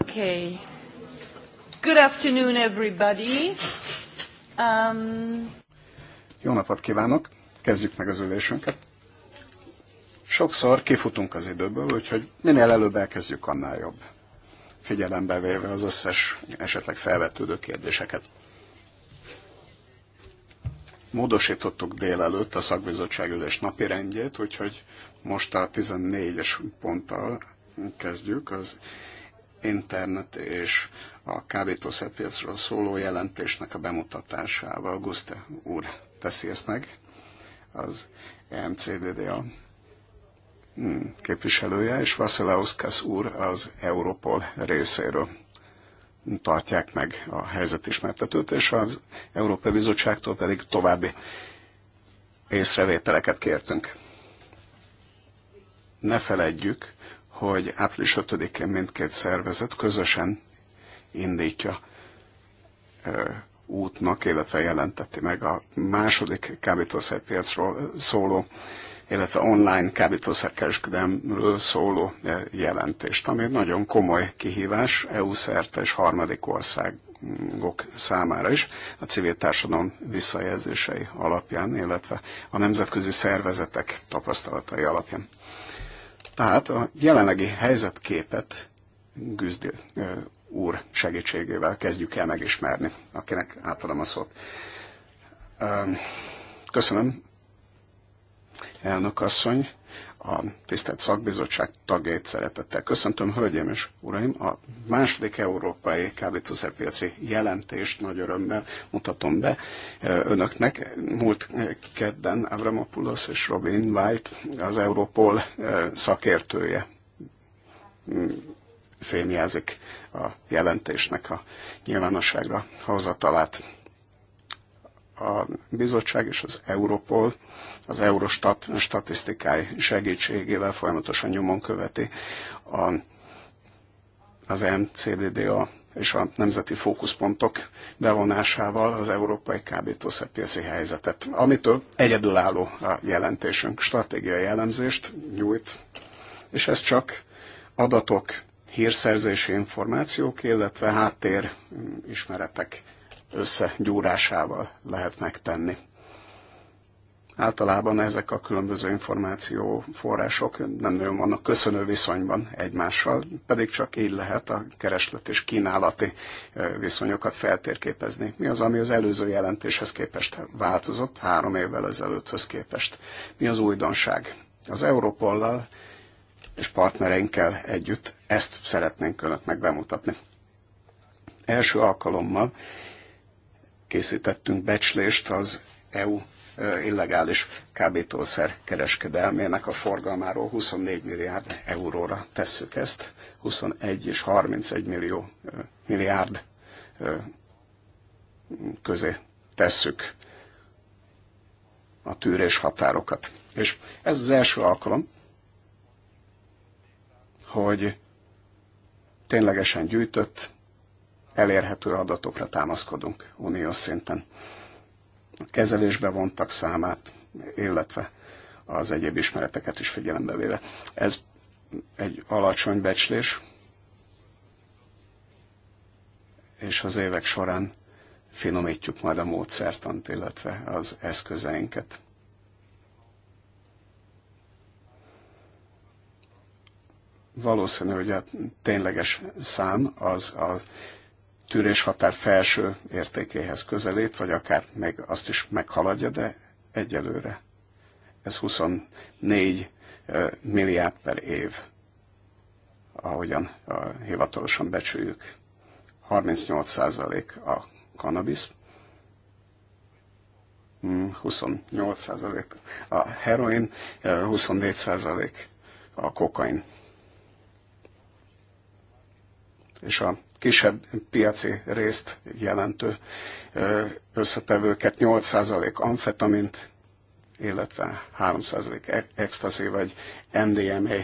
Okay. Good afternoon, everybody. Um... Jó napot kívánok! Kezdjük meg az ülésünket. Sokszor kifutunk az időből, úgyhogy minél előbb elkezdjük, annál jobb. Figyelembe véve az összes esetleg felvetődő kérdéseket. Módosítottuk délelőtt a szakbizottság ülés napi rendjét, úgyhogy most a 14-es ponttal kezdjük, az internet és a kábítószerpiacról szóló jelentésnek a bemutatásával. Guste úr teszi ezt meg, az MCDDA hmm, képviselője, és Vasilauskasz úr az Europol részéről tartják meg a helyzetismertetőt, és az Európai Bizottságtól pedig további észrevételeket kértünk. Ne feledjük, hogy április 5-én mindkét szervezet közösen indítja útnak, illetve jelenteti meg a második kábítószerpiacról szóló, illetve online kábítószerkereskedelmről szóló jelentést, ami egy nagyon komoly kihívás EU szerte és harmadik országok számára is, a civil társadalom visszajelzései alapján, illetve a nemzetközi szervezetek tapasztalatai alapján. Tehát a jelenlegi helyzetképet Güzdi úr segítségével kezdjük el megismerni, akinek átadom a szót. Köszönöm, elnök asszony a tisztelt szakbizottság tagjait szeretettel köszöntöm. Hölgyeim és uraim, a második európai kábítószerpiaci jelentést nagy örömmel mutatom be e, önöknek. Múlt kedden Avramopoulos és Robin White, az Europol e, szakértője fémjelzik a jelentésnek a nyilvánosságra hozatalát. A bizottság és az Europol az Eurostat statisztikái segítségével folyamatosan nyomon követi a, az MCDDA és a nemzeti fókuszpontok bevonásával az európai kábítószerpiaci helyzetet, amitől egyedülálló a jelentésünk, stratégiai elemzést nyújt, és ez csak adatok, hírszerzési információk, illetve háttér mm, ismeretek összegyúrásával lehet megtenni általában ezek a különböző információforrások nem nagyon vannak köszönő viszonyban egymással, pedig csak így lehet a kereslet és kínálati viszonyokat feltérképezni. Mi az, ami az előző jelentéshez képest változott, három évvel ezelőtthöz képest? Mi az újdonság? Az Európollal és partnereinkkel együtt ezt szeretnénk önöknek bemutatni. Első alkalommal készítettünk becslést az EU Eh, illegális kábítószer kereskedelmének a forgalmáról 24 milliárd euróra tesszük ezt, 21 és 31 millió, eh, milliárd eh, közé tesszük a tűrés határokat. És ez az első alkalom, hogy ténylegesen gyűjtött, elérhető adatokra támaszkodunk uniós szinten kezelésbe vontak számát, illetve az egyéb ismereteket is figyelembe véve. Ez egy alacsony becslés, és az évek során finomítjuk majd a módszertant, illetve az eszközeinket. Valószínű, hogy a tényleges szám az az tűréshatár felső értékéhez közelít, vagy akár még azt is meghaladja, de egyelőre. Ez 24 milliárd per év, ahogyan hivatalosan becsüljük. 38% a kanabisz, 28% hmm, a heroin, 24% a kokain és a kisebb piaci részt jelentő összetevőket 8% amfetamint, illetve 3% e- ecstasy vagy MDMA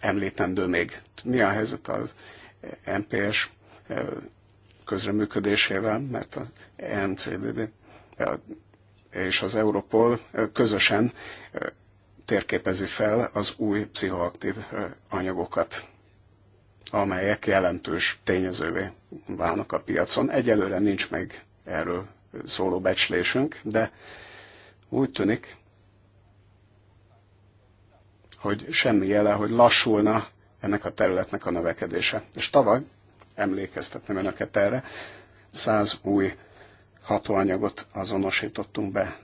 említendő még. Mi a helyzet az MPS közreműködésével, mert az NCDD és az Europol közösen térképezi fel az új pszichoaktív anyagokat amelyek jelentős tényezővé válnak a piacon. Egyelőre nincs meg erről szóló becslésünk, de úgy tűnik, hogy semmi jele, hogy lassulna ennek a területnek a növekedése. És tavaly, emlékeztetném önöket erre, száz új hatóanyagot azonosítottunk be.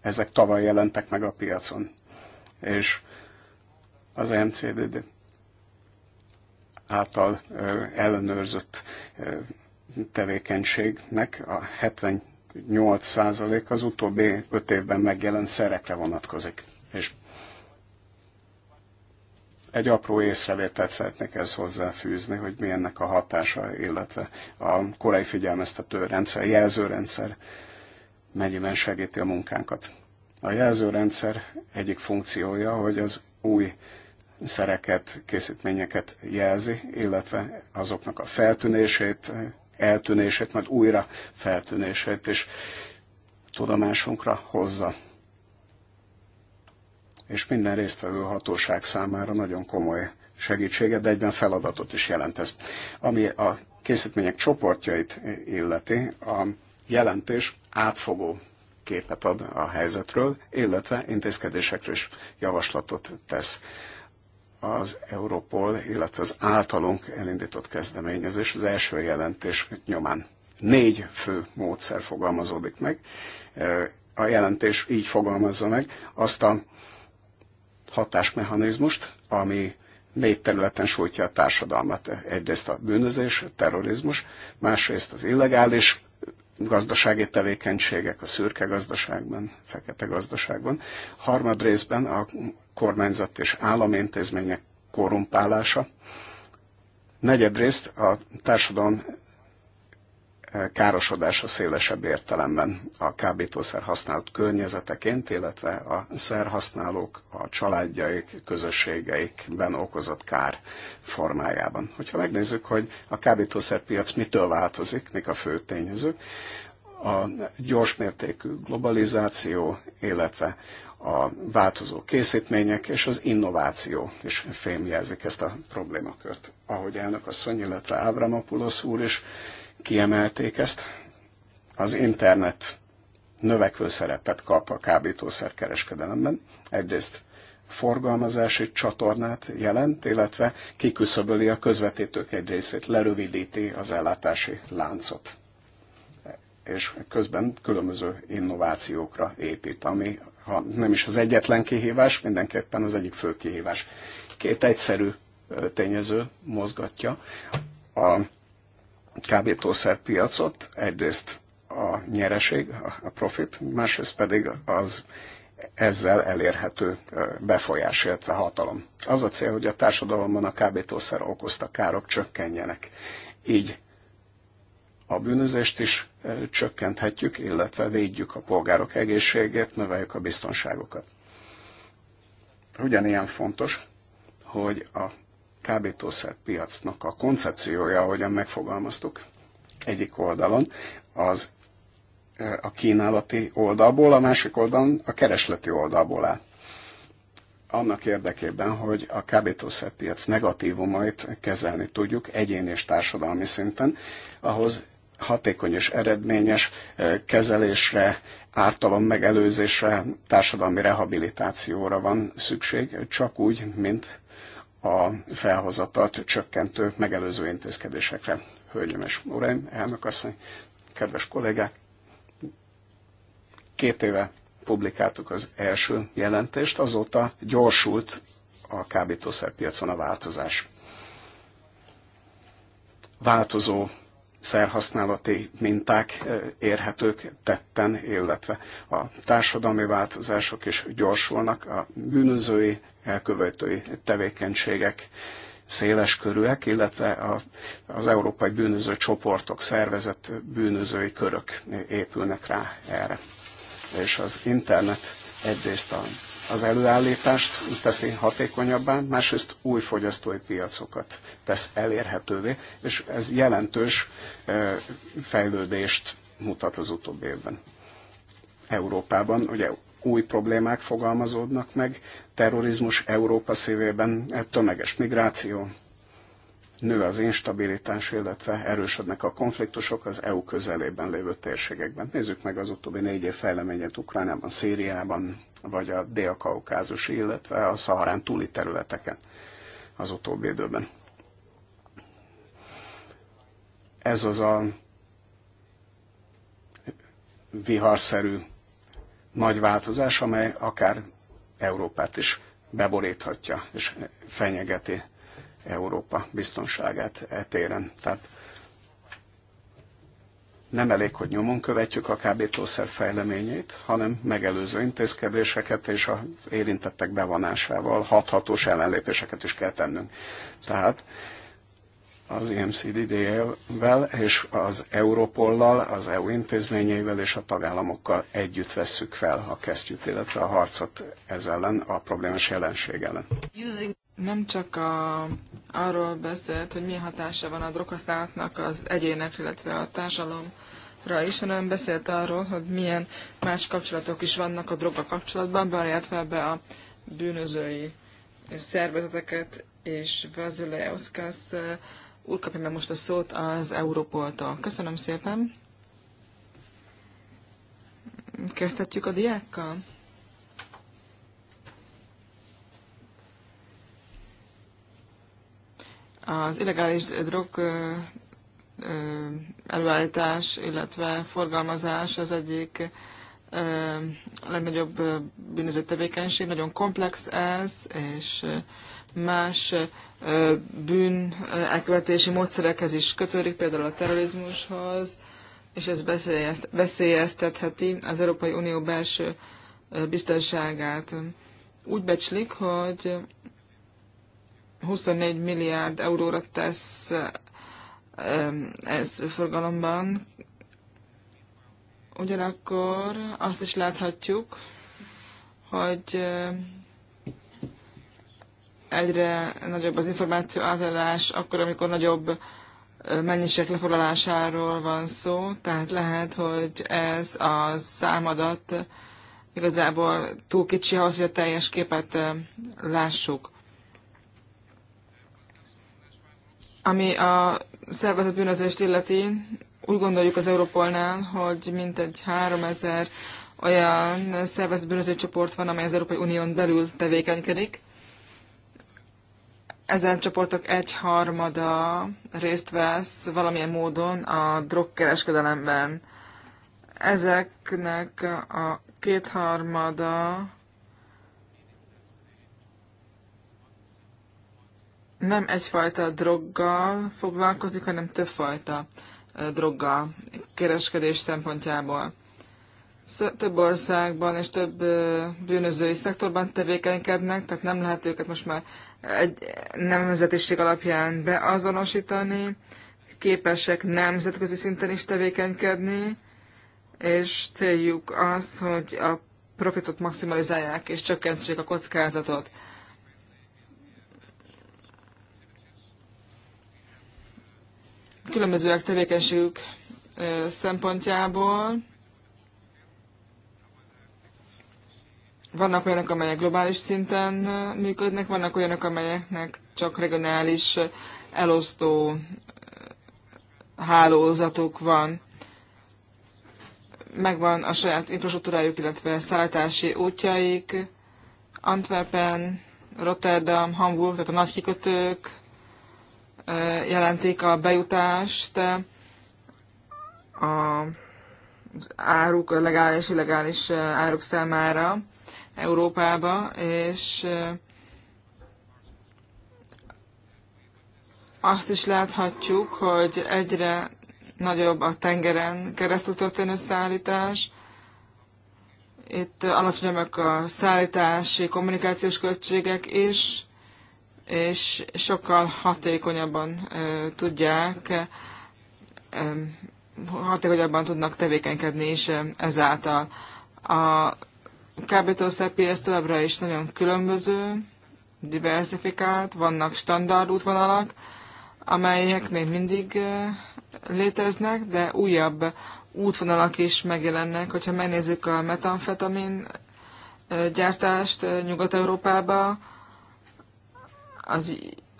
Ezek tavaly jelentek meg a piacon. És az MCDD által ellenőrzött tevékenységnek a 78% az utóbbi 5 évben megjelent szerekre vonatkozik. És egy apró észrevételt szeretnék ezt hozzáfűzni, hogy mi ennek a hatása, illetve a korai figyelmeztető rendszer, jelzőrendszer mennyiben segíti a munkánkat. A jelzőrendszer egyik funkciója, hogy az új szereket, készítményeket jelzi, illetve azoknak a feltűnését, eltűnését, majd újra feltűnését is tudomásunkra hozza. És minden résztvevő hatóság számára nagyon komoly segítséget, de egyben feladatot is jelent ez. Ami a készítmények csoportjait illeti, a jelentés átfogó képet ad a helyzetről, illetve intézkedésekről is javaslatot tesz az Europol, illetve az általunk elindított kezdeményezés az első jelentés nyomán. Négy fő módszer fogalmazódik meg. A jelentés így fogalmazza meg azt a hatásmechanizmust, ami négy területen sújtja a társadalmat. Egyrészt a bűnözés, a terrorizmus, másrészt az illegális gazdasági tevékenységek a szürke gazdaságban, fekete gazdaságban. Harmadrészben részben a kormányzat és államintézmények korrumpálása. Negyedrészt a társadalom károsodása szélesebb értelemben a kábítószer használt környezeteként, illetve a szerhasználók, a családjaik, közösségeikben okozott kár formájában. Hogyha megnézzük, hogy a kábítószerpiac mitől változik, mik a fő tényezők, a gyorsmértékű globalizáció, illetve a változó készítmények és az innováció is fémjelzik ezt a problémakört. Ahogy elnök asszony, illetve Ábramopulosz úr is kiemelték ezt. Az internet növekvő szerepet kap a kereskedelemben. Egyrészt forgalmazási csatornát jelent, illetve kiküszöböli a közvetítők egy részét, lerövidíti az ellátási láncot. És közben különböző innovációkra épít, ami ha nem is az egyetlen kihívás, mindenképpen az egyik fő kihívás. Két egyszerű tényező mozgatja a kábítószerpiacot, egyrészt a nyereség, a profit, másrészt pedig az ezzel elérhető befolyás, illetve hatalom. Az a cél, hogy a társadalomban a kábítószer okozta károk csökkenjenek. Így a bűnözést is csökkenthetjük, illetve védjük a polgárok egészségét, növeljük a biztonságokat. Ugyanilyen fontos, hogy a kábítószerpiacnak a koncepciója, ahogyan megfogalmaztuk egyik oldalon, az a kínálati oldalból, a másik oldalon a keresleti oldalból áll. Annak érdekében, hogy a kábítószerpiac negatívumait kezelni tudjuk egyéni és társadalmi szinten, ahhoz hatékony és eredményes kezelésre, ártalom megelőzésre, társadalmi rehabilitációra van szükség, csak úgy, mint a felhozatart csökkentő megelőző intézkedésekre. Hölgyeim és uraim, elnök asszony, kedves kollégák, két éve publikáltuk az első jelentést, azóta gyorsult a kábítószerpiacon a változás. Változó szerhasználati minták érhetők tetten, illetve a társadalmi változások is gyorsulnak, a bűnözői, elkövetői tevékenységek széles körűek, illetve a, az európai bűnöző csoportok, szervezett bűnözői körök épülnek rá erre. És az internet egyrészt a az előállítást teszi hatékonyabbá, másrészt új fogyasztói piacokat tesz elérhetővé, és ez jelentős fejlődést mutat az utóbbi évben. Európában ugye új problémák fogalmazódnak meg, terrorizmus Európa szívében, tömeges migráció, nő az instabilitás, illetve erősödnek a konfliktusok az EU közelében lévő térségekben. Nézzük meg az utóbbi négy év fejleményét Ukrajnában, Szíriában, vagy a dél-kaukázus, illetve a szaharán túli területeken az utóbbi időben. Ez az a viharszerű nagy változás, amely akár Európát is beboríthatja és fenyegeti Európa biztonságát e téren. Tehát nem elég, hogy nyomon követjük a kábítószer fejleményét, hanem megelőző intézkedéseket és az érintettek bevonásával hathatós ellenlépéseket is kell tennünk. Tehát az IMCDD-vel és az Europollal, az EU intézményeivel és a tagállamokkal együtt vesszük fel a kesztyűt, illetve a harcot ez ellen, a problémás jelenség ellen. Nem csak a, arról beszélt, hogy milyen hatása van a droghasználatnak az egyének, illetve a társadalomra is, hanem beszélt arról, hogy milyen más kapcsolatok is vannak a droga kapcsolatban, beállítva be a bűnözői szervezeteket, és Vazile uh, úr kapja meg most a szót az Európoltól. Köszönöm szépen. Kezdhetjük a diákkal? Az illegális drog előállítás, illetve forgalmazás az egyik a legnagyobb bűnöző tevékenység. Nagyon komplex ez, és más bűn elkövetési módszerekhez is kötődik, például a terrorizmushoz, és ez veszélyeztetheti az Európai Unió belső biztonságát. Úgy becslik, hogy 24 milliárd euróra tesz ez forgalomban. Ugyanakkor azt is láthatjuk, hogy egyre nagyobb az információ átadás, akkor, amikor nagyobb mennyiség lefoglalásáról van szó, tehát lehet, hogy ez a számadat igazából túl kicsi ahhoz, hogy a teljes képet lássuk. Ami a szervezet bűnözést illeti, úgy gondoljuk az Európolnál, hogy mintegy 3000 olyan szervezet bűnöző csoport van, amely az Európai Unión belül tevékenykedik ezen csoportok egyharmada részt vesz valamilyen módon a drogkereskedelemben. Ezeknek a kétharmada nem egyfajta droggal foglalkozik, hanem többfajta droggal kereskedés szempontjából több országban és több bűnözői szektorban tevékenykednek, tehát nem lehet őket most már egy nemzetiség alapján beazonosítani, képesek nemzetközi szinten is tevékenykedni, és céljuk az, hogy a profitot maximalizálják és csökkentsék a kockázatot. Különbözőek tevékenységük szempontjából, Vannak olyanok, amelyek globális szinten működnek, vannak olyanok, amelyeknek csak regionális elosztó hálózatuk van. Megvan a saját infrastruktúrájuk, illetve szállítási útjaik. Antwerpen, Rotterdam, Hamburg, tehát a nagy kikötők jelentik a bejutást, a, az áruk, a legális, illegális áruk számára. Európába, és azt is láthatjuk, hogy egyre nagyobb a tengeren keresztül történő szállítás. Itt alacsonyabbak a szállítási, kommunikációs költségek is, és sokkal hatékonyabban ö, tudják, ö, hatékonyabban tudnak tevékenykedni is ezáltal. A a kábítószerpiac továbbra is nagyon különböző, diversifikált, vannak standard útvonalak, amelyek még mindig eh, léteznek, de újabb útvonalak is megjelennek. Hogyha megnézzük a metamfetamin eh, gyártást eh, Nyugat-Európába, az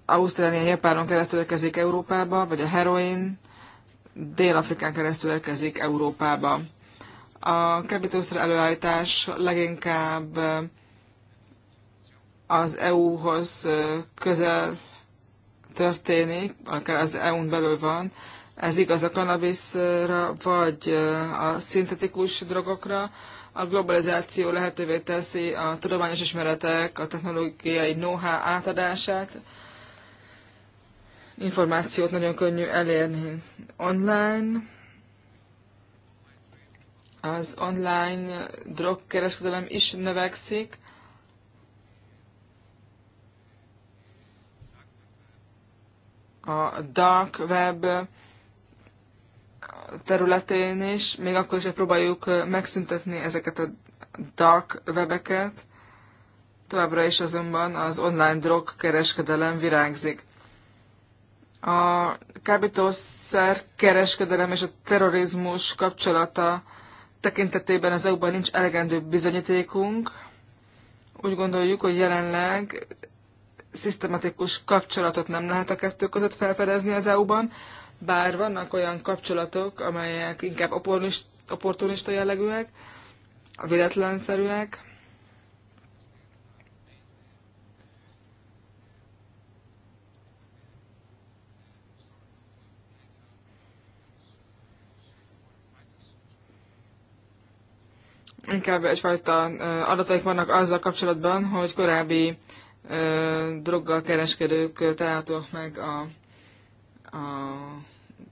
Ausztrália, Japánon keresztül érkezik Európába, vagy a heroin Dél-Afrikán keresztül érkezik Európába. A kábítószer előállítás leginkább eh, az EU-hoz eh, közel történik, akár az EU-n belül van, ez igaz a kanabiszra, vagy eh, a szintetikus drogokra. A globalizáció lehetővé teszi a tudományos ismeretek, a technológiai know-how átadását, információt nagyon könnyű elérni online, az online drogkereskedelem is növekszik. A dark web területén is, még akkor is, hogy próbáljuk megszüntetni ezeket a dark webeket, továbbra is azonban az online drogkereskedelem virágzik. A kábítószer kereskedelem és a terrorizmus kapcsolata tekintetében az EU-ban nincs elegendő bizonyítékunk. Úgy gondoljuk, hogy jelenleg szisztematikus kapcsolatot nem lehet a kettő között felfedezni az EU-ban, bár vannak olyan kapcsolatok, amelyek inkább opportunista jellegűek, véletlenszerűek, inkább egyfajta adataik vannak azzal kapcsolatban, hogy korábbi droggal kereskedők találhatóak meg a, a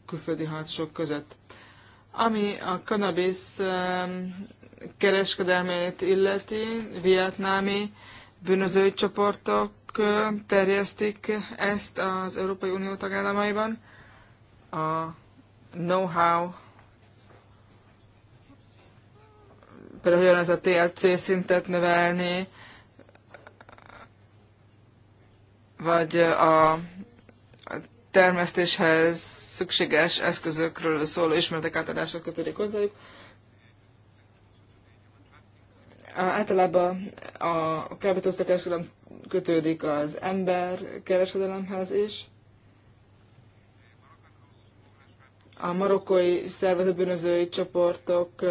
külföldi harcosok között. Ami a cannabis kereskedelmét illeti, vietnámi bűnözői csoportok terjesztik ezt az Európai Unió tagállamaiban. A know-how például hogyan lehet a TLC szintet növelni, vagy a termesztéshez szükséges eszközökről szóló ismeretek átadásra kötődik hozzájuk. Általában a kábítószerkereskedelem kötődik az ember kereskedelemhez is. A marokkói szervezett bűnözői csoportok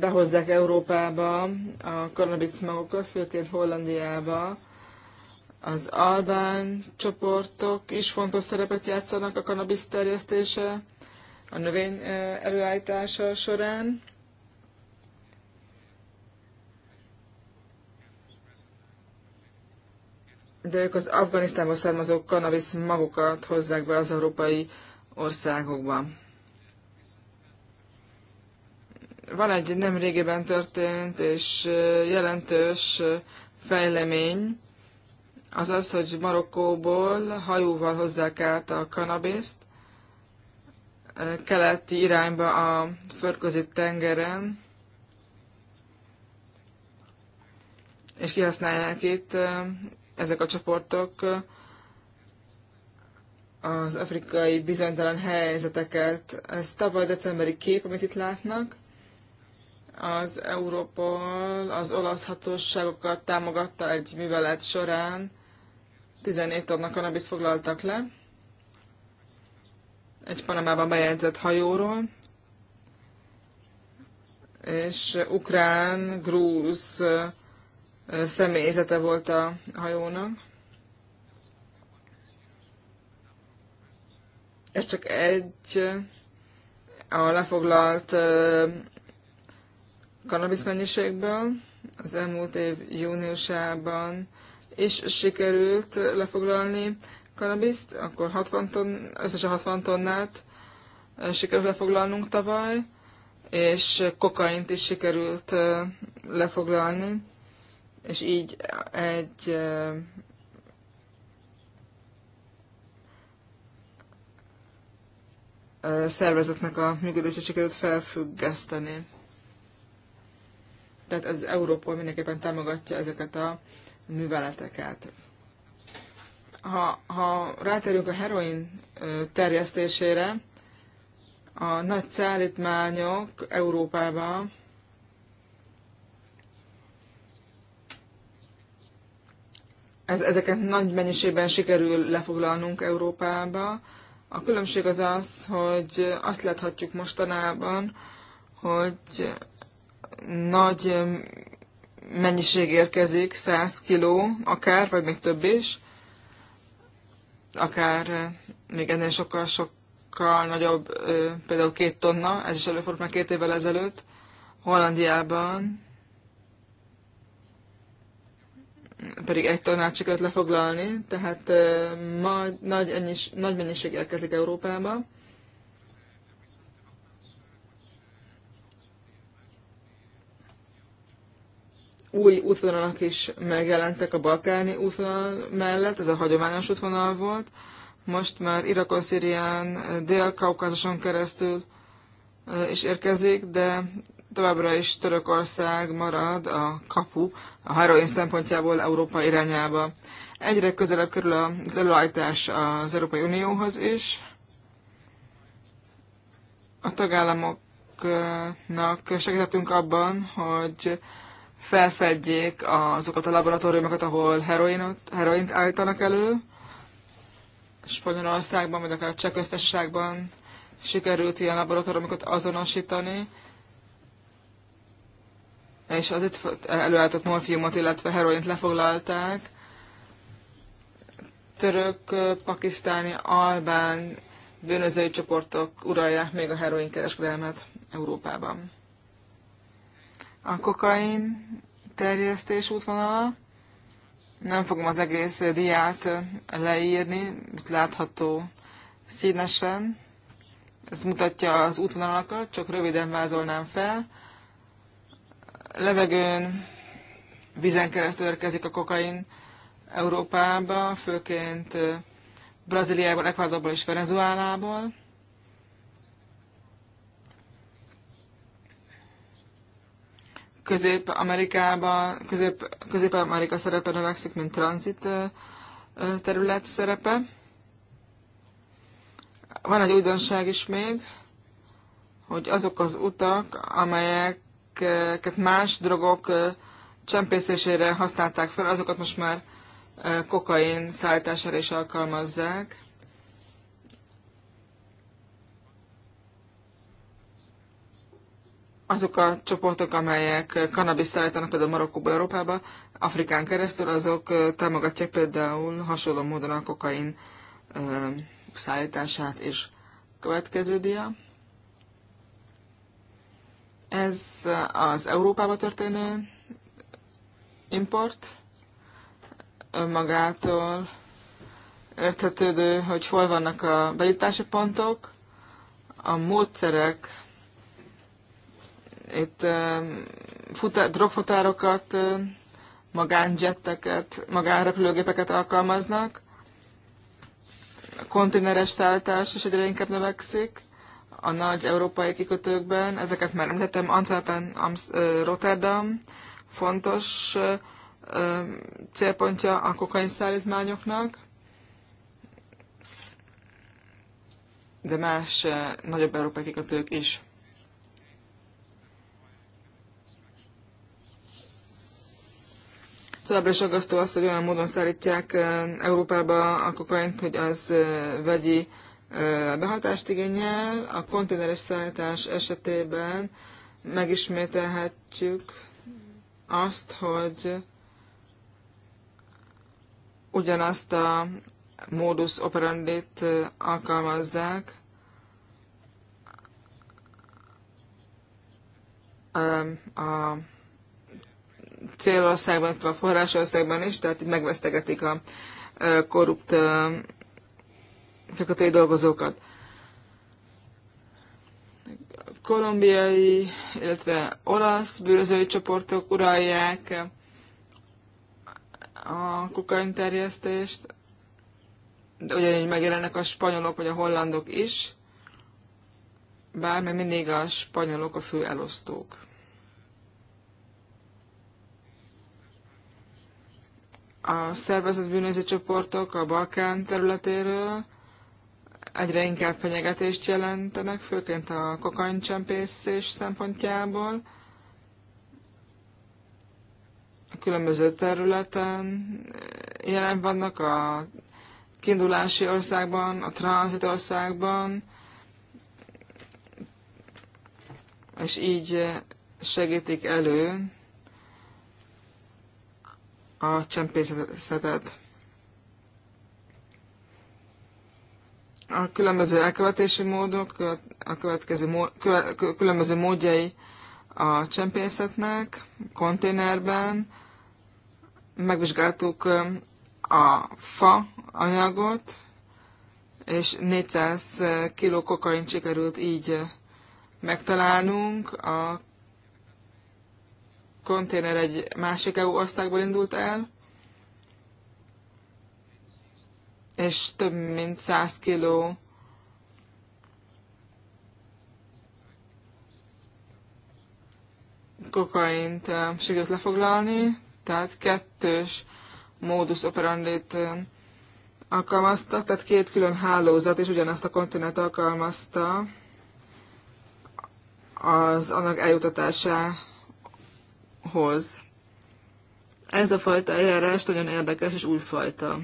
behozzák Európába a cannabis magokat, főként Hollandiába. Az albán csoportok is fontos szerepet játszanak a cannabis terjesztése, a növény előállítása során. De ők az Afganisztánból származó cannabis magukat hozzák be az európai országokban. Van egy nem régiben történt és jelentős fejlemény, az az, hogy Marokkóból hajóval hozzák át a kanabiszt, keleti irányba a földközi tengeren, és kihasználják itt ezek a csoportok az afrikai bizonytalan helyzeteket. Ez tavaly decemberi kép, amit itt látnak az Európol az olasz hatóságokat támogatta egy művelet során, 14 tonna kanabiszt foglaltak le, egy Panamában bejegyzett hajóról, és ukrán, grúz személyzete volt a hajónak. Ez csak egy a lefoglalt kanabisz mennyiségből. Az elmúlt év júniusában is sikerült lefoglalni kanabiszt, akkor 60 ton, összesen 60 tonnát sikerült lefoglalnunk tavaly, és kokaint is sikerült lefoglalni, és így egy szervezetnek a működését sikerült felfüggeszteni tehát az Európa mindenképpen támogatja ezeket a műveleteket. Ha, ha ráterünk a heroin terjesztésére, a nagy szállítmányok Európába ez, ezeket nagy mennyiségben sikerül lefoglalnunk Európába. A különbség az az, hogy azt láthatjuk mostanában, hogy nagy mennyiség érkezik, 100 kiló akár, vagy még több is, akár eh, még ennél sokkal-sokkal nagyobb, például két tonna, ez is előfordult már két évvel ezelőtt, Hollandiában pedig egy tonnát sikerült lefoglalni, tehát eh, ma nagy, ennyis, nagy mennyiség érkezik Európába. új útvonalak is megjelentek a balkáni útvonal mellett, ez a hagyományos útvonal volt, most már Irakon, Szírián, Dél-Kaukázuson keresztül is érkezik, de továbbra is Törökország marad a kapu a heroin szempontjából Európa irányába. Egyre közelebb kerül az előállítás az Európai Unióhoz is. A tagállamoknak segítettünk abban, hogy felfedjék azokat a laboratóriumokat, ahol heroinot, heroint állítanak elő. Spanyolországban, vagy akár a Cseh sikerült ilyen laboratóriumokat azonosítani, és az itt előállított morfiumot, illetve heroint lefoglalták. Török, pakisztáni, albán bűnözői csoportok uralják még a heroin kereskedelmet Európában a kokain terjesztés útvonala. Nem fogom az egész diát leírni, látható színesen. Ez mutatja az útvonalakat, csak röviden vázolnám fel. Levegőn, vizen keresztül érkezik a kokain Európába, főként Brazíliából, Ecuadorból és Venezuelából. Közép-Amerikában, Közép-Amerika szerepe növekszik, mint tranzit terület szerepe. Van egy újdonság is még, hogy azok az utak, amelyeket más drogok csempészésére használták fel, azokat most már kokain szállítására is alkalmazzák. azok a csoportok, amelyek kannabis szállítanak például Marokkóba, Európába, Afrikán keresztül, azok támogatják például hasonló módon a kokain szállítását és következő dia. Ez az Európába történő import önmagától érthetődő, hogy hol vannak a bejutási pontok, a módszerek, itt drogfotárokat, drogfutárokat, magánjetteket, magánrepülőgépeket alkalmaznak, a konténeres szállítás is egyre inkább növekszik a nagy európai kikötőkben, ezeket már említettem, Antwerpen, Rotterdam fontos célpontja a kokain szállítmányoknak, de más nagyobb európai kikötők is. Továbbra is aggasztó az, hogy olyan módon szállítják Európába a kokaint, hogy az vegyi behatást igényel. A konténeres szállítás esetében megismételhetjük azt, hogy ugyanazt a módusz operandit alkalmazzák, a célországban, a forrásországban is, tehát itt megvesztegetik a korrupt feketői dolgozókat. Kolumbiai, illetve olasz bűnözői csoportok uralják a terjesztést, de ugyanígy megjelennek a spanyolok vagy a hollandok is, bár még mindig a spanyolok a fő elosztók. a szervezett bűnöző csoportok a Balkán területéről egyre inkább fenyegetést jelentenek, főként a kokaincsempészés szempontjából. A különböző területen jelen vannak a kiindulási országban, a tranzit országban, és így segítik elő a csempészetet. A különböző elkövetési módok, a következő mód, különböző módjai a csempészetnek, konténerben, megvizsgáltuk a fa anyagot, és 400 kg kokain sikerült így megtalálnunk. A konténer egy másik EU országból indult el, és több mint 100 kiló kokaint sikerült lefoglalni, tehát kettős módus operandit alkalmaztak, tehát két külön hálózat és ugyanazt a kontinent alkalmazta az annak eljutatására hoz. Ez a fajta eljárás nagyon érdekes és újfajta.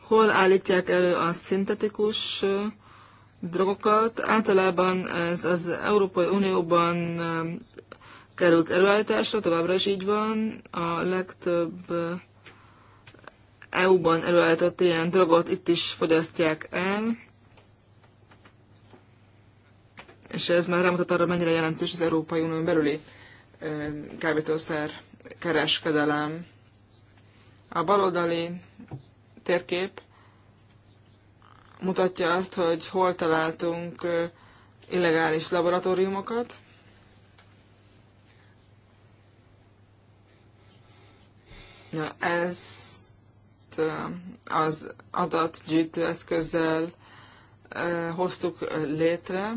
Hol állítják elő a szintetikus drogokat? Általában ez az Európai Unióban került előállításra, továbbra is így van. A legtöbb EU-ban előállított ilyen drogot itt is fogyasztják el és ez már rámutat arra, mennyire jelentős az Európai Unión belüli kábítószer kereskedelem. A baloldali térkép mutatja azt, hogy hol találtunk illegális laboratóriumokat. Na, ezt az adatgyűjtő eszközzel hoztuk létre.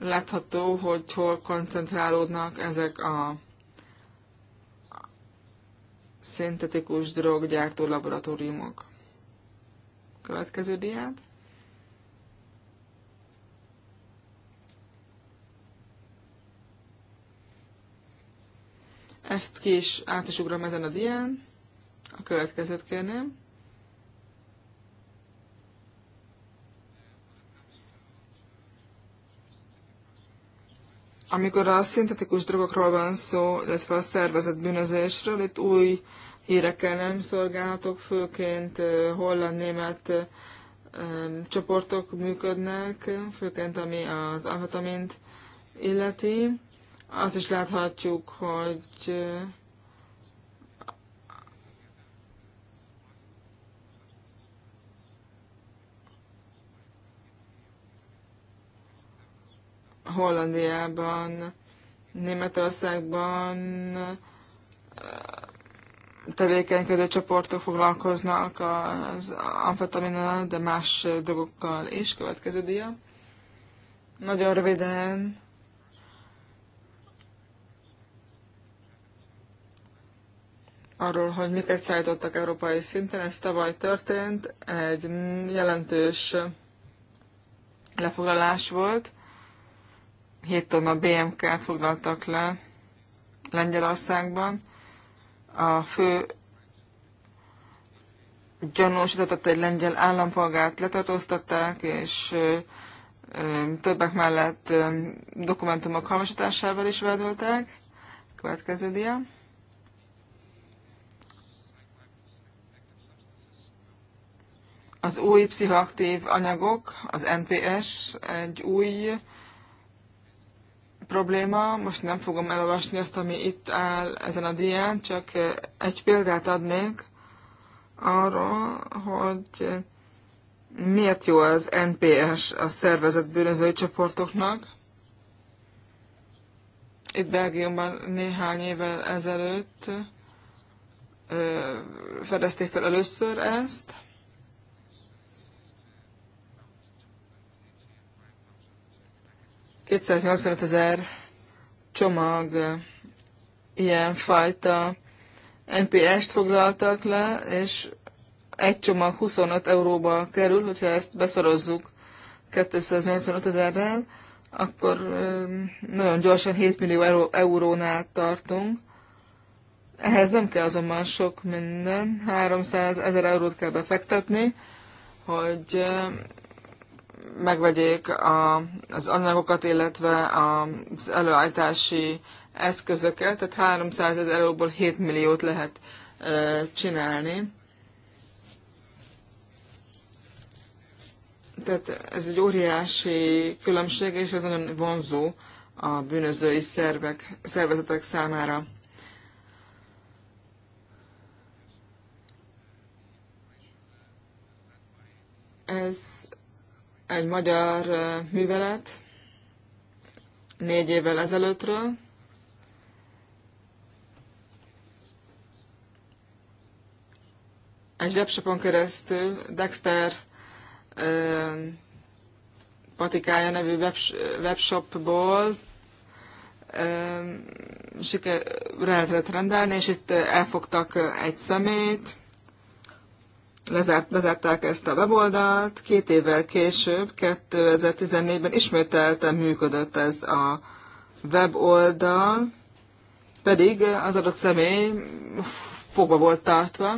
látható, hogy hol koncentrálódnak ezek a szintetikus droggyártó laboratóriumok. Következő diát. Ezt ki is át is ugrom ezen a dián. A következőt kérném. Amikor a szintetikus drogokról van szó, illetve a szervezet bűnözésről, itt új hírekkel nem szolgálhatok, főként holland-német csoportok működnek, főként ami az alfatamint illeti. Azt is láthatjuk, hogy Hollandiában, Németországban eh, tevékenykedő csoportok foglalkoznak az amfetaminnal, de más dolgokkal is. Következő dia. Nagyon röviden. Arról, hogy miket szállítottak európai szinten, ez tavaly történt, egy jelentős lefoglalás volt. 7 tonna BMK-t foglaltak le Lengyelországban. A fő gyanúsítottat egy lengyel állampolgárt letartóztatták, és többek mellett dokumentumok hamisításával is vádolták. Következő dia. Az új pszichoaktív anyagok, az NPS egy új probléma, most nem fogom elolvasni azt, ami itt áll ezen a dián, csak egy példát adnék arról, hogy miért jó az NPS a szervezett bűnözői csoportoknak. Itt Belgiumban néhány évvel ezelőtt fedezték fel először ezt, 285 ezer csomag fajta NPS-t foglaltak le, és egy csomag 25 euróba kerül, hogyha ezt beszorozzuk 285 ezerrel, akkor nagyon gyorsan 7 millió eurónál tartunk. Ehhez nem kell azonban sok minden, 300 ezer eurót kell befektetni, hogy megvegyék a, az anyagokat, illetve az előállítási eszközöket, tehát 300 ezer euróból 7 milliót lehet e, csinálni. Tehát ez egy óriási különbség, és ez nagyon vonzó a bűnözői szervek, szervezetek számára. Ez egy magyar művelet négy évvel ezelőttről. Egy webshopon keresztül Dexter Patikája nevű webshopból siker, lehetett rendelni, és itt elfogtak egy szemét, lezárt, lezárták ezt a weboldalt, két évvel később, 2014-ben ismételten működött ez a weboldal, pedig az adott személy fogva volt tartva.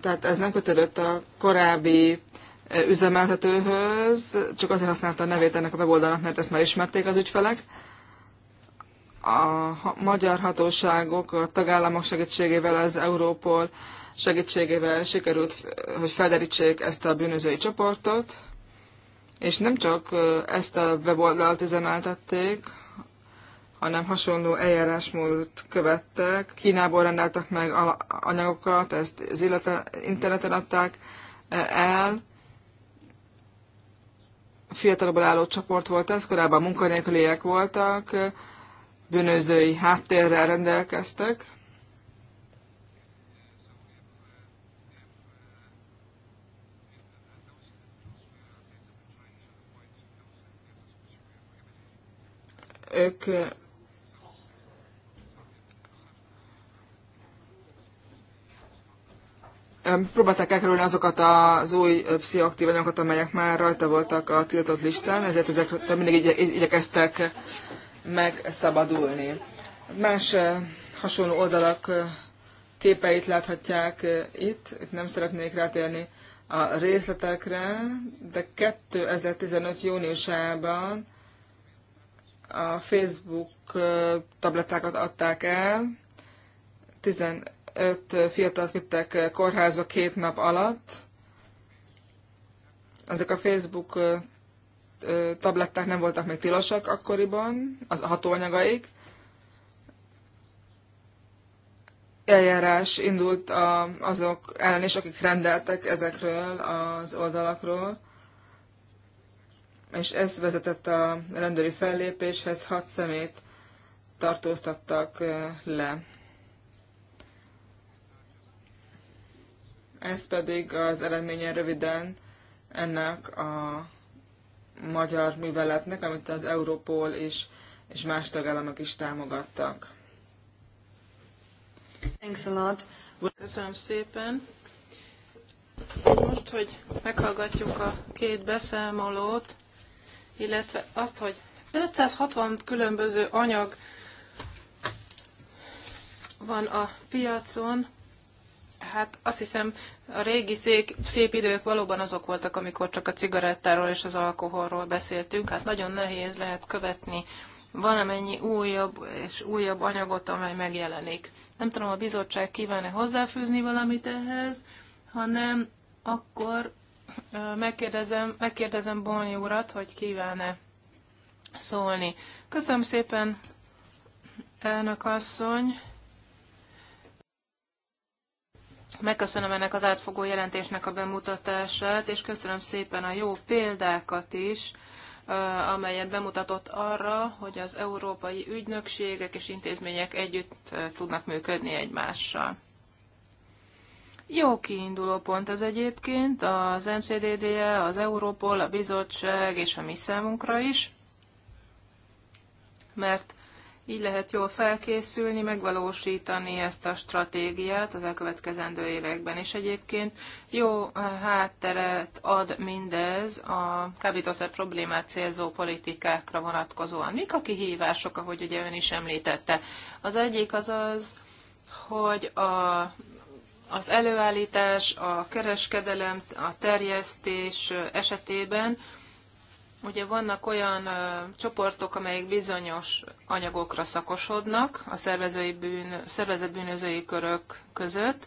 Tehát ez nem kötődött a korábbi eh, üzemeltetőhöz, csak azért használta a nevét ennek a weboldalnak, mert ezt már ismerték az ügyfelek. A magyar hatóságok a tagállamok segítségével az Európol segítségével sikerült, hogy felderítsék ezt a bűnözői csoportot, és nem csak ezt a weboldalt üzemeltették, hanem hasonló eljárásmódot követtek. Kínából rendeltek meg anyagokat, ezt az interneten adták el. Fiatalból álló csoport volt ez, korábban munkanélküliek voltak, bűnözői háttérrel rendelkeztek, ők próbálták elkerülni azokat az új pszichoaktív anyagokat, amelyek már rajta voltak a tiltott listán, ezért ezek mindig igye, igyekeztek megszabadulni. Más hasonló oldalak képeit láthatják itt, itt nem szeretnék rátérni a részletekre, de 2015. júniusában a Facebook tabletákat adták el, 15 fiatalt vittek kórházba két nap alatt. Ezek a Facebook tabletták nem voltak még tilosak akkoriban, az hatóanyagaik. Eljárás indult azok ellen is, akik rendeltek ezekről az oldalakról és ez vezetett a rendőri fellépéshez, hat szemét tartóztattak le. Ez pedig az eredménye röviden ennek a magyar műveletnek, amit az Európol is és más tagállamok is támogattak. Thanks a lot. Köszönöm szépen. Most, hogy meghallgatjuk a két beszámolót, illetve azt, hogy 560 különböző anyag van a piacon, Hát azt hiszem, a régi szék, szép idők valóban azok voltak, amikor csak a cigarettáról és az alkoholról beszéltünk. Hát nagyon nehéz lehet követni valamennyi újabb és újabb anyagot, amely megjelenik. Nem tudom, a bizottság kíván-e hozzáfűzni valamit ehhez, hanem akkor megkérdezem, megkérdezem Bolnyi urat, hogy kíván-e szólni. Köszönöm szépen, elnök asszony. Megköszönöm ennek az átfogó jelentésnek a bemutatását, és köszönöm szépen a jó példákat is, amelyet bemutatott arra, hogy az európai ügynökségek és intézmények együtt tudnak működni egymással. Jó kiinduló pont ez egyébként, az je az Európol, a bizottság és a mi számunkra is, mert így lehet jól felkészülni, megvalósítani ezt a stratégiát az elkövetkezendő években. És egyébként jó eh, hátteret ad mindez a kábítószer problémát célzó politikákra vonatkozóan. Mik a kihívások, ahogy ugye ön is említette? Az egyik az az, hogy a az előállítás, a kereskedelem, a terjesztés esetében ugye vannak olyan csoportok, amelyek bizonyos anyagokra szakosodnak a szervezői bűn, bűnözői körök között,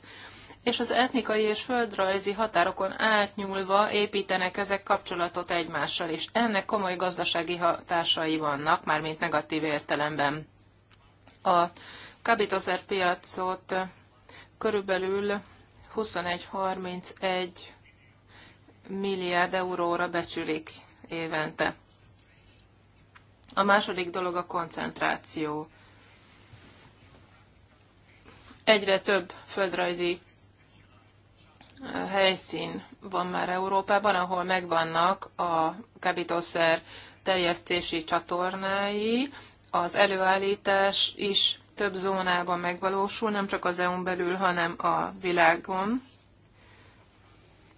és az etnikai és földrajzi határokon átnyúlva építenek ezek kapcsolatot egymással, és ennek komoly gazdasági hatásai vannak, mármint negatív értelemben. A kábítószerpiacot körülbelül 21-31 milliárd euróra becsülik évente. A második dolog a koncentráció. Egyre több földrajzi helyszín van már Európában, ahol megvannak a kábítószer terjesztési csatornái, az előállítás is több zónában megvalósul, nem csak az EU-n belül, hanem a világon.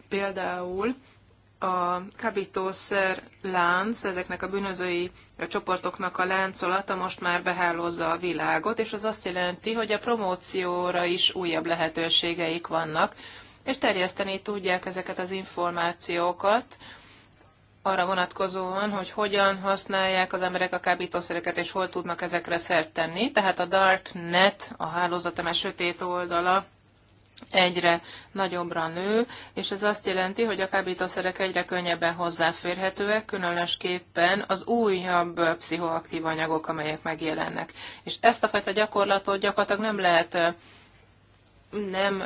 Például a kabítószer lánc, ezeknek a bűnözői csoportoknak a láncolata most már behálózza a világot, és az azt jelenti, hogy a promócióra is újabb lehetőségeik vannak, és terjeszteni tudják ezeket az információkat, arra vonatkozóan, hogy hogyan használják az emberek a kábítószereket, és hol tudnak ezekre szert tenni. Tehát a Dark Net, a hálózatem e sötét oldala egyre nagyobbra nő, és ez azt jelenti, hogy a kábítószerek egyre könnyebben hozzáférhetőek, különösképpen az újabb pszichoaktív anyagok, amelyek megjelennek. És ezt a fajta gyakorlatot gyakorlatilag nem lehet nem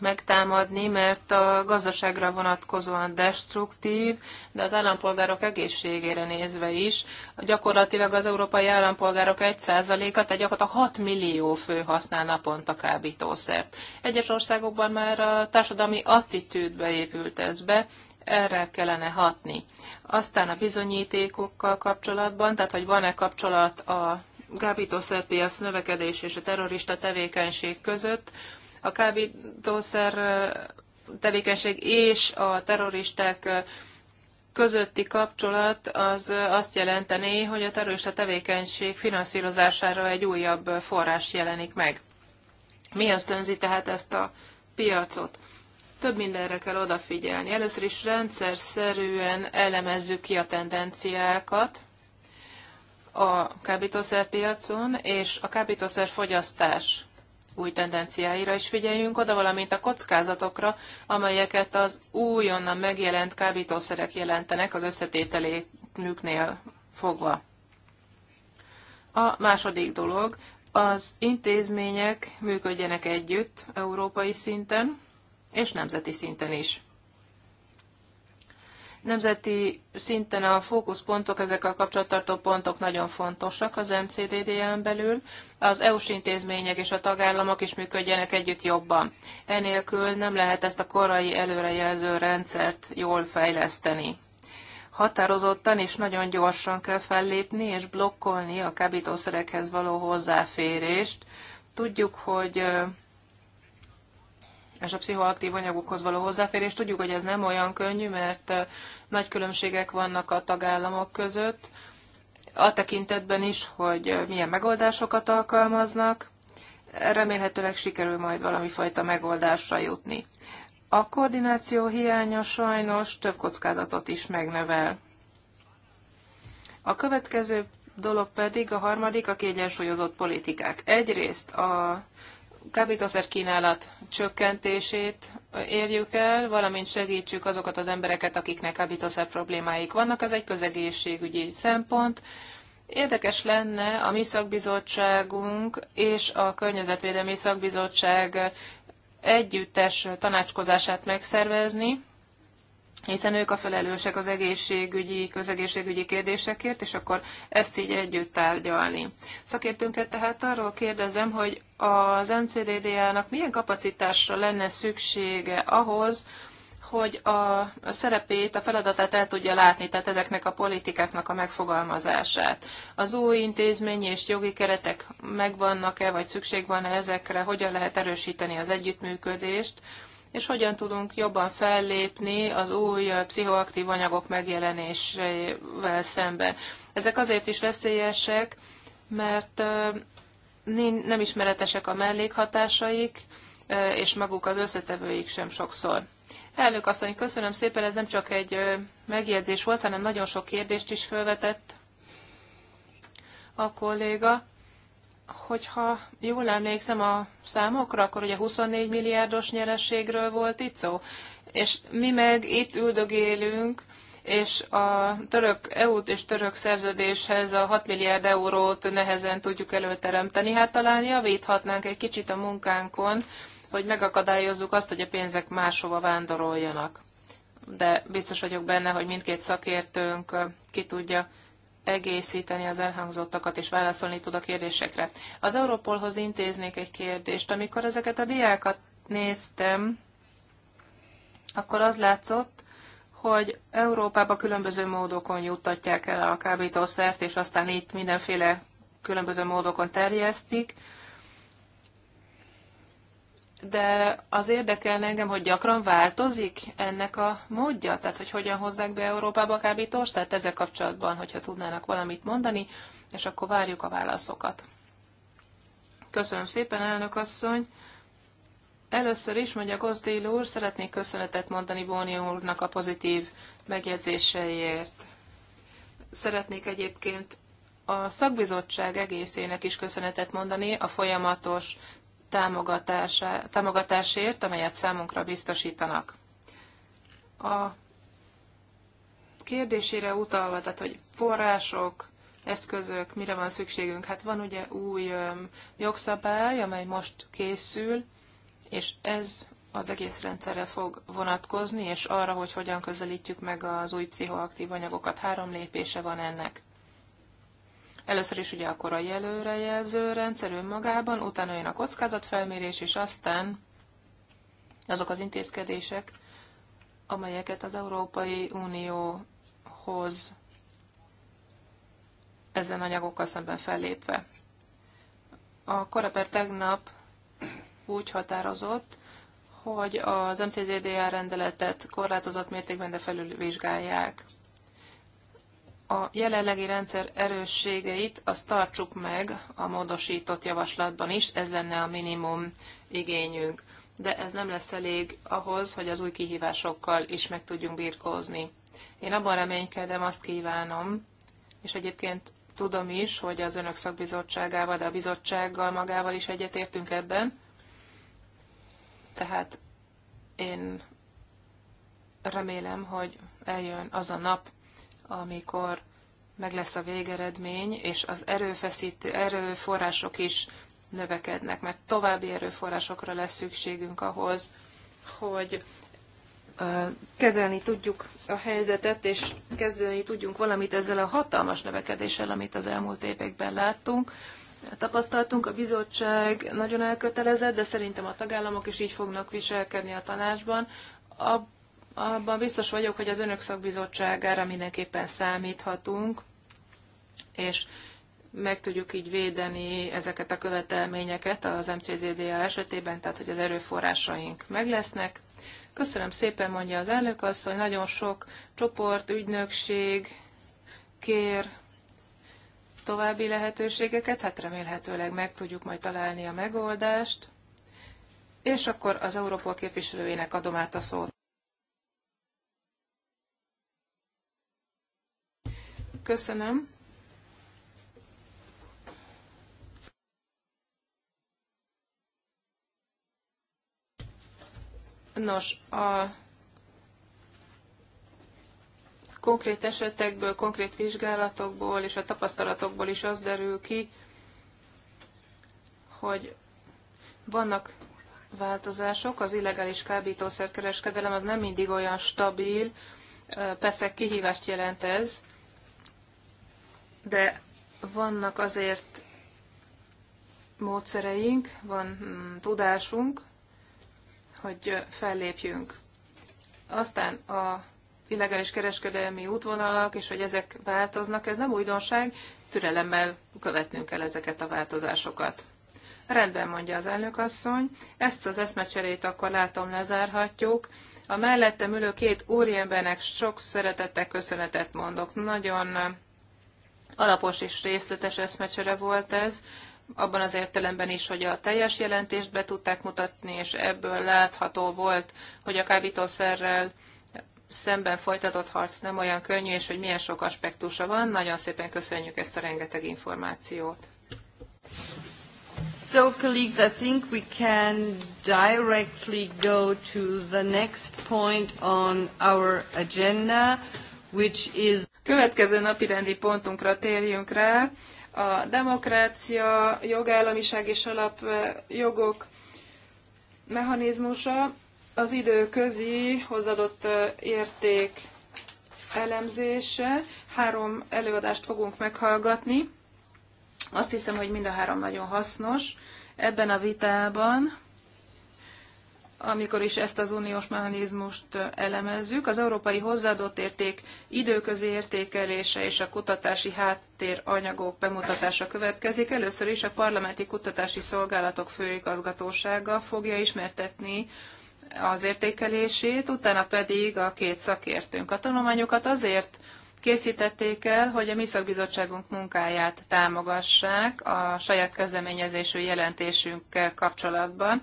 megtámadni, mert a gazdaságra vonatkozóan destruktív, de az állampolgárok egészségére nézve is, gyakorlatilag az európai állampolgárok 1%-a, tehát gyakorlatilag 6 millió fő használ naponta kábítószert. Egyes országokban már a társadalmi attitűdbe épült ez be, erre kellene hatni. Aztán a bizonyítékokkal kapcsolatban, tehát hogy van-e kapcsolat a kábítószerpiac növekedés és a terrorista tevékenység között, a kábítószer tevékenység és a terroristák közötti kapcsolat az azt jelenteni, hogy a terrorista tevékenység finanszírozására egy újabb forrás jelenik meg. Mi ösztönzi tehát ezt a piacot? Több mindenre kell odafigyelni. Először is rendszer szerűen elemezzük ki a tendenciákat a kábítószerpiacon, és a kábítószer fogyasztás új tendenciáira is figyeljünk oda, valamint a kockázatokra, amelyeket az újonnan megjelent kábítószerek jelentenek az összetételéknél fogva. A második dolog, az intézmények működjenek együtt európai szinten és nemzeti szinten is. Nemzeti szinten a fókuszpontok, ezek a kapcsolattartó pontok nagyon fontosak az MCDD-en belül. Az EU-s intézmények és a tagállamok is működjenek együtt jobban. Enélkül nem lehet ezt a korai előrejelző rendszert jól fejleszteni. Határozottan és nagyon gyorsan kell fellépni és blokkolni a kábítószerekhez való hozzáférést. Tudjuk, hogy és a pszichoaktív anyagokhoz való hozzáférés. Tudjuk, hogy ez nem olyan könnyű, mert nagy különbségek vannak a tagállamok között, a tekintetben is, hogy milyen megoldásokat alkalmaznak. Remélhetőleg sikerül majd valami fajta megoldásra jutni. A koordináció hiánya sajnos több kockázatot is megnövel. A következő dolog pedig a harmadik a kiegyensúlyozott politikák. Egyrészt a kábítószer kínálat csökkentését érjük el, valamint segítsük azokat az embereket, akiknek kábítószer problémáik vannak. Ez egy közegészségügyi szempont. Érdekes lenne a mi szakbizottságunk és a Környezetvédelmi Szakbizottság együttes tanácskozását megszervezni, hiszen ők a felelősek az egészségügyi, közegészségügyi kérdésekért, és akkor ezt így együtt tárgyalni. Szakértőnket tehát arról kérdezem, hogy az ncdda nak milyen kapacitásra lenne szüksége ahhoz, hogy a szerepét, a feladatát el tudja látni, tehát ezeknek a politikáknak a megfogalmazását. Az új intézményi és jogi keretek megvannak-e, vagy szükség van-e ezekre, hogyan lehet erősíteni az együttműködést, és hogyan tudunk jobban fellépni az új pszichoaktív anyagok megjelenésével szemben. Ezek azért is veszélyesek, mert nem ismeretesek a mellékhatásaik, és maguk az összetevőik sem sokszor. Elnök asszony, köszönöm szépen, ez nem csak egy megjegyzés volt, hanem nagyon sok kérdést is felvetett a kolléga hogyha jól emlékszem a számokra, akkor ugye 24 milliárdos nyerességről volt itt szó, és mi meg itt üldögélünk, és a török eu és török szerződéshez a 6 milliárd eurót nehezen tudjuk előteremteni. Hát talán javíthatnánk egy kicsit a munkánkon, hogy megakadályozzuk azt, hogy a pénzek máshova vándoroljanak. De biztos vagyok benne, hogy mindkét szakértőnk ki tudja egészíteni az elhangzottakat és válaszolni tud a kérdésekre. Az Europolhoz intéznék egy kérdést. Amikor ezeket a diákat néztem, akkor az látszott, hogy Európába különböző módokon juttatják el a kábítószert, és aztán itt mindenféle különböző módokon terjesztik de az érdekelne engem, hogy gyakran változik ennek a módja, tehát hogy hogyan hozzák be Európába a tehát ezzel kapcsolatban, hogyha tudnának valamit mondani, és akkor várjuk a válaszokat. Köszönöm szépen, elnök asszony! Először is, mondja Gozdél úr, szeretnék köszönetet mondani Bóni úrnak a pozitív megjegyzéseiért. Szeretnék egyébként a szakbizottság egészének is köszönetet mondani a folyamatos támogatásért, amelyet számunkra biztosítanak. A kérdésére utalva, tehát hogy források, eszközök, mire van szükségünk? Hát van ugye új jogszabály, amely most készül, és ez az egész rendszerre fog vonatkozni, és arra, hogy hogyan közelítjük meg az új pszichoaktív anyagokat. Három lépése van ennek. Először is ugye a korai előrejelző rendszer önmagában, utána jön a kockázatfelmérés, és aztán azok az intézkedések, amelyeket az Európai Unió hoz ezen anyagokkal szemben fellépve. A Koreper tegnap úgy határozott, hogy az MCDDR rendeletet korlátozott mértékben, de felülvizsgálják a jelenlegi rendszer erősségeit azt tartsuk meg a módosított javaslatban is, ez lenne a minimum igényünk. De ez nem lesz elég ahhoz, hogy az új kihívásokkal is meg tudjunk birkózni. Én abban reménykedem, azt kívánom, és egyébként tudom is, hogy az önök szakbizottságával, de a bizottsággal magával is egyetértünk ebben. Tehát én remélem, hogy eljön az a nap, amikor meg lesz a végeredmény, és az erőfeszít, erőforrások is növekednek, mert további erőforrásokra lesz szükségünk ahhoz, hogy kezelni tudjuk a helyzetet, és kezelni tudjunk valamit ezzel a hatalmas növekedéssel, amit az elmúlt években láttunk. Tapasztaltunk, a bizottság nagyon elkötelezett, de szerintem a tagállamok is így fognak viselkedni a tanácsban, abban biztos vagyok, hogy az önök szakbizottságára mindenképpen számíthatunk, és meg tudjuk így védeni ezeket a követelményeket az MCZDA esetében, tehát hogy az erőforrásaink meg lesznek. Köszönöm szépen, mondja az elnök azt, hogy nagyon sok csoport, ügynökség kér további lehetőségeket, hát remélhetőleg meg tudjuk majd találni a megoldást. És akkor az Európa képviselőjének adom át a szót. Köszönöm. Nos, a konkrét esetekből, konkrét vizsgálatokból és a tapasztalatokból is az derül ki, hogy vannak változások, az illegális kábítószerkereskedelem az nem mindig olyan stabil, persze kihívást jelent ez, de vannak azért módszereink, van mm, tudásunk, hogy fellépjünk. Aztán a illegális kereskedelmi útvonalak, és hogy ezek változnak, ez nem újdonság, türelemmel követnünk kell ezeket a változásokat. Rendben mondja az elnökasszony, ezt az eszmecserét akkor látom lezárhatjuk. A mellettem ülő két úriembernek sok szeretettel köszönetet mondok. Nagyon Alapos és részletes eszmecsere volt ez, abban az értelemben is, hogy a teljes jelentést be tudták mutatni, és ebből látható volt, hogy a kábítószerrel szemben folytatott harc nem olyan könnyű, és hogy milyen sok aspektusa van. Nagyon szépen köszönjük ezt a rengeteg információt. So, colleagues, I think we can directly go to the next point on our agenda, which is... Következő napi rendi pontunkra térjünk rá. A demokrácia, jogállamiság és alapjogok mechanizmusa az időközi hozadott érték elemzése. Három előadást fogunk meghallgatni. Azt hiszem, hogy mind a három nagyon hasznos ebben a vitában amikor is ezt az uniós mechanizmust elemezzük. Az európai hozzáadott érték időközi értékelése és a kutatási háttéranyagok bemutatása következik. Először is a parlamenti kutatási szolgálatok főigazgatósága fogja ismertetni az értékelését, utána pedig a két szakértőnk. A tanulmányokat azért készítették el, hogy a mi szakbizottságunk munkáját támogassák a saját kezdeményezésű jelentésünkkel kapcsolatban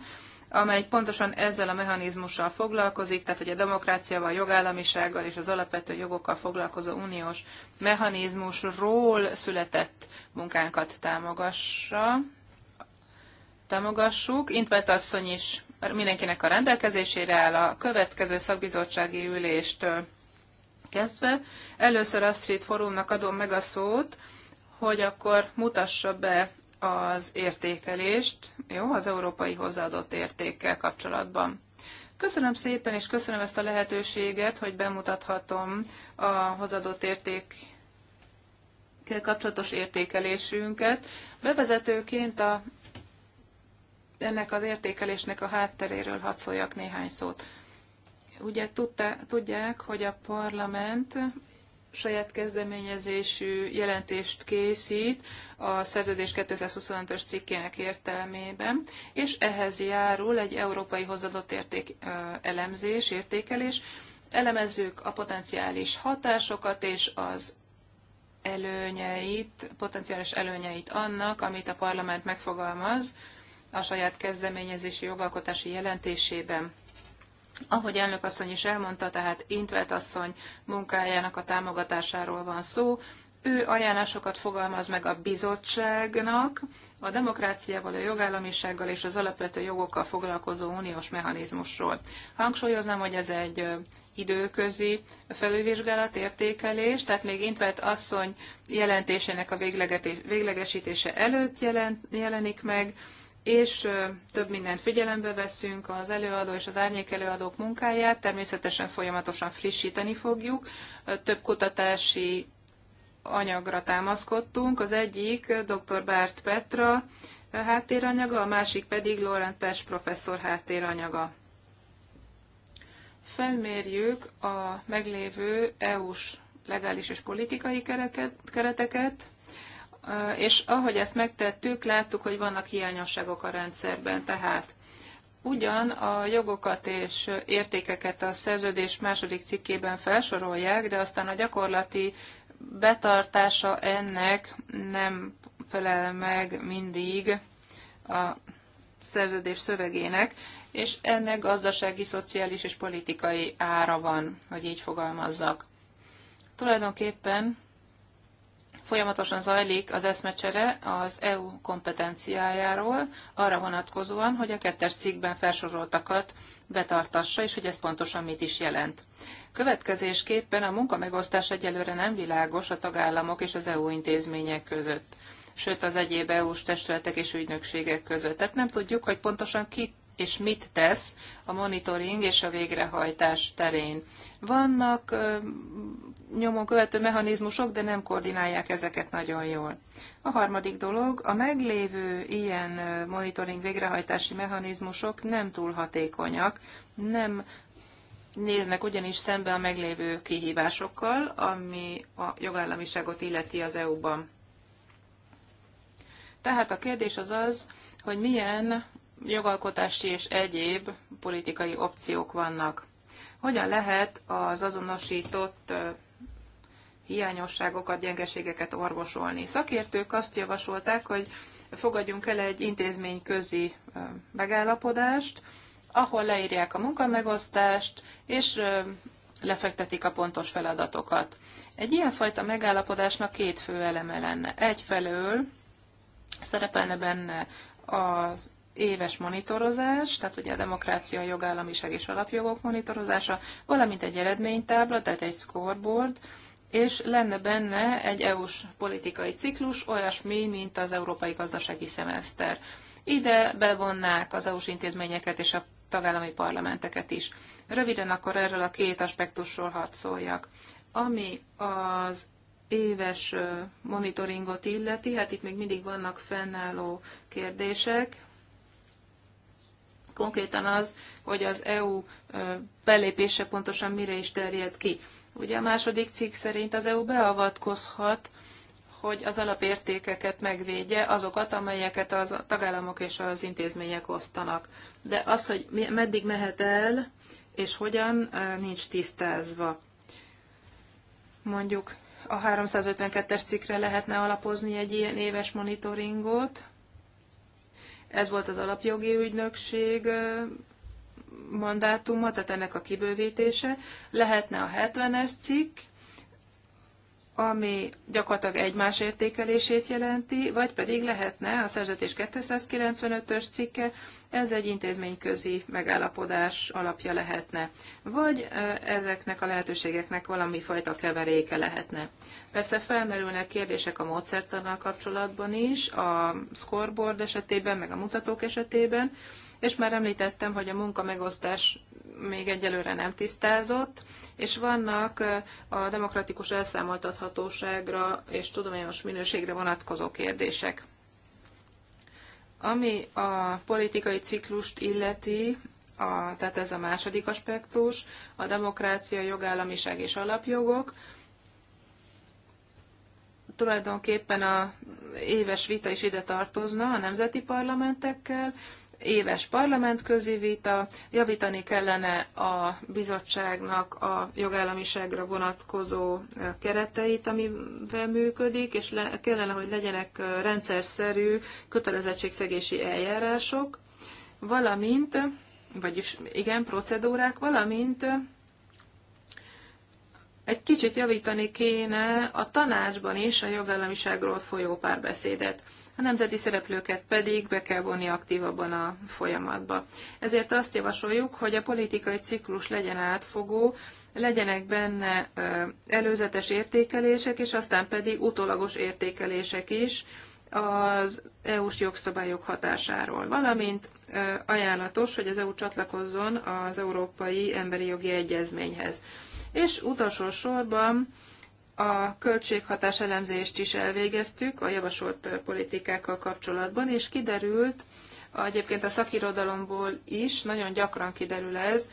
amely pontosan ezzel a mechanizmussal foglalkozik, tehát hogy a demokráciával, jogállamisággal és az alapvető jogokkal foglalkozó uniós mechanizmusról született munkánkat támogassa. Támogassuk. Intvet asszony is mindenkinek a rendelkezésére áll a következő szakbizottsági ülést kezdve. Először a Street Forumnak adom meg a szót, hogy akkor mutassa be az értékelést, jó, az európai hozzáadott értékkel kapcsolatban. Köszönöm szépen, és köszönöm ezt a lehetőséget, hogy bemutathatom a hozzáadott értékkel kapcsolatos értékelésünket. Bevezetőként a, ennek az értékelésnek a hátteréről hadd szóljak néhány szót. Ugye tudta, tudják, hogy a parlament saját kezdeményezésű jelentést készít a szerződés 225-ös cikkének értelmében, és ehhez járul egy európai hozzáadott érték elemzés, értékelés. Elemezzük a potenciális hatásokat és az előnyeit, potenciális előnyeit annak, amit a parlament megfogalmaz a saját kezdeményezési jogalkotási jelentésében ahogy elnök asszony is elmondta, tehát Intvelt asszony munkájának a támogatásáról van szó. Ő ajánlásokat fogalmaz meg a bizottságnak, a demokráciával, a jogállamisággal és az alapvető jogokkal foglalkozó uniós mechanizmusról. Hangsúlyoznám, hogy ez egy időközi felülvizsgálat, értékelés, tehát még Intvert asszony jelentésének a véglegesítése előtt jelent jelenik meg, és több mindent figyelembe veszünk, az előadó és az árnyék előadók munkáját, természetesen folyamatosan frissíteni fogjuk. Több kutatási anyagra támaszkodtunk, az egyik dr. Bárt Petra háttéranyaga, a másik pedig Laurent Pers professzor háttéranyaga. Felmérjük a meglévő EU-s legális és politikai kereteket, és ahogy ezt megtettük, láttuk, hogy vannak hiányosságok a rendszerben. Tehát ugyan a jogokat és értékeket a szerződés második cikkében felsorolják, de aztán a gyakorlati betartása ennek nem felel meg mindig a szerződés szövegének, és ennek gazdasági, szociális és politikai ára van, hogy így fogalmazzak. Tulajdonképpen Folyamatosan zajlik az eszmecsere az EU kompetenciájáról, arra vonatkozóan, hogy a kettes cikkben felsoroltakat betartassa, és hogy ez pontosan mit is jelent. Következésképpen a munkamegosztás egyelőre nem világos a tagállamok és az EU intézmények között sőt az egyéb EU-s testületek és ügynökségek között. Tehát nem tudjuk, hogy pontosan ki és mit tesz a monitoring és a végrehajtás terén. Vannak nyomon követő mechanizmusok, de nem koordinálják ezeket nagyon jól. A harmadik dolog, a meglévő ilyen monitoring végrehajtási mechanizmusok nem túl hatékonyak, nem néznek ugyanis szembe a meglévő kihívásokkal, ami a jogállamiságot illeti az EU-ban. Tehát a kérdés az az, hogy milyen jogalkotási és egyéb politikai opciók vannak. Hogyan lehet az azonosított hiányosságokat, gyengeségeket orvosolni? Szakértők azt javasolták, hogy fogadjunk el egy intézményközi megállapodást, ahol leírják a munkamegosztást, és lefektetik a pontos feladatokat. Egy ilyenfajta megállapodásnak két fő eleme lenne. Egyfelől szerepelne benne az éves monitorozás, tehát ugye a demokrácia, jogállamiság és alapjogok monitorozása, valamint egy eredménytábla, tehát egy scoreboard, és lenne benne egy EU-s politikai ciklus, olyasmi, mint az európai gazdasági szemeszter. Ide bevonnák az EU-s intézményeket és a tagállami parlamenteket is. Röviden akkor erről a két aspektusról hadd szóljak. Ami az éves monitoringot illeti, hát itt még mindig vannak fennálló kérdések, konkrétan az, hogy az EU belépése pontosan mire is terjed ki. Ugye a második cikk szerint az EU beavatkozhat, hogy az alapértékeket megvédje, azokat, amelyeket az tagállamok és az intézmények osztanak. De az, hogy meddig mehet el, és hogyan, nincs tisztázva. Mondjuk a 352-es cikkre lehetne alapozni egy ilyen éves monitoringot, ez volt az alapjogi ügynökség mandátuma, tehát ennek a kibővítése. Lehetne a 70-es cikk, ami gyakorlatilag egymás értékelését jelenti, vagy pedig lehetne a szerződés 295-ös cikke, ez egy intézményközi megállapodás alapja lehetne, vagy ezeknek a lehetőségeknek valami fajta keveréke lehetne. Persze felmerülnek kérdések a módszertannal kapcsolatban is, a scoreboard esetében, meg a mutatók esetében, és már említettem, hogy a munka megosztás még egyelőre nem tisztázott, és vannak a demokratikus elszámoltathatóságra és tudományos minőségre vonatkozó kérdések. Ami a politikai ciklust illeti, a, tehát ez a második aspektus, a demokrácia, jogállamiság és alapjogok, tulajdonképpen a éves vita is ide tartozna a nemzeti parlamentekkel, éves parlamentközi vita, javítani kellene a bizottságnak a jogállamiságra vonatkozó kereteit, amivel működik, és le, kellene, hogy legyenek rendszer szerű kötelezettségszegési eljárások, valamint, vagyis igen, procedúrák, valamint egy kicsit javítani kéne a tanácsban is a jogállamiságról folyó párbeszédet a nemzeti szereplőket pedig be kell vonni aktívabban a folyamatba. Ezért azt javasoljuk, hogy a politikai ciklus legyen átfogó, legyenek benne előzetes értékelések, és aztán pedig utólagos értékelések is az EU-s jogszabályok hatásáról, valamint ajánlatos, hogy az EU csatlakozzon az Európai Emberi Jogi Egyezményhez. És utolsó sorban a költséghatás elemzést is elvégeztük a javasolt politikákkal kapcsolatban, és kiderült, egyébként a szakirodalomból is nagyon gyakran kiderül ez,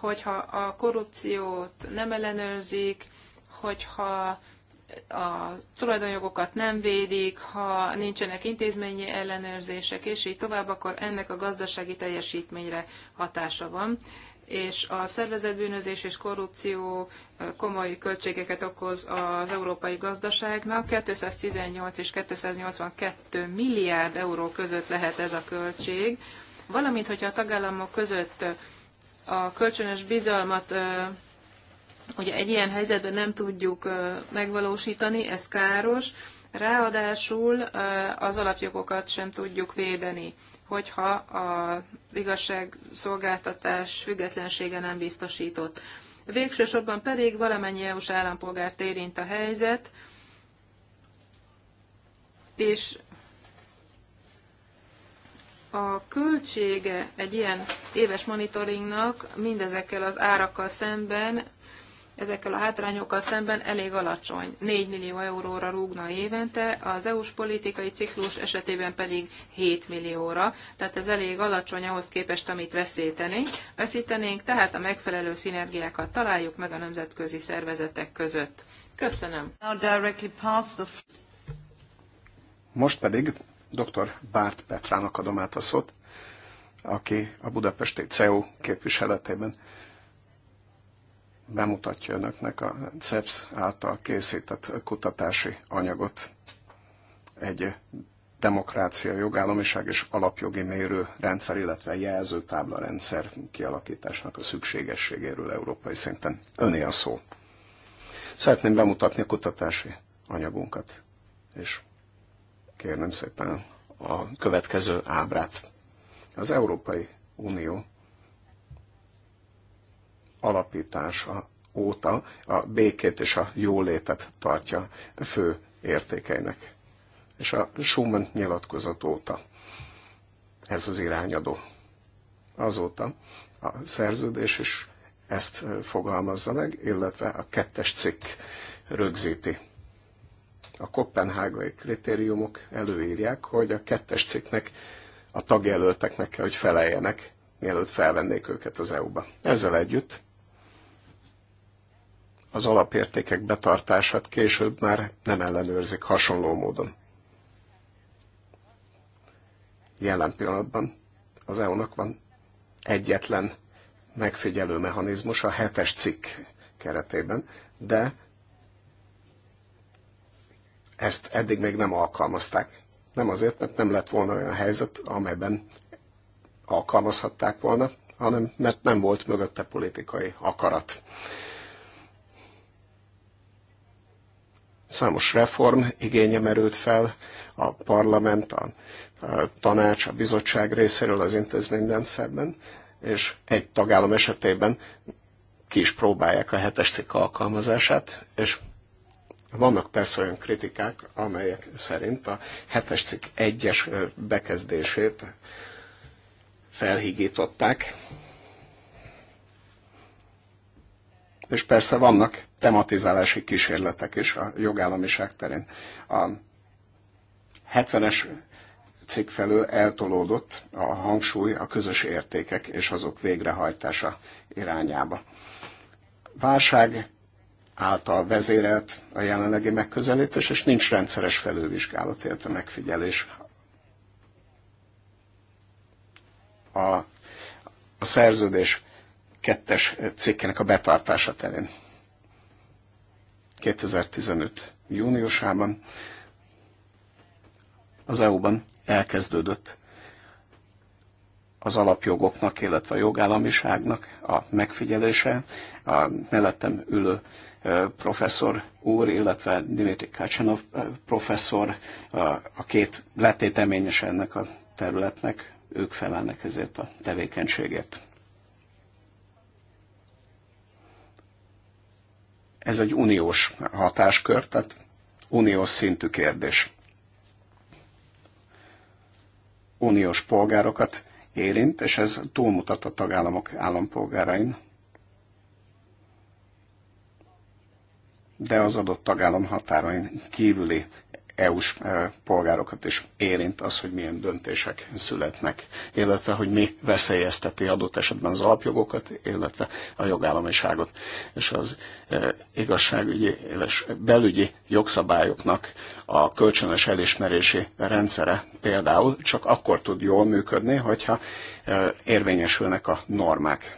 hogyha a korrupciót nem ellenőrzik, hogyha a tulajdonjogokat nem védik, ha nincsenek intézményi ellenőrzések, és így tovább, akkor ennek a gazdasági teljesítményre hatása van és a szervezetbűnözés és korrupció komoly költségeket okoz az európai gazdaságnak. 218 és 282 milliárd euró között lehet ez a költség, valamint hogyha a tagállamok között a kölcsönös bizalmat ugye egy ilyen helyzetben nem tudjuk megvalósítani, ez káros, ráadásul az alapjogokat sem tudjuk védeni hogyha az igazságszolgáltatás függetlensége nem biztosított. Végsősorban sorban pedig valamennyi EU-s állampolgárt érint a helyzet, és a költsége egy ilyen éves monitoringnak mindezekkel az árakkal szemben ezekkel a hátrányokkal szemben elég alacsony. 4 millió euróra rúgna évente, az EU-s politikai ciklus esetében pedig 7 millióra, tehát ez elég alacsony ahhoz képest, amit veszítenénk. Veszítenénk, tehát a megfelelő szinergiákat találjuk meg a nemzetközi szervezetek között. Köszönöm. Most pedig dr. Bárt Petrának adom át a szót, aki a Budapesti CEU képviseletében bemutatja önöknek a CEPS által készített kutatási anyagot. Egy demokrácia, jogállamiság és alapjogi mérőrendszer, illetve jelzőtábla rendszer kialakításnak a szükségességéről európai szinten. Öné a szó. Szeretném bemutatni a kutatási anyagunkat, és kérném szépen a következő ábrát. Az Európai Unió alapítása óta a békét és a jólétet tartja fő értékeinek. És a Schumann nyilatkozat óta ez az irányadó. Azóta a szerződés is ezt fogalmazza meg, illetve a kettes cikk rögzíti. A kopenhágai kritériumok előírják, hogy a kettes cikknek a tagjelölteknek kell, hogy feleljenek, mielőtt felvennék őket az EU-ba. Ezzel együtt az alapértékek betartását később már nem ellenőrzik hasonló módon. Jelen pillanatban az EU-nak van egyetlen megfigyelő mechanizmus a hetes cikk keretében, de ezt eddig még nem alkalmazták. Nem azért, mert nem lett volna olyan helyzet, amelyben alkalmazhatták volna, hanem mert nem volt mögötte politikai akarat. Számos reform igénye merült fel a parlament, a, a tanács, a bizottság részéről az intézményrendszerben, és egy tagállam esetében ki is próbálják a hetes cikk alkalmazását, és vannak persze olyan kritikák, amelyek szerint a hetes cikk egyes bekezdését felhigították, És persze vannak tematizálási kísérletek is a jogállamiság terén. A 70-es cikk felől eltolódott a hangsúly a közös értékek és azok végrehajtása irányába. Válság által vezérelt a jelenlegi megközelítés, és nincs rendszeres felülvizsgálat, illetve megfigyelés. A, a szerződés kettes cikkének a betartása terén. 2015. júniusában az EU-ban elkezdődött az alapjogoknak, illetve a jogállamiságnak a megfigyelése. A mellettem ülő professzor úr, illetve Dimitri Kácsanov professzor, a két letéteményes ennek a területnek, ők felelnek ezért a tevékenységért. ez egy uniós hatáskör, tehát uniós szintű kérdés. Uniós polgárokat érint, és ez túlmutat a tagállamok állampolgárain. De az adott tagállam határain kívüli EU-s e, polgárokat is érint az, hogy milyen döntések születnek, illetve hogy mi veszélyezteti adott esetben az alapjogokat, illetve a jogállamiságot. És az e, igazságügyi és belügyi jogszabályoknak a kölcsönös elismerési rendszere például csak akkor tud jól működni, hogyha e, érvényesülnek a normák.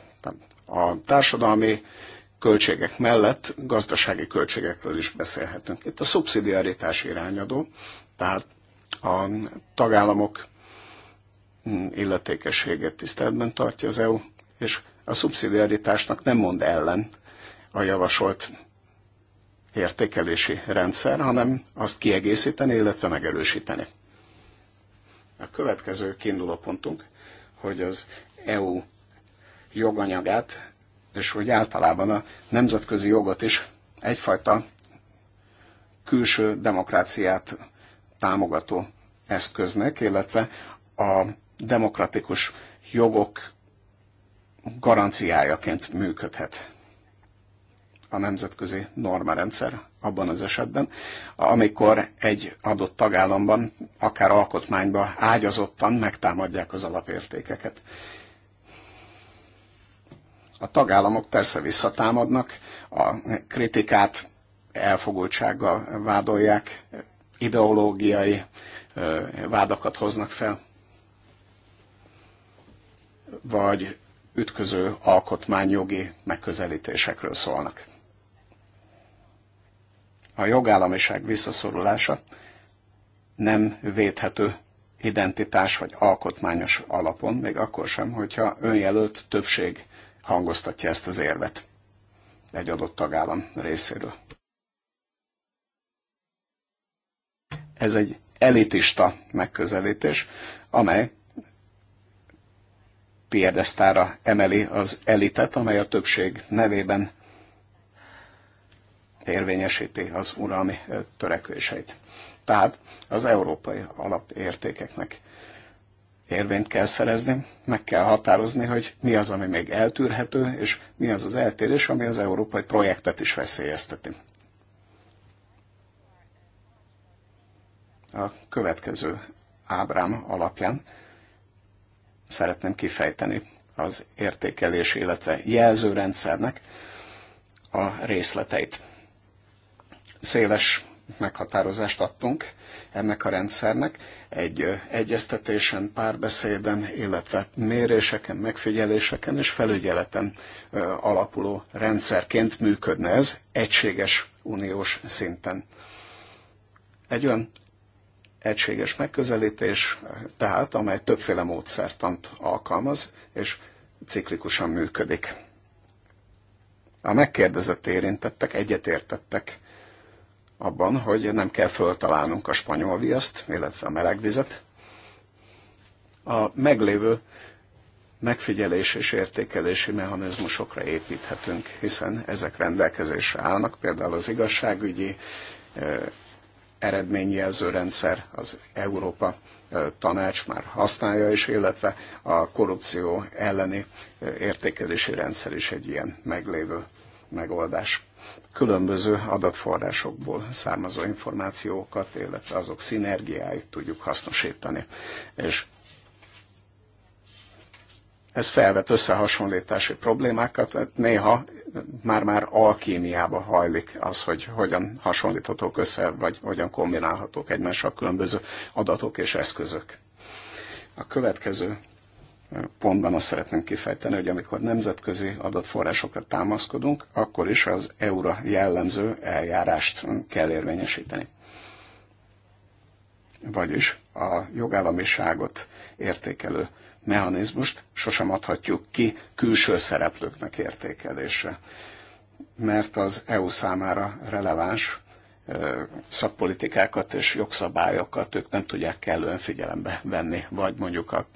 A társadalmi költségek mellett gazdasági költségekről is beszélhetünk. Itt a szubszidiaritás irányadó, tehát a tagállamok mm, illetékességet tiszteletben tartja az EU, és a szubszidiaritásnak nem mond ellen a javasolt értékelési rendszer, hanem azt kiegészíteni, illetve megerősíteni. A következő kiinduló pontunk, hogy az EU joganyagát és hogy általában a nemzetközi jogot is egyfajta külső demokráciát támogató eszköznek, illetve a demokratikus jogok garanciájaként működhet a nemzetközi normarendszer abban az esetben, amikor egy adott tagállamban, akár alkotmányba ágyazottan megtámadják az alapértékeket. A tagállamok persze visszatámadnak, a kritikát elfogultsággal vádolják, ideológiai vádakat hoznak fel, vagy ütköző alkotmányjogi megközelítésekről szólnak. A jogállamiság visszaszorulása nem védhető identitás vagy alkotmányos alapon, még akkor sem, hogyha önjelölt többség hangoztatja ezt az érvet egy adott tagállam részéről. Ez egy elitista megközelítés, amely piedesztára emeli az elitet, amely a többség nevében érvényesíti az uralmi törekvéseit. Tehát az európai alapértékeknek érvényt kell szerezni, meg kell határozni, hogy mi az, ami még eltűrhető, és mi az az eltérés, ami az európai projektet is veszélyezteti. A következő ábrám alapján szeretném kifejteni az értékelés, illetve jelzőrendszernek a részleteit. Széles meghatározást adtunk ennek a rendszernek. Egy egyeztetésen, párbeszéden, illetve méréseken, megfigyeléseken és felügyeleten alapuló rendszerként működne ez egységes uniós szinten. Egy olyan egységes megközelítés, tehát amely többféle módszertant alkalmaz, és ciklikusan működik. A megkérdezett érintettek egyetértettek abban, hogy nem kell föltalálnunk a spanyol viaszt, illetve a melegvizet. A meglévő megfigyelés és értékelési mechanizmusokra építhetünk, hiszen ezek rendelkezésre állnak, például az igazságügyi eredményjelző rendszer, az Európa tanács már használja is, illetve a korrupció elleni értékelési rendszer is egy ilyen meglévő megoldás különböző adatforrásokból származó információkat, illetve azok szinergiáit tudjuk hasznosítani. És ez felvet összehasonlítási problémákat, tehát néha már-már alkímiába hajlik az, hogy hogyan hasonlíthatók össze, vagy hogyan kombinálhatók egymással különböző adatok és eszközök. A következő pontban azt szeretném kifejteni, hogy amikor nemzetközi adatforrásokra támaszkodunk, akkor is az eu jellemző eljárást kell érvényesíteni. Vagyis a jogállamiságot értékelő mechanizmust sosem adhatjuk ki külső szereplőknek értékelésre, mert az EU számára releváns szakpolitikákat és jogszabályokat ők nem tudják kellően figyelembe venni, vagy mondjuk a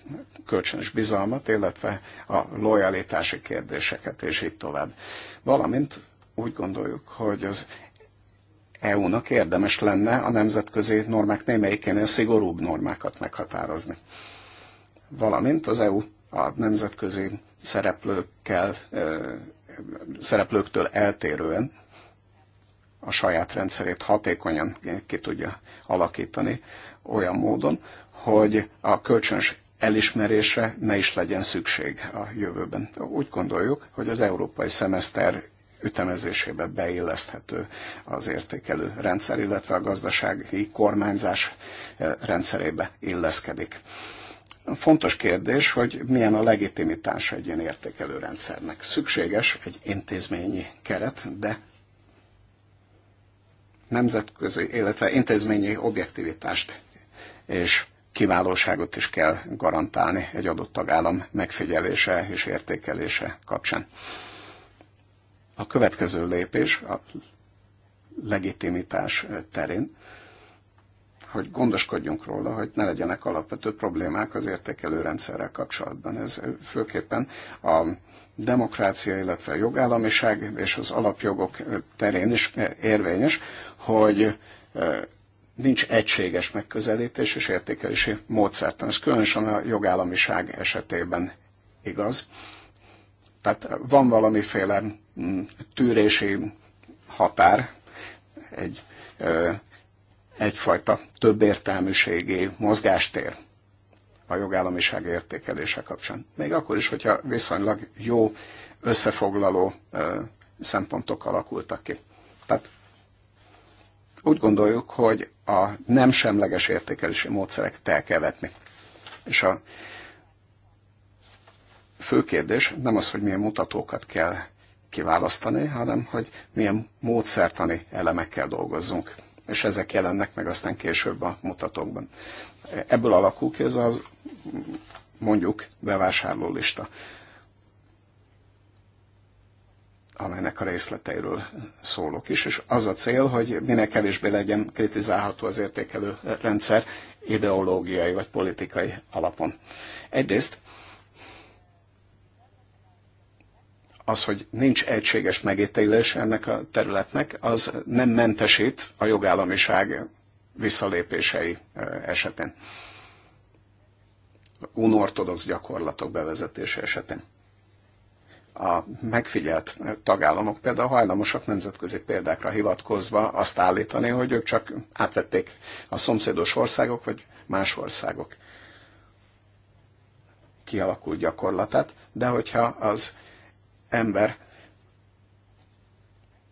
kölcsönös bizalmat, illetve a lojalitási kérdéseket, és így tovább. Valamint úgy gondoljuk, hogy az EU-nak érdemes lenne a nemzetközi normák némelyikénél szigorúbb normákat meghatározni. Valamint az EU a nemzetközi szereplőkkel, szereplőktől eltérően a saját rendszerét hatékonyan ki tudja alakítani olyan módon, hogy a kölcsönös elismerésre ne is legyen szükség a jövőben. Úgy gondoljuk, hogy az európai szemeszter ütemezésébe beilleszthető az értékelő rendszer, illetve a gazdasági kormányzás eh, rendszerébe illeszkedik. Fontos kérdés, hogy milyen a legitimitás egy ilyen értékelő rendszernek. Szükséges egy intézményi keret, de nemzetközi, illetve intézményi objektivitást és kiválóságot is kell garantálni egy adott tagállam megfigyelése és értékelése kapcsán. A következő lépés a legitimitás terén, hogy gondoskodjunk róla, hogy ne legyenek alapvető problémák az értékelő rendszerrel kapcsolatban. Ez főképpen a demokrácia, illetve a jogállamiság és az alapjogok terén is érvényes, hogy nincs egységes megközelítés és értékelési módszertan. Ez különösen a jogállamiság esetében igaz. Tehát van valamiféle mm, tűrési határ, egy, egyfajta többértelműségi mozgástér a jogállamiság értékelése kapcsán. Még akkor is, hogyha viszonylag jó összefoglaló szempontok alakultak ki. Tehát úgy gondoljuk, hogy a nem semleges értékelési módszereket el kell vetni. És a fő kérdés nem az, hogy milyen mutatókat kell kiválasztani, hanem hogy milyen módszertani elemekkel dolgozzunk. És ezek jelennek meg aztán később a mutatókban ebből alakul ki ez az mondjuk lista, amelynek a részleteiről szólok is, és az a cél, hogy minél kevésbé legyen kritizálható az értékelő rendszer ideológiai vagy politikai alapon. Egyrészt az, hogy nincs egységes megítélés ennek a területnek, az nem mentesít a jogállamiság visszalépései esetén. Unortodox gyakorlatok bevezetése esetén. A megfigyelt tagállamok például hajlamosak nemzetközi példákra hivatkozva azt állítani, hogy ők csak átvették a szomszédos országok vagy más országok kialakult gyakorlatát, de hogyha az ember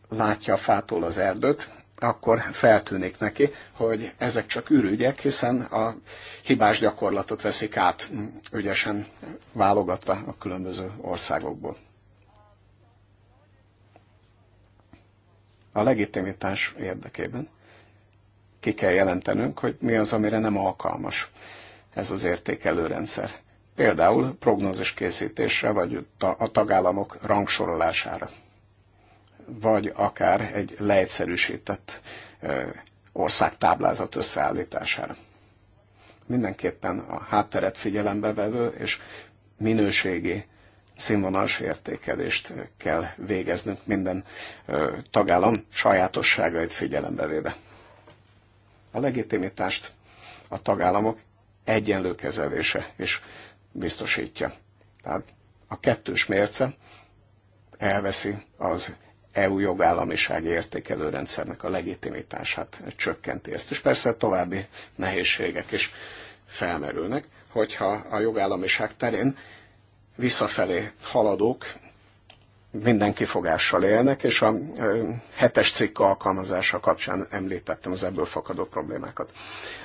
látja a fától az erdőt, akkor feltűnik neki, hogy ezek csak ürügyek, hiszen a hibás gyakorlatot veszik át mm, ügyesen válogatva a különböző országokból. A legitimitás érdekében ki kell jelentenünk, hogy mi az, amire nem alkalmas ez az értékelőrendszer. Például prognózis készítésre, vagy a tagállamok rangsorolására vagy akár egy leegyszerűsített országtáblázat összeállítására. Mindenképpen a hátteret figyelembe vevő és minőségi színvonalas értékelést kell végeznünk minden tagállam sajátosságait figyelembe véve. A legitimitást a tagállamok egyenlő kezelése és biztosítja. Tehát a kettős mérce elveszi az EU jogállamisági értékelő rendszernek a legitimitását csökkenti ezt. És persze további nehézségek is felmerülnek, hogyha a jogállamiság terén visszafelé haladók minden kifogással élnek, és a hetes cikk alkalmazása kapcsán említettem az ebből fakadó problémákat.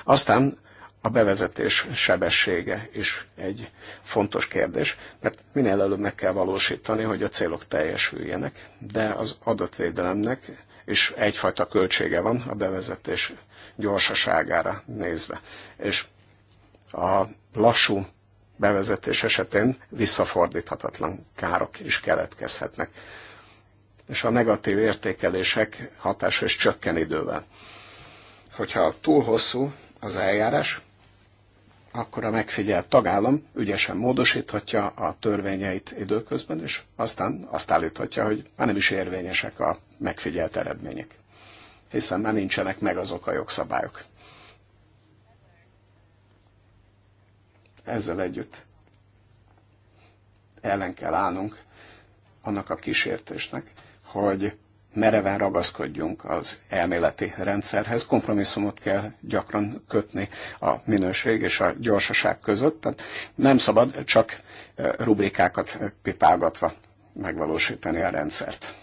Aztán a bevezetés sebessége is egy fontos kérdés, mert minél előbb meg kell valósítani, hogy a célok teljesüljenek, de az adatvédelemnek is egyfajta költsége van a bevezetés gyorsaságára nézve. És a lassú bevezetés esetén visszafordíthatatlan károk is keletkezhetnek. És a negatív értékelések hatása is csökken idővel. Hogyha túl hosszú az eljárás, akkor a megfigyelt tagállam ügyesen módosíthatja a törvényeit időközben, és aztán azt állíthatja, hogy már nem is érvényesek a megfigyelt eredmények, hiszen már nincsenek meg azok a jogszabályok. Ezzel együtt ellen kell állnunk annak a kísértésnek, hogy mereven ragaszkodjunk az elméleti rendszerhez. Kompromisszumot kell gyakran kötni a minőség és a gyorsaság között. Tehát nem szabad csak eh, rubrikákat pipálgatva megvalósítani a rendszert.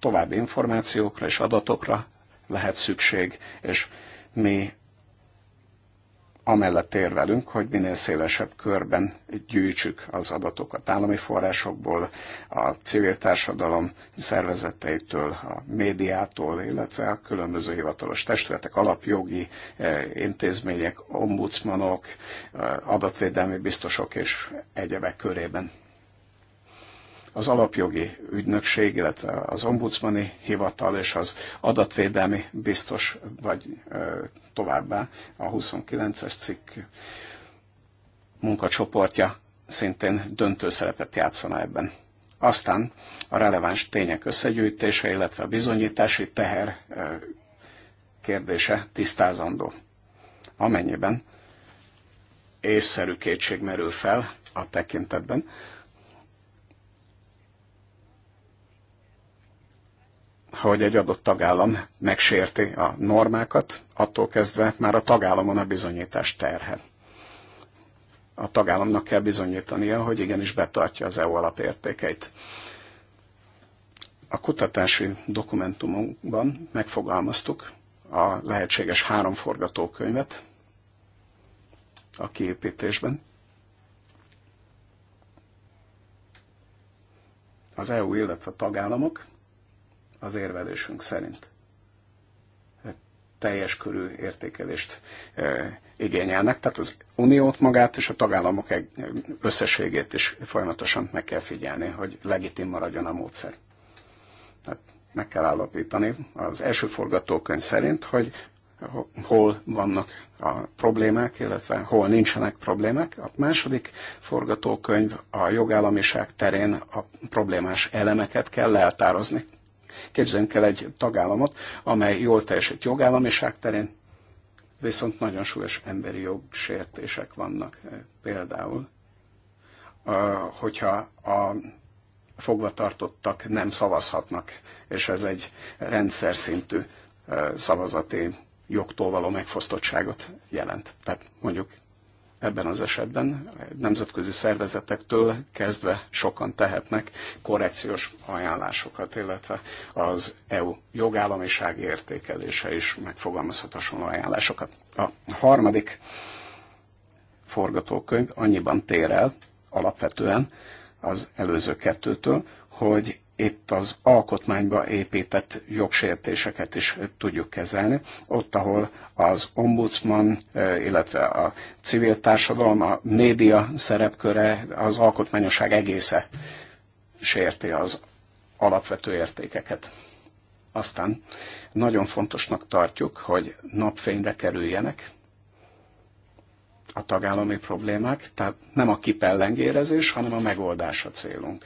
További információkra és adatokra lehet szükség, és mi amellett érvelünk, hogy minél szélesebb körben gyűjtsük az adatokat állami forrásokból, a civil társadalom szervezeteitől, a médiától, illetve a különböző hivatalos testületek, alapjogi eh, intézmények, ombudsmanok, eh, adatvédelmi biztosok és egyebek körében. Az alapjogi ügynökség, illetve az ombudsmani hivatal és az adatvédelmi biztos vagy eh, Továbbá a 29-es cikk munkacsoportja szintén döntő szerepet játszana ebben. Aztán a releváns tények összegyűjtése, illetve a bizonyítási teher kérdése tisztázandó. Amennyiben észszerű kétség merül fel a tekintetben, hogy egy adott tagállam megsérti a normákat, attól kezdve már a tagállamon a bizonyítás terhe. A tagállamnak kell bizonyítania, hogy igenis betartja az EU alapértékeit. A kutatási dokumentumunkban megfogalmaztuk a lehetséges három forgatókönyvet a kiépítésben. Az EU, illetve a tagállamok az érvelésünk szerint teljes körű értékelést eh, igényelnek, tehát az uniót magát és a tagállamok eh, összességét is folyamatosan meg kell figyelni, hogy legitim maradjon a módszer. Tehát meg kell állapítani az első forgatókönyv szerint, hogy hol vannak a problémák, illetve hol nincsenek problémák. A második forgatókönyv a jogállamiság terén a problémás elemeket kell leltározni, Képzeljünk el egy tagállamot, amely jól teljesít jogállamiság terén, viszont nagyon súlyos emberi jogsértések vannak. Eh, például, eh, hogyha a fogvatartottak nem szavazhatnak, és ez egy rendszer szintű eh, szavazati jogtól való megfosztottságot jelent. Tehát mondjuk Ebben az esetben nemzetközi szervezetektől kezdve sokan tehetnek korrekciós ajánlásokat, illetve az EU jogállamisági értékelése is megfogalmazhat hasonló ajánlásokat. A harmadik forgatókönyv annyiban tér el alapvetően az előző kettőtől, hogy itt az alkotmányba épített jogsértéseket is tudjuk kezelni. Ott, ahol az ombudsman, eh, illetve a civil társadalom, a média szerepköre, az alkotmányosság egésze sérti az alapvető értékeket. Aztán nagyon fontosnak tartjuk, hogy napfényre kerüljenek a tagállami problémák, tehát nem a kipellengérezés, hanem a megoldás a célunk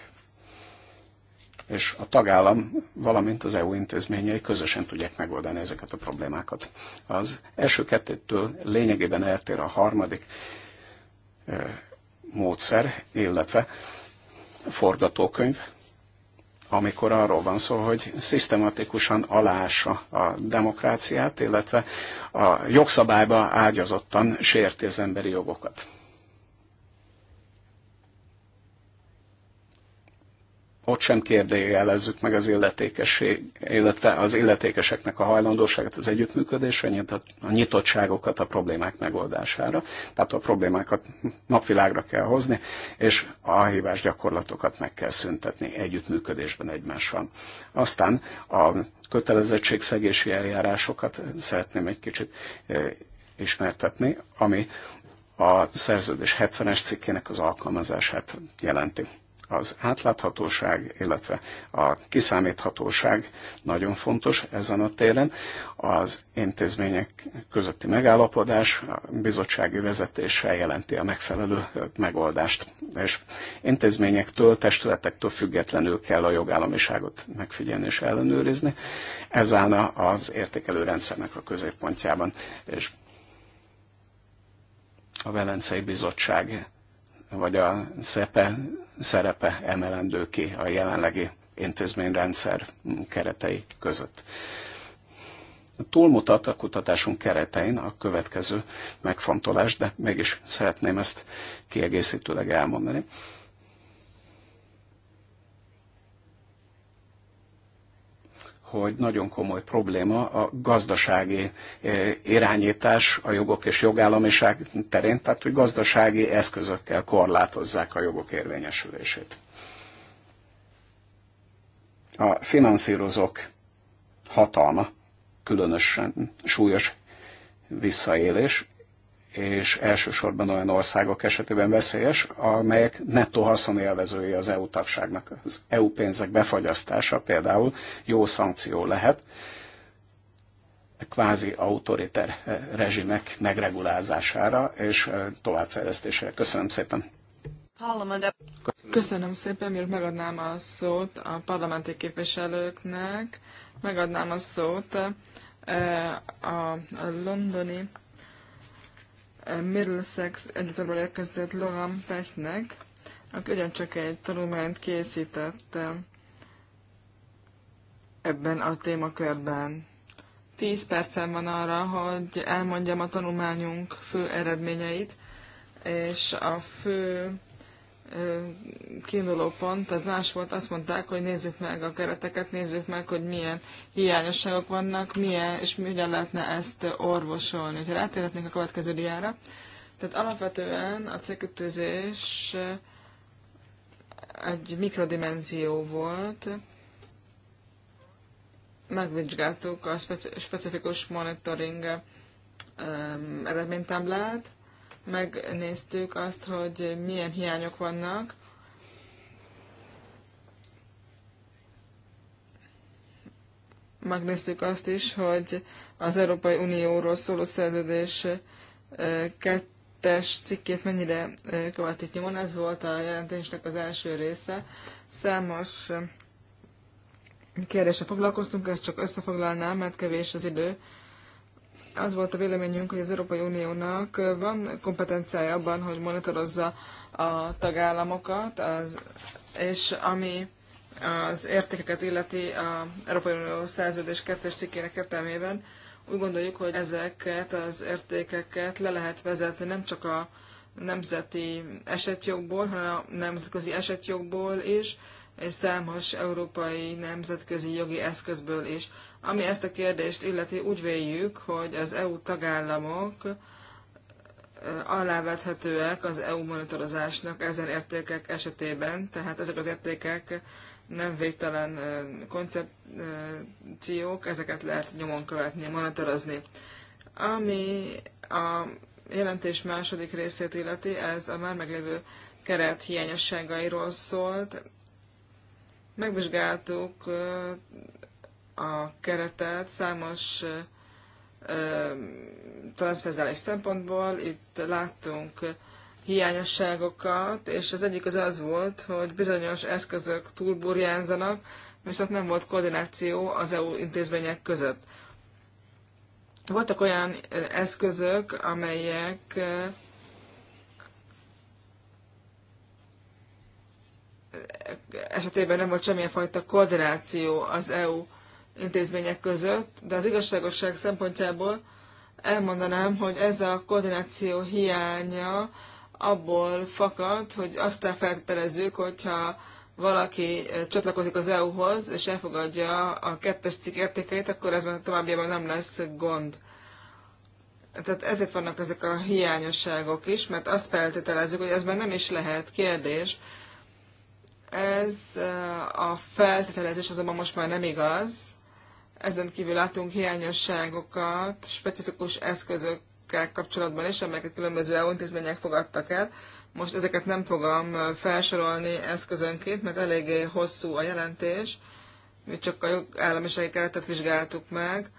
és a tagállam, valamint az EU intézményei közösen tudják megoldani ezeket a problémákat. Az első kettőtől lényegében eltér a harmadik módszer, illetve forgatókönyv, amikor arról van szó, hogy szisztematikusan alása a demokráciát, illetve a jogszabályba ágyazottan sérti az emberi jogokat. ott sem kérdőjelezzük meg az illetékesség, illetve az illetékeseknek a hajlandóságát az együttműködésre, a nyitottságokat a problémák megoldására. Tehát a problémákat napvilágra kell hozni, és a hívás gyakorlatokat meg kell szüntetni együttműködésben egymással. Aztán a kötelezettségszegési eljárásokat szeretném egy kicsit ismertetni, ami a szerződés 70-es cikkének az alkalmazását jelenti az átláthatóság, illetve a kiszámíthatóság nagyon fontos ezen a téren. Az intézmények közötti megállapodás a bizottsági vezetéssel jelenti a megfelelő megoldást, és intézményektől, testületektől függetlenül kell a jogállamiságot megfigyelni és ellenőrizni. Ez állna az értékelő rendszernek a középpontjában, és a Velencei Bizottság vagy a SZEPE szerepe emelendő ki a jelenlegi intézményrendszer keretei között. Túlmutat a kutatásunk keretein a következő megfontolás, de mégis szeretném ezt kiegészítőleg elmondani. hogy nagyon komoly probléma a gazdasági eh, irányítás a jogok és jogállamiság terén, tehát hogy gazdasági eszközökkel korlátozzák a jogok érvényesülését. A finanszírozók hatalma különösen súlyos visszaélés, és elsősorban olyan országok esetében veszélyes, amelyek nettó haszonélvezői az EU tagságnak. Az EU pénzek befagyasztása például jó szankció lehet, kvázi autoriter rezsimek megregulázására és továbbfejlesztésére. Köszönöm szépen! Köszönöm szépen, miért megadnám a szót a parlamenti képviselőknek, megadnám a szót a londoni Middlesex Egyetemről érkezett Logan Pechnek, aki ugyancsak egy tanulmányt készített eh, ebben a témakörben. Tíz percen van arra, hogy elmondjam a tanulmányunk fő eredményeit, és a fő kiinduló pont, az más volt, azt mondták, hogy nézzük meg a kereteket, nézzük meg, hogy milyen hiányosságok vannak, milyen, és milyen lehetne ezt orvosolni. Ha rátérhetnénk a következő diára. Tehát alapvetően a cégkötőzés egy mikrodimenzió volt, megvizsgáltuk a specifikus monitoring eredménytáblát, megnéztük azt, hogy milyen hiányok vannak. Megnéztük azt is, hogy az Európai Unióról szóló szerződés kettes cikkét mennyire követik nyomon. Ez volt a jelentésnek az első része. Számos kérdésre foglalkoztunk, ezt csak összefoglalnám, mert kevés az idő az volt a véleményünk, hogy az Európai Uniónak van kompetenciája abban, hogy monitorozza a tagállamokat, az, és ami az értékeket illeti az Európai Unió szerződés kettős cikkének értelmében, úgy gondoljuk, hogy ezeket az értékeket le lehet vezetni nem csak a nemzeti esetjogból, hanem a nemzetközi esetjogból is, és számos európai nemzetközi jogi eszközből is. Ami ezt a kérdést illeti, úgy véljük, hogy az EU tagállamok alávethetőek az EU monitorozásnak ezen értékek esetében, tehát ezek az értékek nem végtelen koncepciók, ezeket lehet nyomon követni, monitorozni. Ami a jelentés második részét illeti, ez a már meglévő keret hiányosságairól szólt. Megvizsgáltuk a keretet számos transzfezelés szempontból. Itt láttunk hiányosságokat, és az egyik az az volt, hogy bizonyos eszközök túlburjánzanak, viszont nem volt koordináció az EU intézmények között. Voltak olyan eszközök, amelyek esetében nem volt semmilyen fajta koordináció az EU intézmények között, de az igazságosság szempontjából elmondanám, hogy ez a koordináció hiánya abból fakad, hogy aztán feltételezzük, hogyha valaki eh, csatlakozik az EU-hoz, és elfogadja a kettes cikk értékeit, akkor ez már továbbiában nem lesz gond. Tehát ezért vannak ezek a hiányosságok is, mert azt feltételezzük, hogy ez már nem is lehet kérdés. Ez eh, a feltételezés azonban most már nem igaz, ezen kívül látunk hiányosságokat specifikus eszközökkel kapcsolatban is, amelyeket különböző EU intézmények fogadtak el. Most ezeket nem fogom felsorolni eszközönként, mert eléggé hosszú a jelentés. Mi csak a jogállamisági keretet vizsgáltuk meg,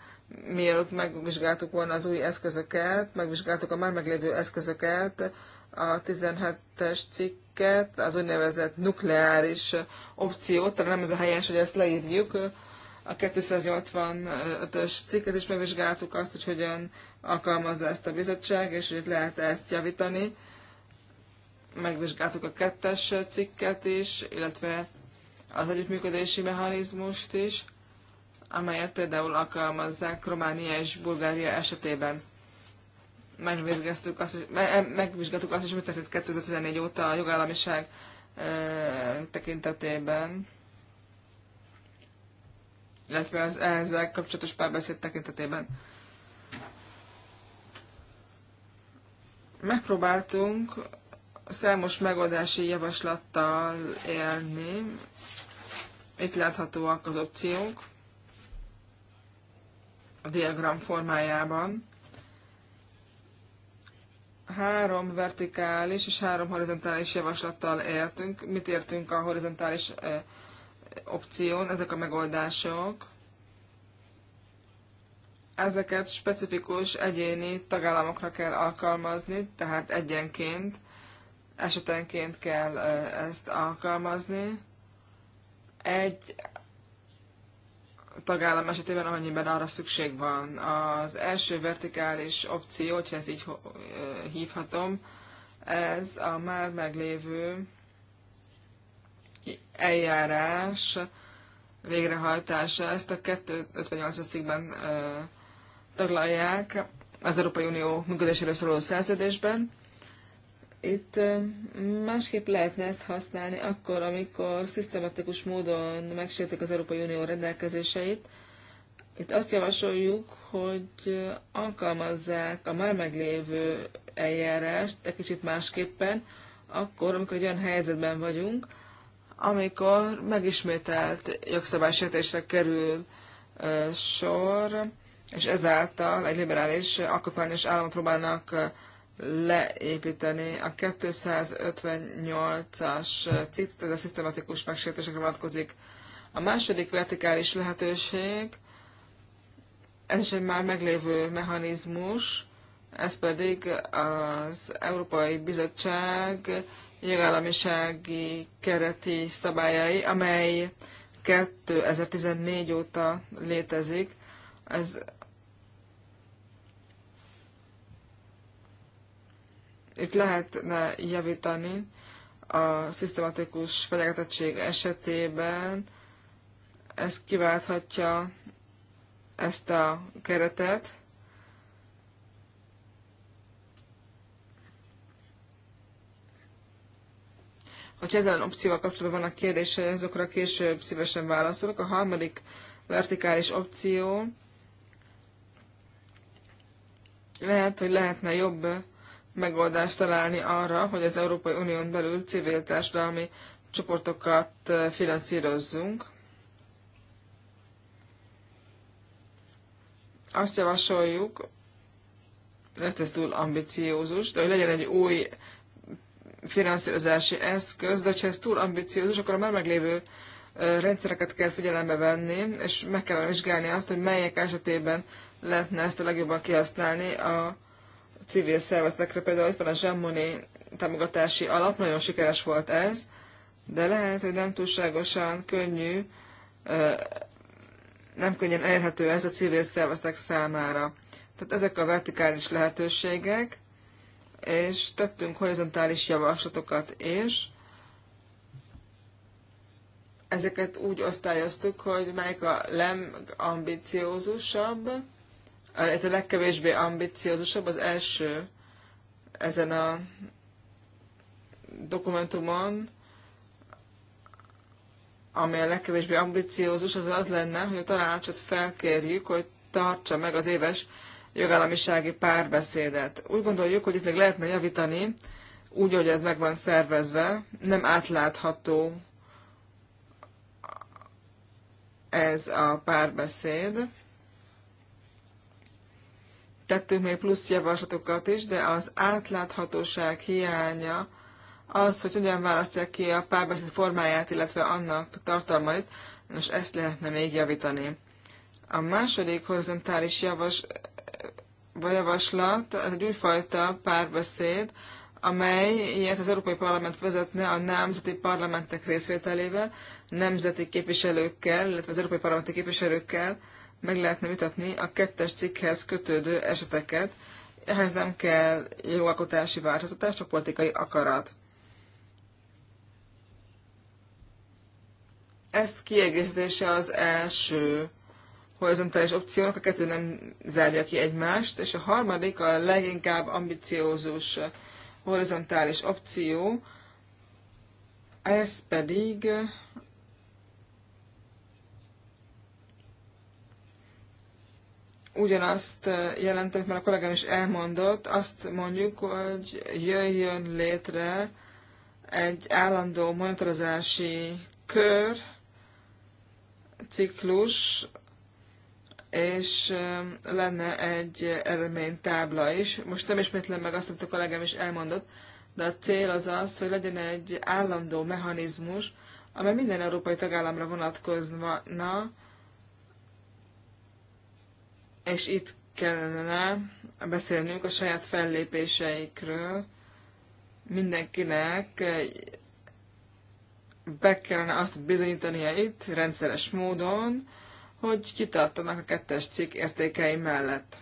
mielőtt megvizsgáltuk volna az új eszközöket, megvizsgáltuk a már meglévő eszközöket, a 17-es cikket, az úgynevezett nukleáris opciót, talán nem ez a helyes, hogy ezt leírjuk, a 285-ös cikket is megvizsgáltuk azt, hogy hogyan alkalmazza ezt a bizottság, és hogy lehet -e ezt javítani. Megvizsgáltuk a kettes cikket is, illetve az együttműködési mechanizmust is, amelyet például alkalmazzák Románia és Bulgária esetében megvizsgáltuk azt, is, megvizsgáltuk azt is, mi történt 2014 óta a jogállamiság tekintetében illetve az ezzel kapcsolatos párbeszéd tekintetében. Megpróbáltunk számos megoldási javaslattal élni. Itt láthatóak az opciók a diagram formájában. Három vertikális és három horizontális javaslattal éltünk. Mit értünk a horizontális opción, ezek a megoldások. Ezeket specifikus egyéni tagállamokra kell alkalmazni, tehát egyenként, esetenként kell ezt alkalmazni. Egy tagállam esetében, amennyiben arra szükség van. Az első vertikális opció, hogyha ezt így hívhatom, ez a már meglévő eljárás végrehajtása. Ezt a 258-as cikkben taglalják az Európai Unió működéséről szóló szerződésben. Itt másképp lehetne ezt használni akkor, amikor szisztematikus módon megsértik az Európai Unió rendelkezéseit. Itt azt javasoljuk, hogy alkalmazzák a már meglévő eljárást egy kicsit másképpen, akkor, amikor egy olyan helyzetben vagyunk, amikor megismételt jogszabálysértésre kerül sor, és ezáltal egy liberális alkotmányos államot próbálnak leépíteni. A 258-as cikk, ez a szisztematikus megsértésekre vonatkozik. A második vertikális lehetőség, ez is egy már meglévő mechanizmus, ez pedig az Európai Bizottság jogállamisági kereti szabályai, amely 2014 óta létezik. Ez itt lehetne javítani a szisztematikus fenyegetettség esetében. Ez kiválthatja ezt a keretet, Hogyha ezen opcióval kapcsolatban vannak kérdése, azokra később szívesen válaszolok. A harmadik vertikális opció lehet, hogy lehetne jobb megoldást találni arra, hogy az Európai Unión belül civil társadalmi csoportokat finanszírozzunk. Azt javasoljuk, lehet ez túl ambiciózus, de hogy legyen egy új finanszírozási eszköz, de ha ez túl ambiciózus, akkor a már meglévő rendszereket kell figyelembe venni, és meg kell vizsgálni azt, hogy melyek esetében lehetne ezt a legjobban kihasználni a civil szervezetekre. Például itt van a Zsammoni támogatási alap, nagyon sikeres volt ez, de lehet, hogy nem túlságosan könnyű, nem könnyen elérhető ez a civil szervezetek számára. Tehát ezek a vertikális lehetőségek, és tettünk horizontális javaslatokat, és ezeket úgy osztályoztuk, hogy melyik a legambiciózusabb, ez a legkevésbé ambiciózusabb, az első ezen a dokumentumon, ami a legkevésbé ambiciózus, az az lenne, hogy a tanácsot felkérjük, hogy tartsa meg az éves jogállamisági párbeszédet. Úgy gondoljuk, hogy itt még lehetne javítani, úgy, hogy ez meg van szervezve, nem átlátható ez a párbeszéd. Tettünk még plusz javaslatokat is, de az átláthatóság hiánya az, hogy hogyan választják ki a párbeszéd formáját, illetve annak tartalmait, most ezt lehetne még javítani. A második horizontális javas, vagy javaslat, ez egy újfajta párbeszéd, amely ilyet az Európai Parlament vezetne a nemzeti parlamentek részvételével, nemzeti képviselőkkel, illetve az Európai Parlamenti képviselőkkel meg lehetne vitatni a kettes cikkhez kötődő eseteket. Ehhez nem kell jogalkotási változtatás, csak politikai akarat. Ezt kiegészítése az első horizontális opciók, a kettő nem zárja ki egymást, és a harmadik a leginkább ambiciózus horizontális opció, ez pedig ugyanazt jelent, amit már a kollégám is elmondott, azt mondjuk, hogy jöjjön létre egy állandó monitorozási kör, ciklus és lenne egy eredménytábla is. Most nem ismétlem meg azt, amit a kollégám is elmondott, de a cél az az, hogy legyen egy állandó mechanizmus, amely minden európai tagállamra vonatkozna, és itt kellene beszélnünk a saját fellépéseikről. Mindenkinek be kellene azt bizonyítania itt rendszeres módon, hogy kitartanak a kettes cikk értékei mellett.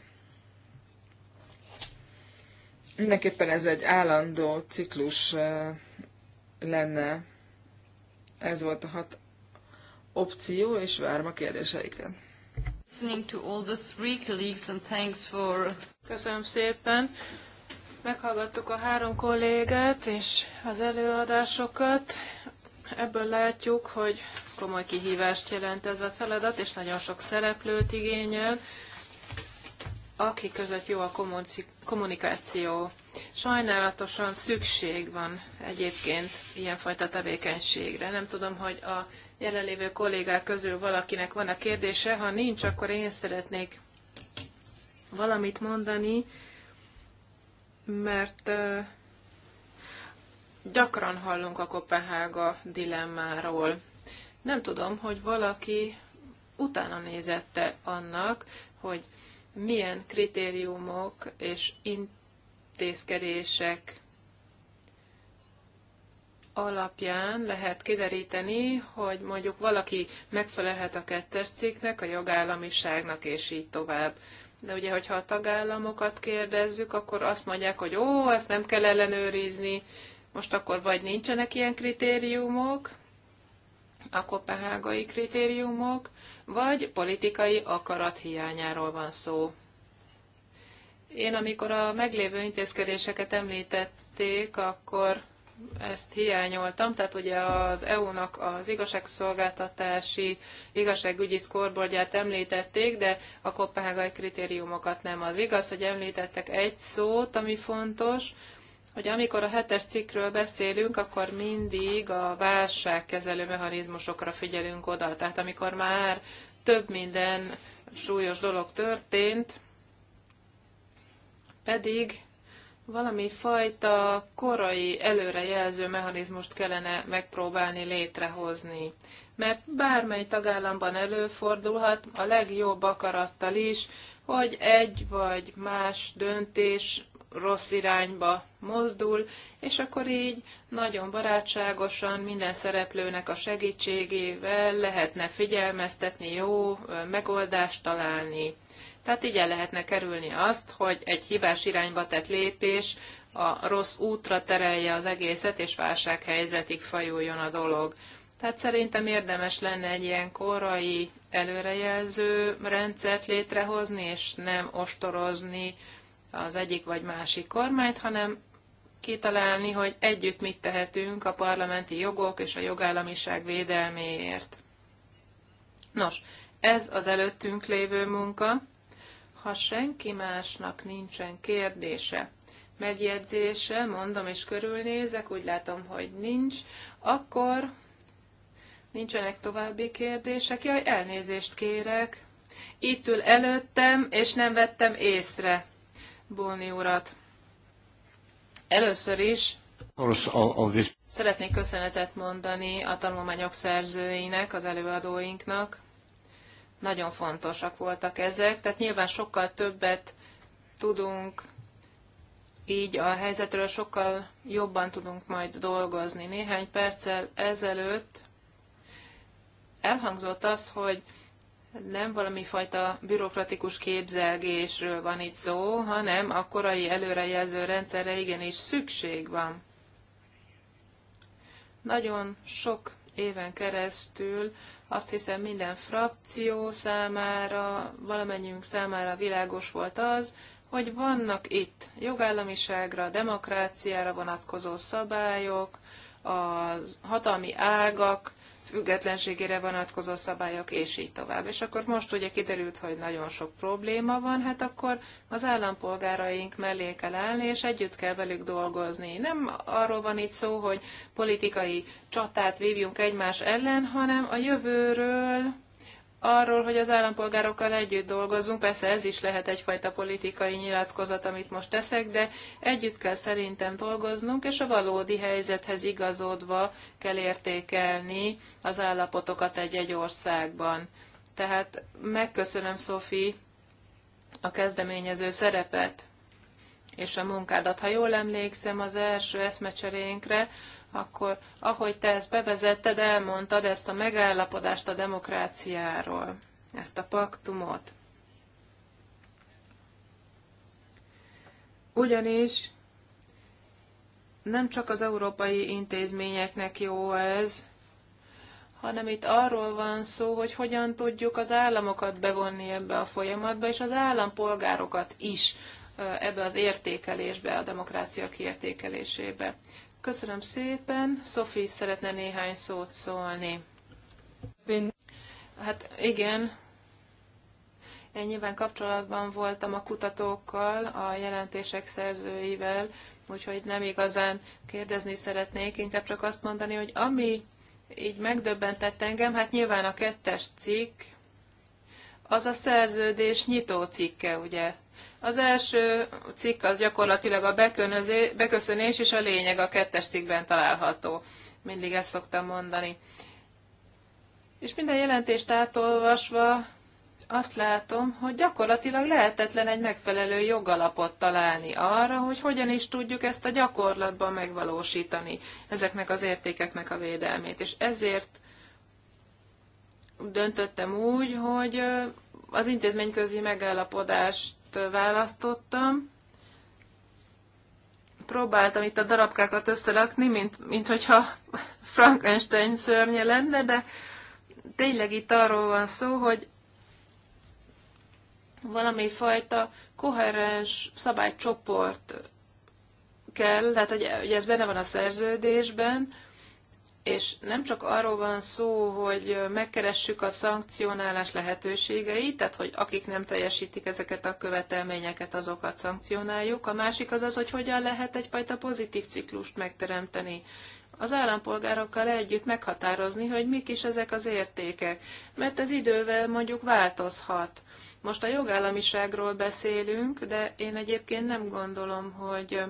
Mindenképpen ez egy állandó ciklus lenne. Ez volt a hat opció, és várom a kérdéseiket. Köszönöm szépen. Meghallgattuk a három kollégát és az előadásokat. Ebből látjuk, hogy komoly kihívást jelent ez a feladat, és nagyon sok szereplőt igényel, akik között jó a kommunikáció. Sajnálatosan szükség van egyébként ilyenfajta tevékenységre. Nem tudom, hogy a jelenlévő kollégák közül valakinek van a kérdése. Ha nincs, akkor én szeretnék valamit mondani, mert Gyakran hallunk a Kopenhága dilemmáról. Nem tudom, hogy valaki utána nézette annak, hogy milyen kritériumok és intézkedések alapján lehet kideríteni, hogy mondjuk valaki megfelelhet a kettes cikknek, a jogállamiságnak, és így tovább. De ugye, hogyha a tagállamokat kérdezzük, akkor azt mondják, hogy ó, ezt nem kell ellenőrizni, most akkor vagy nincsenek ilyen kritériumok, a kopenhágai kritériumok, vagy politikai akarat hiányáról van szó. Én amikor a meglévő intézkedéseket említették, akkor ezt hiányoltam, tehát ugye az EU-nak az igazságszolgáltatási, igazságügyi szkorbordját említették, de a kopenhágai kritériumokat nem. Az igaz, hogy említettek egy szót, ami fontos, hogy amikor a hetes cikkről beszélünk, akkor mindig a válságkezelő mechanizmusokra figyelünk oda. Tehát amikor már több minden súlyos dolog történt, pedig valami fajta korai előrejelző mechanizmust kellene megpróbálni létrehozni. Mert bármely tagállamban előfordulhat, a legjobb akarattal is, hogy egy vagy más döntés rossz irányba mozdul, és akkor így nagyon barátságosan minden szereplőnek a segítségével lehetne figyelmeztetni, jó megoldást találni. Tehát így el lehetne kerülni azt, hogy egy hibás irányba tett lépés a rossz útra terelje az egészet, és válsághelyzetig fajuljon a dolog. Tehát szerintem érdemes lenne egy ilyen korai előrejelző rendszert létrehozni, és nem ostorozni az egyik vagy másik kormányt, hanem kitalálni, hogy együtt mit tehetünk a parlamenti jogok és a jogállamiság védelméért. Nos, ez az előttünk lévő munka. Ha senki másnak nincsen kérdése, megjegyzése, mondom és körülnézek, úgy látom, hogy nincs, akkor nincsenek további kérdések. Jaj, elnézést kérek. Itt ül előttem, és nem vettem észre. Bolni urat. Először is szeretnék köszönetet mondani a tanulmányok szerzőinek, az előadóinknak. Nagyon fontosak voltak ezek, tehát nyilván sokkal többet tudunk így a helyzetről sokkal jobban tudunk majd dolgozni. Néhány perccel ezelőtt elhangzott az, hogy nem valami fajta bürokratikus képzelgésről van itt szó, hanem a korai előrejelző rendszerre igenis szükség van. Nagyon sok éven keresztül azt hiszem minden frakció számára, valamennyiünk számára világos volt az, hogy vannak itt jogállamiságra, demokráciára vonatkozó szabályok, a hatalmi ágak függetlenségére vonatkozó szabályok, és így tovább. És akkor most ugye kiderült, hogy nagyon sok probléma van, hát akkor az állampolgáraink mellé kell állni, és együtt kell velük dolgozni. Nem arról van itt szó, hogy politikai csatát vívjunk egymás ellen, hanem a jövőről arról, hogy az állampolgárokkal együtt dolgozunk, persze ez is lehet egyfajta politikai nyilatkozat, amit most teszek, de együtt kell szerintem dolgoznunk, és a valódi helyzethez igazodva kell értékelni az állapotokat egy-egy országban. Tehát megköszönöm, Szofi, a kezdeményező szerepet és a munkádat. Ha jól emlékszem az első eszmecserénkre, akkor ahogy te ezt bevezetted, elmondtad ezt a megállapodást a demokráciáról, ezt a paktumot. Ugyanis nem csak az európai intézményeknek jó ez, hanem itt arról van szó, hogy hogyan tudjuk az államokat bevonni ebbe a folyamatba, és az állampolgárokat is ebbe az értékelésbe, a demokrácia kiértékelésébe. Köszönöm szépen. Szofi szeretne néhány szót szólni. Hát igen, én nyilván kapcsolatban voltam a kutatókkal, a jelentések szerzőivel, úgyhogy nem igazán kérdezni szeretnék, inkább csak azt mondani, hogy ami így megdöbbentett engem, hát nyilván a kettes cikk, az a szerződés nyitó cikke, ugye? Az első cikk az gyakorlatilag a beköszönés, és a lényeg a kettes cikkben található. Mindig ezt szoktam mondani. És minden jelentést átolvasva azt látom, hogy gyakorlatilag lehetetlen egy megfelelő jogalapot találni arra, hogy hogyan is tudjuk ezt a gyakorlatban megvalósítani, ezeknek az értékeknek a védelmét. És ezért döntöttem úgy, hogy az intézményközi megállapodást választottam. Próbáltam itt a darabkákat összerakni, mint, mint hogyha Frankenstein szörnye lenne, de tényleg itt arról van szó, hogy valami fajta koherens szabálycsoport kell, tehát hogy, hogy ez benne van a szerződésben, és nem csak arról van szó, hogy megkeressük a szankcionálás lehetőségeit, tehát hogy akik nem teljesítik ezeket a követelményeket, azokat szankcionáljuk. A másik az az, hogy hogyan lehet egyfajta pozitív ciklust megteremteni. Az állampolgárokkal együtt meghatározni, hogy mik is ezek az értékek, mert ez idővel mondjuk változhat. Most a jogállamiságról beszélünk, de én egyébként nem gondolom, hogy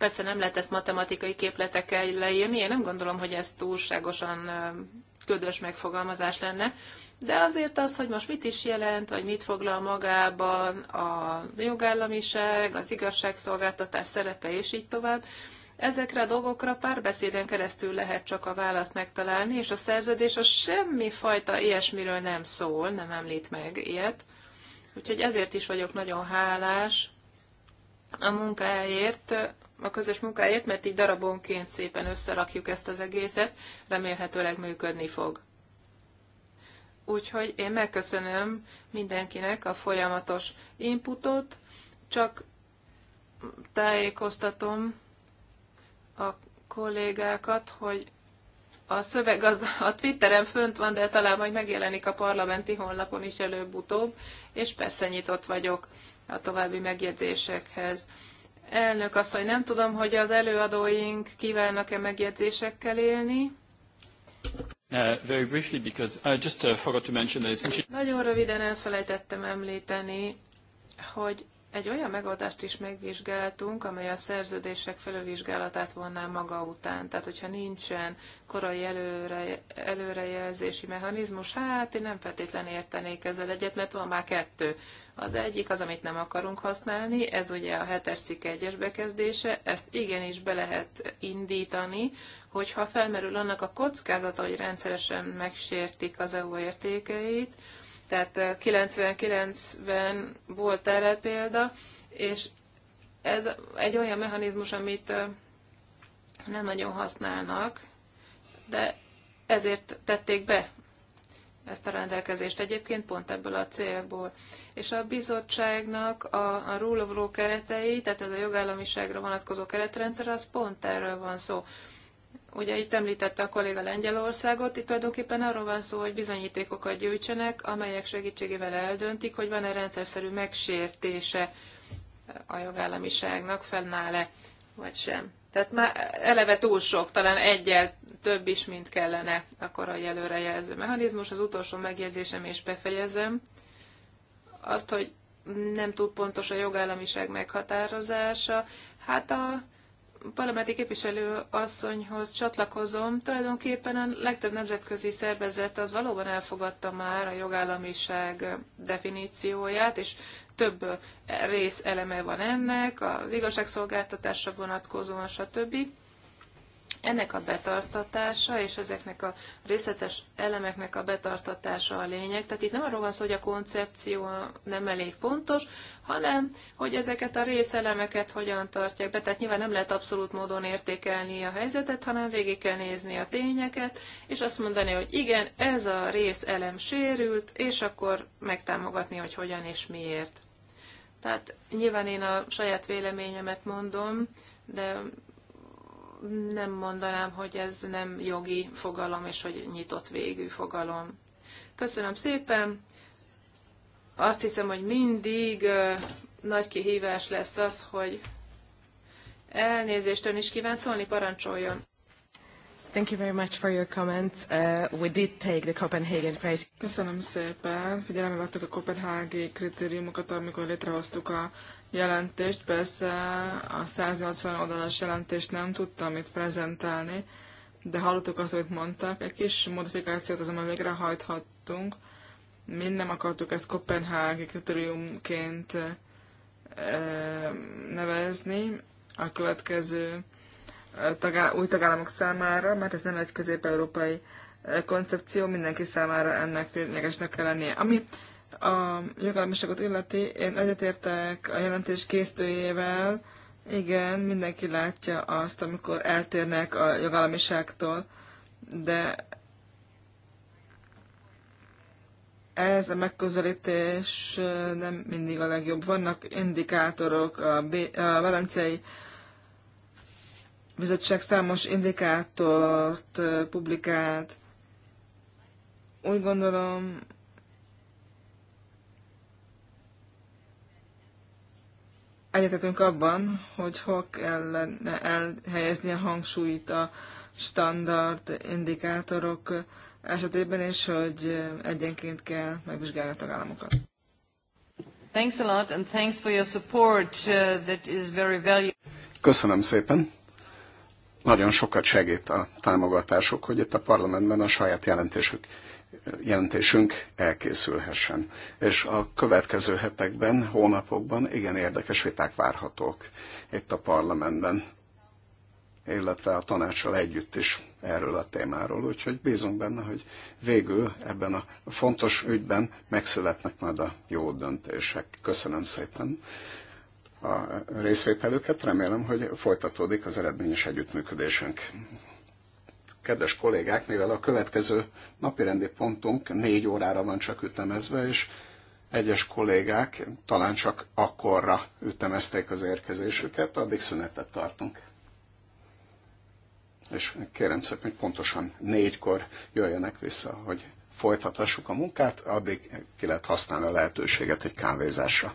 Persze nem lehet ezt matematikai képletekkel leírni, én nem gondolom, hogy ez túlságosan ködös megfogalmazás lenne, de azért az, hogy most mit is jelent, vagy mit foglal magában a jogállamiság, az igazságszolgáltatás szerepe, és így tovább, Ezekre a dolgokra párbeszéden keresztül lehet csak a választ megtalálni, és a szerződés a semmi fajta ilyesmiről nem szól, nem említ meg ilyet. Úgyhogy ezért is vagyok nagyon hálás a munkáért, a közös munkáért, mert így darabonként szépen összerakjuk ezt az egészet, remélhetőleg működni fog. Úgyhogy én megköszönöm mindenkinek a folyamatos inputot, csak tájékoztatom a kollégákat, hogy a szöveg az a Twitteren fönt van, de talán majd megjelenik a parlamenti honlapon is előbb-utóbb, és persze nyitott vagyok a további megjegyzésekhez. Elnök asszony, nem tudom, hogy az előadóink kívánnak-e megjegyzésekkel élni. Uh, uh, uh, Nagyon röviden elfelejtettem említeni, hogy egy olyan megoldást is megvizsgáltunk, amely a szerződések felülvizsgálatát vonná maga után. Tehát, hogyha nincsen korai előre, előrejelzési mechanizmus, hát én nem feltétlen értenék ezzel egyet, mert van már kettő. Az egyik az, amit nem akarunk használni, ez ugye a hetes cikk egyes bekezdése, ezt igenis be lehet indítani, hogyha felmerül annak a kockázata, hogy rendszeresen megsértik az EU értékeit, tehát 99-ben volt erre példa, és ez egy olyan mechanizmus, amit nem nagyon használnak, de ezért tették be ezt a rendelkezést egyébként pont ebből a célból. És a bizottságnak a, a rule of law keretei, tehát ez a jogállamiságra vonatkozó keretrendszer, az pont erről van szó. Ugye itt említette a kolléga Lengyelországot, itt tulajdonképpen arról van szó, hogy bizonyítékokat gyűjtsenek, amelyek segítségével eldöntik, hogy van-e rendszerszerű megsértése a jogállamiságnak, fennáll-e, vagy sem. Tehát már eleve túl sok, talán egyel több is, mint kellene akkor a előrejelző mechanizmus. Az utolsó megjegyzésem és befejezem. Azt, hogy nem túl pontos a jogállamiság meghatározása, hát a parlamenti képviselő asszonyhoz csatlakozom. Tulajdonképpen a legtöbb nemzetközi szervezet az valóban elfogadta már a jogállamiság definícióját, és több rész eleme van ennek, az igazságszolgáltatásra vonatkozóan, stb. Ennek a betartatása és ezeknek a részletes elemeknek a betartatása a lényeg. Tehát itt nem arról van szó, hogy a koncepció nem elég fontos, hanem hogy ezeket a részelemeket hogyan tartják be. Tehát nyilván nem lehet abszolút módon értékelni a helyzetet, hanem végig kell nézni a tényeket, és azt mondani, hogy igen, ez a részelem sérült, és akkor megtámogatni, hogy hogyan és miért. Tehát nyilván én a saját véleményemet mondom, de nem mondanám, hogy ez nem jogi fogalom, és hogy nyitott végű fogalom. Köszönöm szépen. Azt hiszem, hogy mindig nagy kihívás lesz az, hogy elnézést ön is kíván szólni, parancsoljon. Thank you very much for your comments. Uh, we did take the Copenhagen Prize. Köszönöm szépen. Figyelembe vettük a Kopenhági kritériumokat, amikor létrehoztuk a jelentést, persze a 180 oldalas jelentést nem tudtam itt prezentálni, de hallottuk azt, amit mondtak. Egy kis modifikációt azonban végrehajthattunk. Mi nem akartuk ezt Kopenhági kritériumként eh, nevezni a következő eh, új tagállamok számára, mert ez nem egy közép-európai eh, koncepció, mindenki számára ennek lényegesnek kell lennie. Ami a jogállamiságot illeti, én egyetértek a jelentés készítőjével, igen, mindenki látja azt, amikor eltérnek a jogállamiságtól, de ez a megközelítés nem mindig a legjobb. Vannak indikátorok, a, B- a valenciai bizottság számos indikátort publikált. Úgy gondolom, egyetetünk abban, hogy hol kellene elhelyezni a hangsúlyt a standard indikátorok esetében, és hogy egyenként kell megvizsgálni a tagállamokat. Thanks a lot, and thanks for your support uh, that is very valuable. Köszönöm szépen nagyon sokat segít a támogatások, hogy itt a parlamentben a saját jelentésük, jelentésünk elkészülhessen. És a következő hetekben, hónapokban igen érdekes viták várhatók itt a parlamentben, illetve a tanácssal együtt is erről a témáról. Úgyhogy bízunk benne, hogy végül ebben a fontos ügyben megszületnek majd a jó döntések. Köszönöm szépen a részvételüket. Remélem, hogy folytatódik az eredményes együttműködésünk. Kedves kollégák, mivel a következő napirendi pontunk négy órára van csak ütemezve, és egyes kollégák talán csak akkorra ütemezték az érkezésüket, addig szünetet tartunk. És kérem szépen, hogy pontosan négykor jöjjenek vissza, hogy folytathassuk a munkát, addig ki lehet használni a lehetőséget egy kávézásra.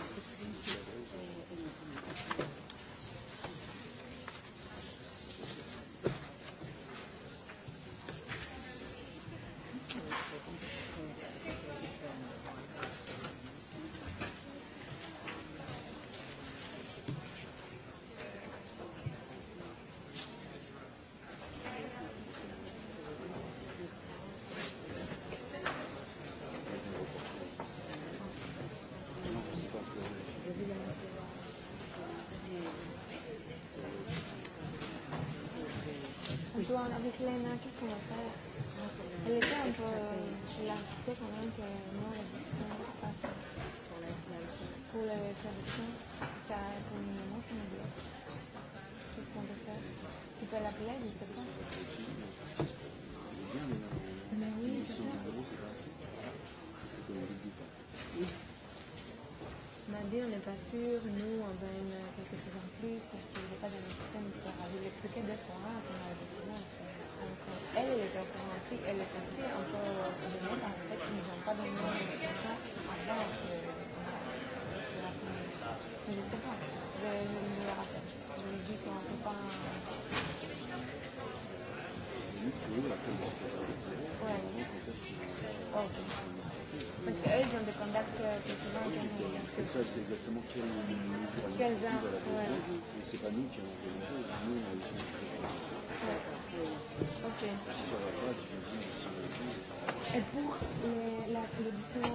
ça, c'est exactement quel niveau de la Mais c'est pas nous qui avons fait le nous, on a eu son Ok. Si ça va pas, tu me dis, si on le Et pour euh, l'audition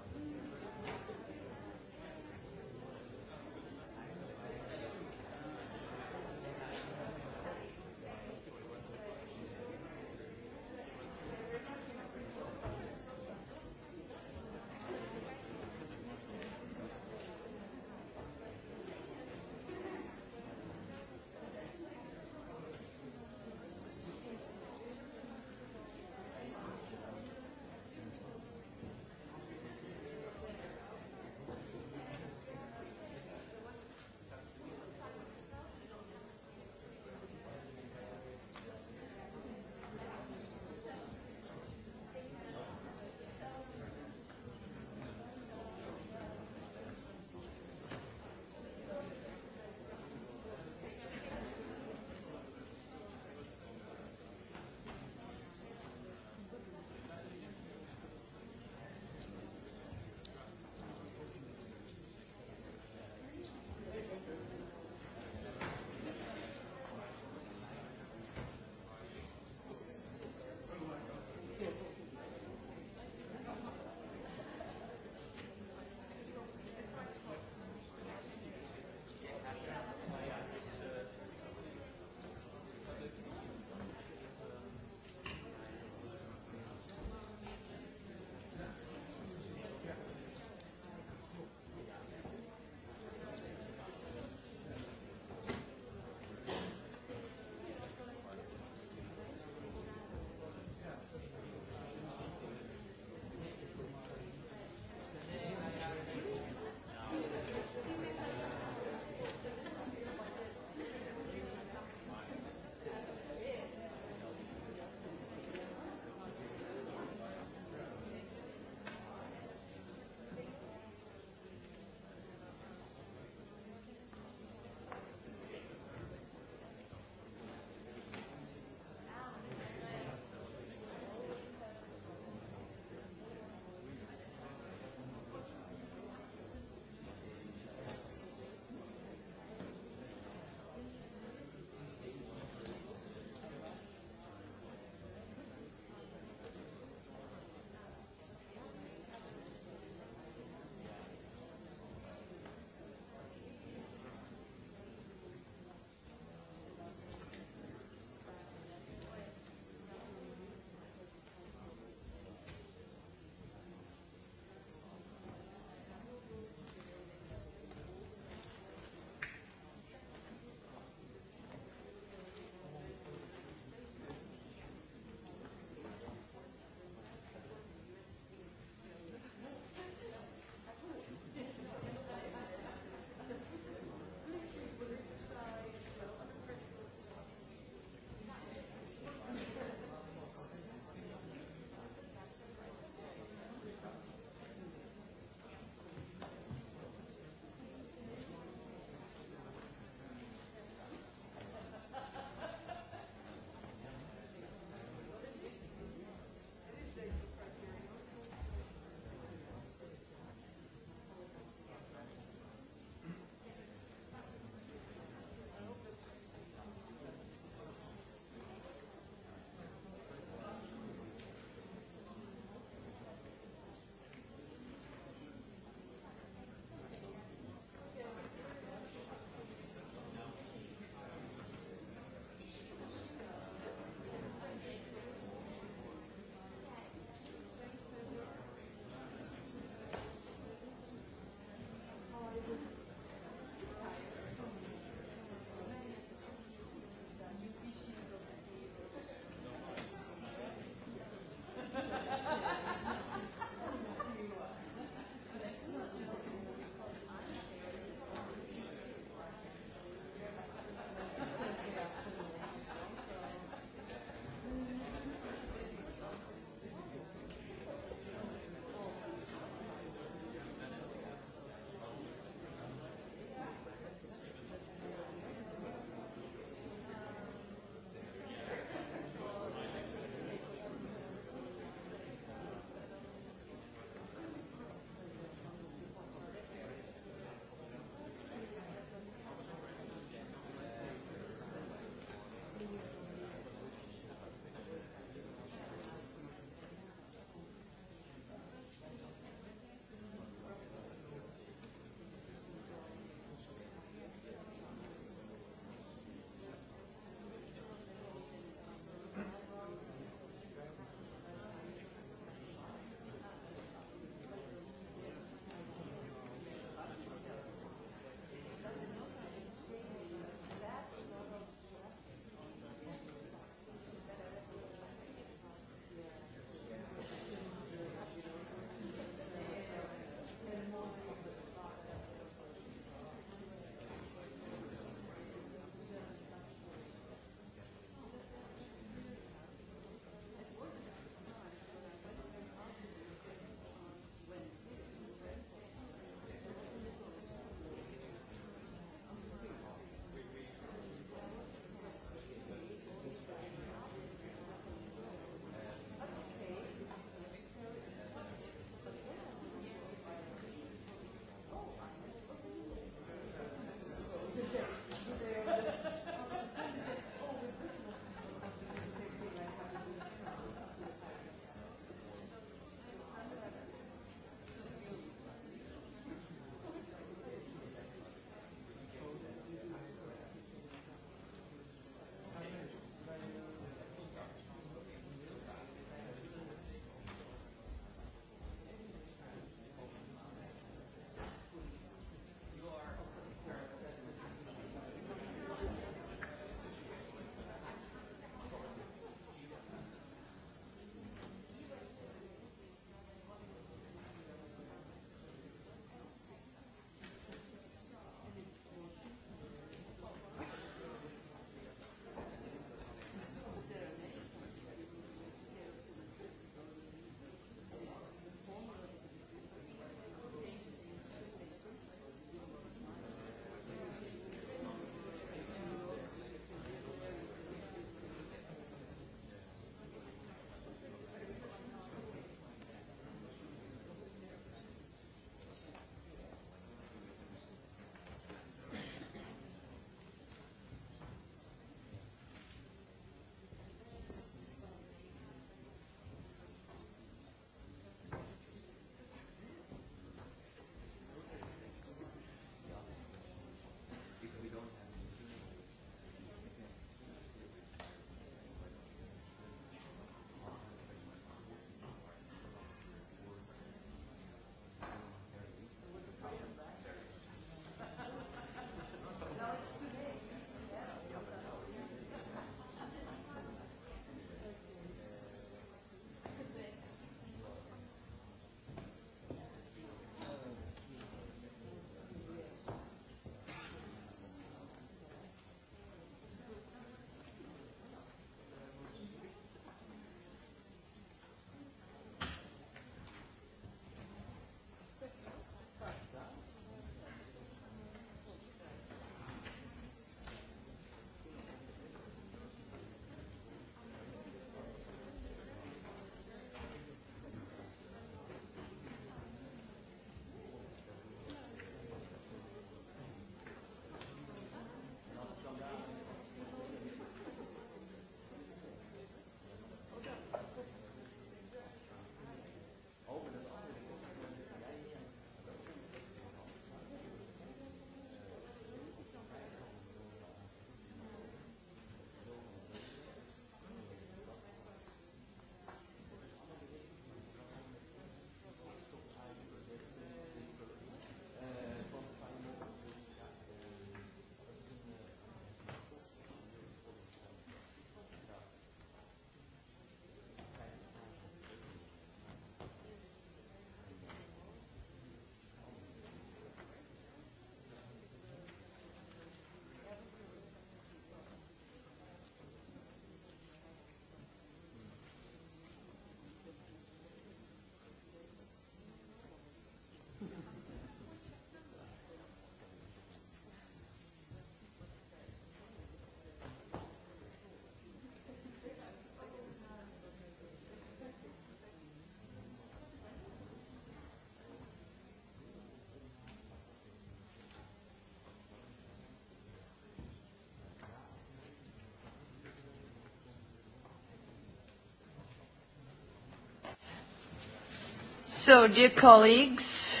So, dear colleagues,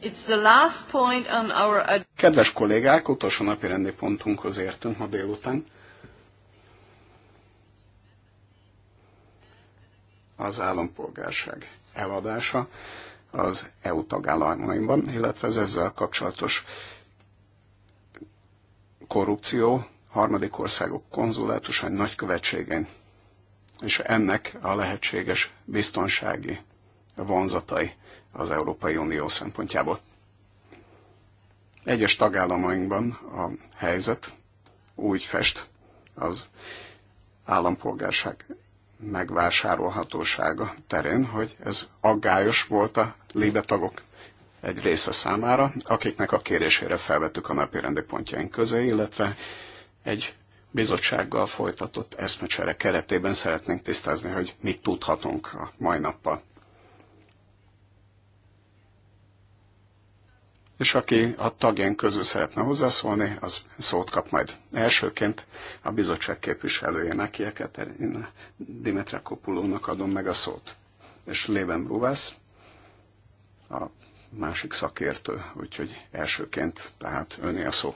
it's the last point on our... Kedves kollégák, utolsó napi rendi pontunkhoz értünk ma délután. Az állampolgárság eladása az EU tagállamaimban, illetve az ezzel kapcsolatos korrupció harmadik országok konzulátusai nagykövetségein, és ennek a lehetséges biztonsági vonzatai az Európai Unió szempontjából. Egyes tagállamainkban a helyzet úgy fest az állampolgárság megvásárolhatósága terén, hogy ez aggályos volt a lébe tagok egy része számára, akiknek a kérésére felvettük a napi rendi pontjaink közé, illetve egy bizottsággal folytatott eszmecsere keretében szeretnénk tisztázni, hogy mit tudhatunk a mai nappal. és aki a tagjaink közül szeretne hozzászólni, az szót kap majd. Elsőként a bizottság képviselőjének, Jekaterina Dimetre Kopulónak adom meg a szót. És Léven Bruvász, a másik szakértő, úgyhogy elsőként, tehát öné a szó.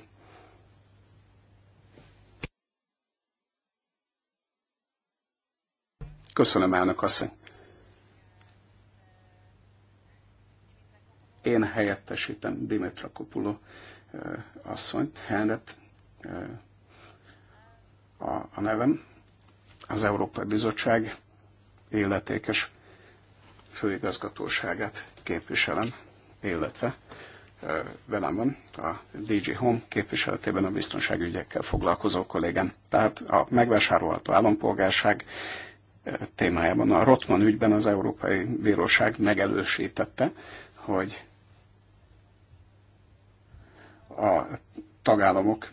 Köszönöm, elnök asszony. Én helyettesítem Dimitra Kopulo eh, asszonyt, Henret eh, a, a nevem, az Európai Bizottság életékes főigazgatóságát képviselem, illetve eh, velem van a DG Home képviseletében a biztonságügyekkel foglalkozó kollégám. Tehát a megvásárolható állampolgárság témájában a Rotman ügyben az Európai Bíróság megelősítette, hogy a tagállamok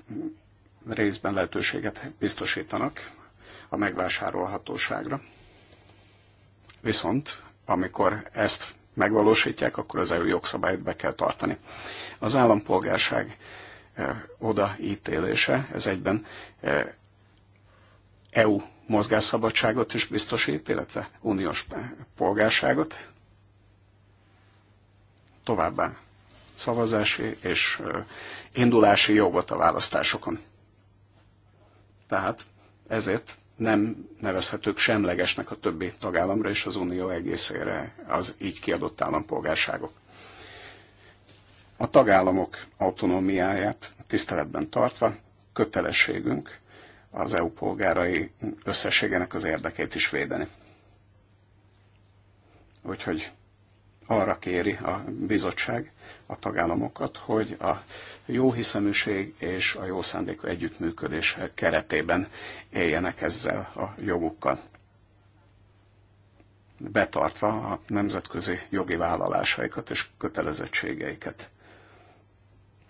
részben lehetőséget biztosítanak a megvásárolhatóságra. Viszont amikor ezt megvalósítják, akkor az EU jogszabályt be kell tartani. Az állampolgárság e, odaítélése, ez egyben EU e mozgásszabadságot is biztosít, illetve uniós polgárságot. Továbbá szavazási és indulási jogot a választásokon. Tehát ezért nem nevezhetők semlegesnek a többi tagállamra és az Unió egészére az így kiadott állampolgárságok. A tagállamok autonómiáját tiszteletben tartva kötelességünk az EU polgárai összességének az érdekét is védeni. Úgyhogy arra kéri a bizottság a tagállamokat, hogy a jó hiszeműség és a jó szándékú együttműködés keretében éljenek ezzel a jogukkal betartva a nemzetközi jogi vállalásaikat és kötelezettségeiket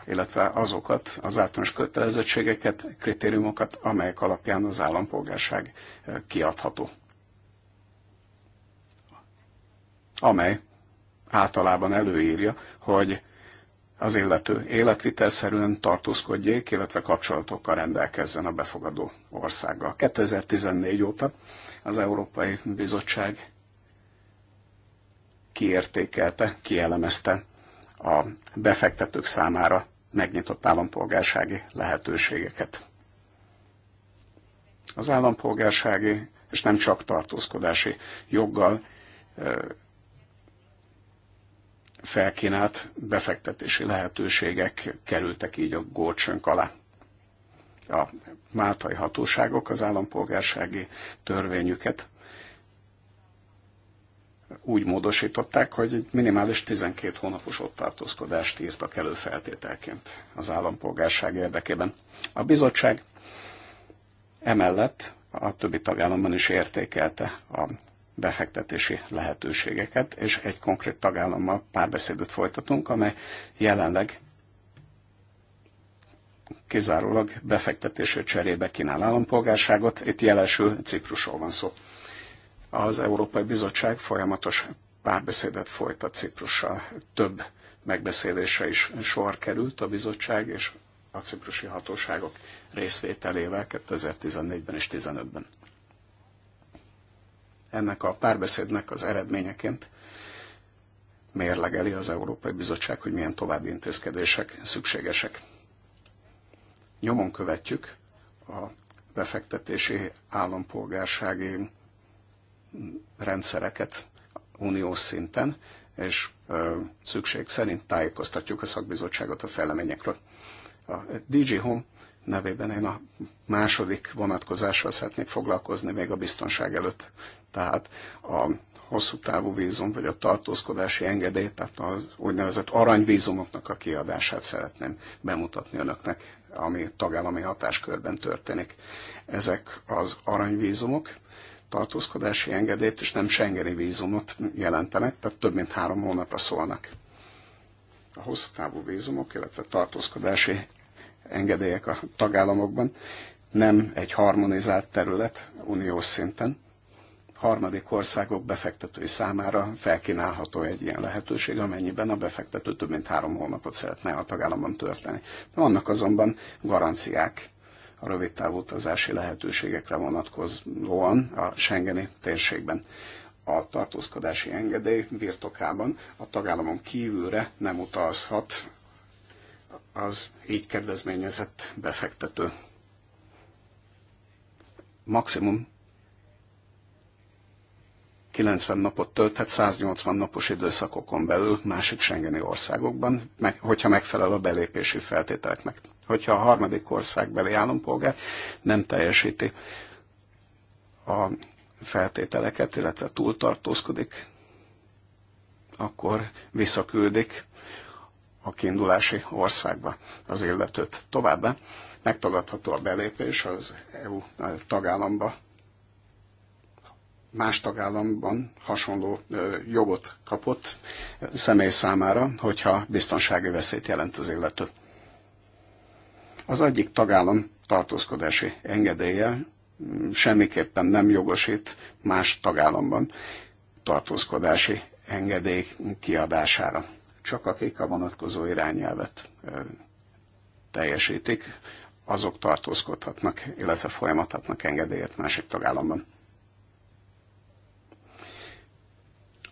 illetve azokat az általános kötelezettségeket, kritériumokat, amelyek alapján az állampolgárság kiadható. Amely általában előírja, hogy az illető életvitelszerűen tartózkodjék, illetve kapcsolatokkal rendelkezzen a befogadó országgal. 2014 óta az Európai Bizottság kiértékelte, kielemezte a befektetők számára megnyitott állampolgársági lehetőségeket. Az állampolgársági és nem csak tartózkodási joggal felkínált befektetési lehetőségek kerültek így a górcsönk alá. A máltai hatóságok az állampolgársági törvényüket úgy módosították, hogy egy minimális 12 hónapos ott tartózkodást írtak elő feltételként az állampolgárság érdekében. A bizottság emellett a többi tagállamban is értékelte a befektetési lehetőségeket, és egy konkrét tagállammal párbeszédet folytatunk, amely jelenleg kizárólag befektetési cserébe kínál állampolgárságot. Itt jelesül Ciprusról van szó. Az Európai Bizottság folyamatos párbeszédet folytat Ciprussal. Több megbeszélése is sor került a bizottság és a ciprusi hatóságok részvételével 2014-ben és 2015-ben ennek a párbeszédnek az eredményeként mérlegeli az Európai Bizottság, hogy milyen további intézkedések szükségesek. Nyomon követjük a befektetési állampolgársági rendszereket uniós szinten, és ö, szükség szerint tájékoztatjuk a szakbizottságot a fejleményekről. A DG Home nevében én a második vonatkozással szeretnék foglalkozni még a biztonság előtt. Tehát a hosszú távú vízum, vagy a tartózkodási engedély, tehát az úgynevezett aranyvízumoknak a kiadását szeretném bemutatni önöknek, ami tagállami hatáskörben történik. Ezek az aranyvízumok tartózkodási engedélyt és nem Schengeni vízumot jelentenek, tehát több mint három hónapra szólnak. A hosszú távú vízumok, illetve tartózkodási engedélyek a tagállamokban nem egy harmonizált terület uniós szinten, harmadik országok befektetői számára felkínálható egy ilyen lehetőség, amennyiben a befektető több mint három hónapot szeretne a tagállamban tölteni. De vannak azonban garanciák a rövid utazási lehetőségekre vonatkozóan a Schengeni térségben a tartózkodási engedély birtokában a tagállamon kívülre nem utazhat az így kedvezményezett befektető. Maximum 90 napot tölthet 180 napos időszakokon belül másik Schengeni országokban, meg, hogyha megfelel a belépési feltételeknek. Hogyha a harmadik országbeli állampolgár nem teljesíti a feltételeket, illetve túltartózkodik, akkor visszaküldik a kiindulási országba az illetőt. Továbbá megtagadható a belépés az EU tagállamba más tagállamban hasonló jogot kapott személy számára, hogyha biztonsági veszélyt jelent az illető. Az egyik tagállam tartózkodási engedélye mm, semmiképpen nem jogosít más tagállamban tartózkodási engedély kiadására. Csak akik a vonatkozó irányelvet teljesítik, azok tartózkodhatnak, illetve folyamathatnak engedélyet másik tagállamban.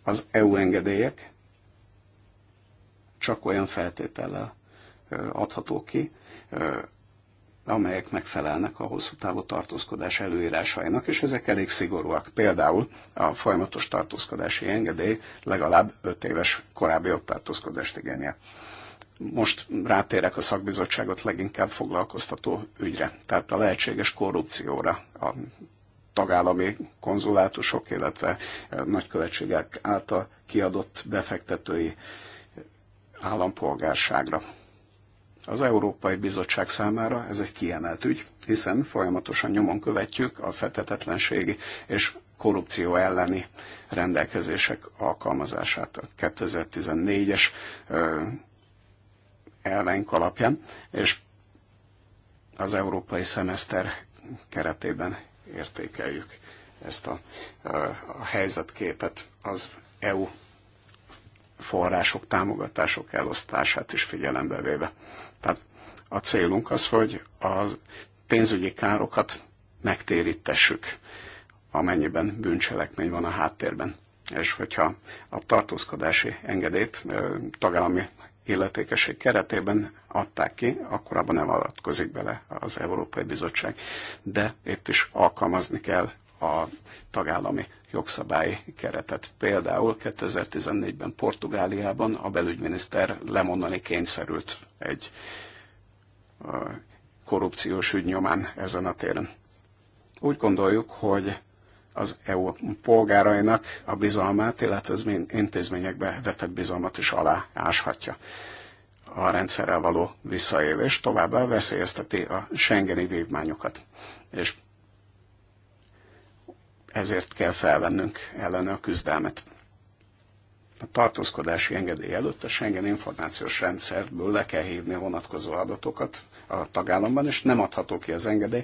Az EU engedélyek csak olyan feltétellel adhatók ki, amelyek megfelelnek a hosszú távú tartózkodás előírásainak, és ezek elég szigorúak. Például a folyamatos tartózkodási engedély legalább 5 éves korábbi ott tartózkodást igényel. Most rátérek a szakbizottságot leginkább foglalkoztató ügyre, tehát a lehetséges korrupcióra a tagállami konzulátusok, illetve eh, nagykövetségek által kiadott befektetői eh, állampolgárságra. Az Európai Bizottság számára ez egy kiemelt ügy, hiszen folyamatosan nyomon követjük a fetetetlenségi és korrupció elleni rendelkezések alkalmazását a 2014-es elveink eh, alapján, és az európai szemeszter keretében értékeljük ezt a, a helyzetképet, az EU források, támogatások elosztását is figyelembe véve. Tehát a célunk az, hogy a pénzügyi károkat megtérítessük, amennyiben bűncselekmény van a háttérben. És hogyha a tartózkodási engedélyt tagállami illetékesség keretében adták ki, akkor abban nem alatkozik bele az Európai Bizottság. De itt is alkalmazni kell a tagállami jogszabályi keretet. Például 2014-ben Portugáliában a belügyminiszter lemondani kényszerült egy korrupciós ügy nyomán ezen a téren. Úgy gondoljuk, hogy az EU polgárainak a bizalmát, illetve az intézményekbe vetett bizalmat is alá áshatja a rendszerrel való visszaélés, továbbá veszélyezteti a Schengeni vívmányokat. És ezért kell felvennünk ellene a küzdelmet. A tartózkodási engedély előtt a Schengen információs rendszerből le kell hívni a vonatkozó adatokat a tagállamban, és nem adható ki az engedély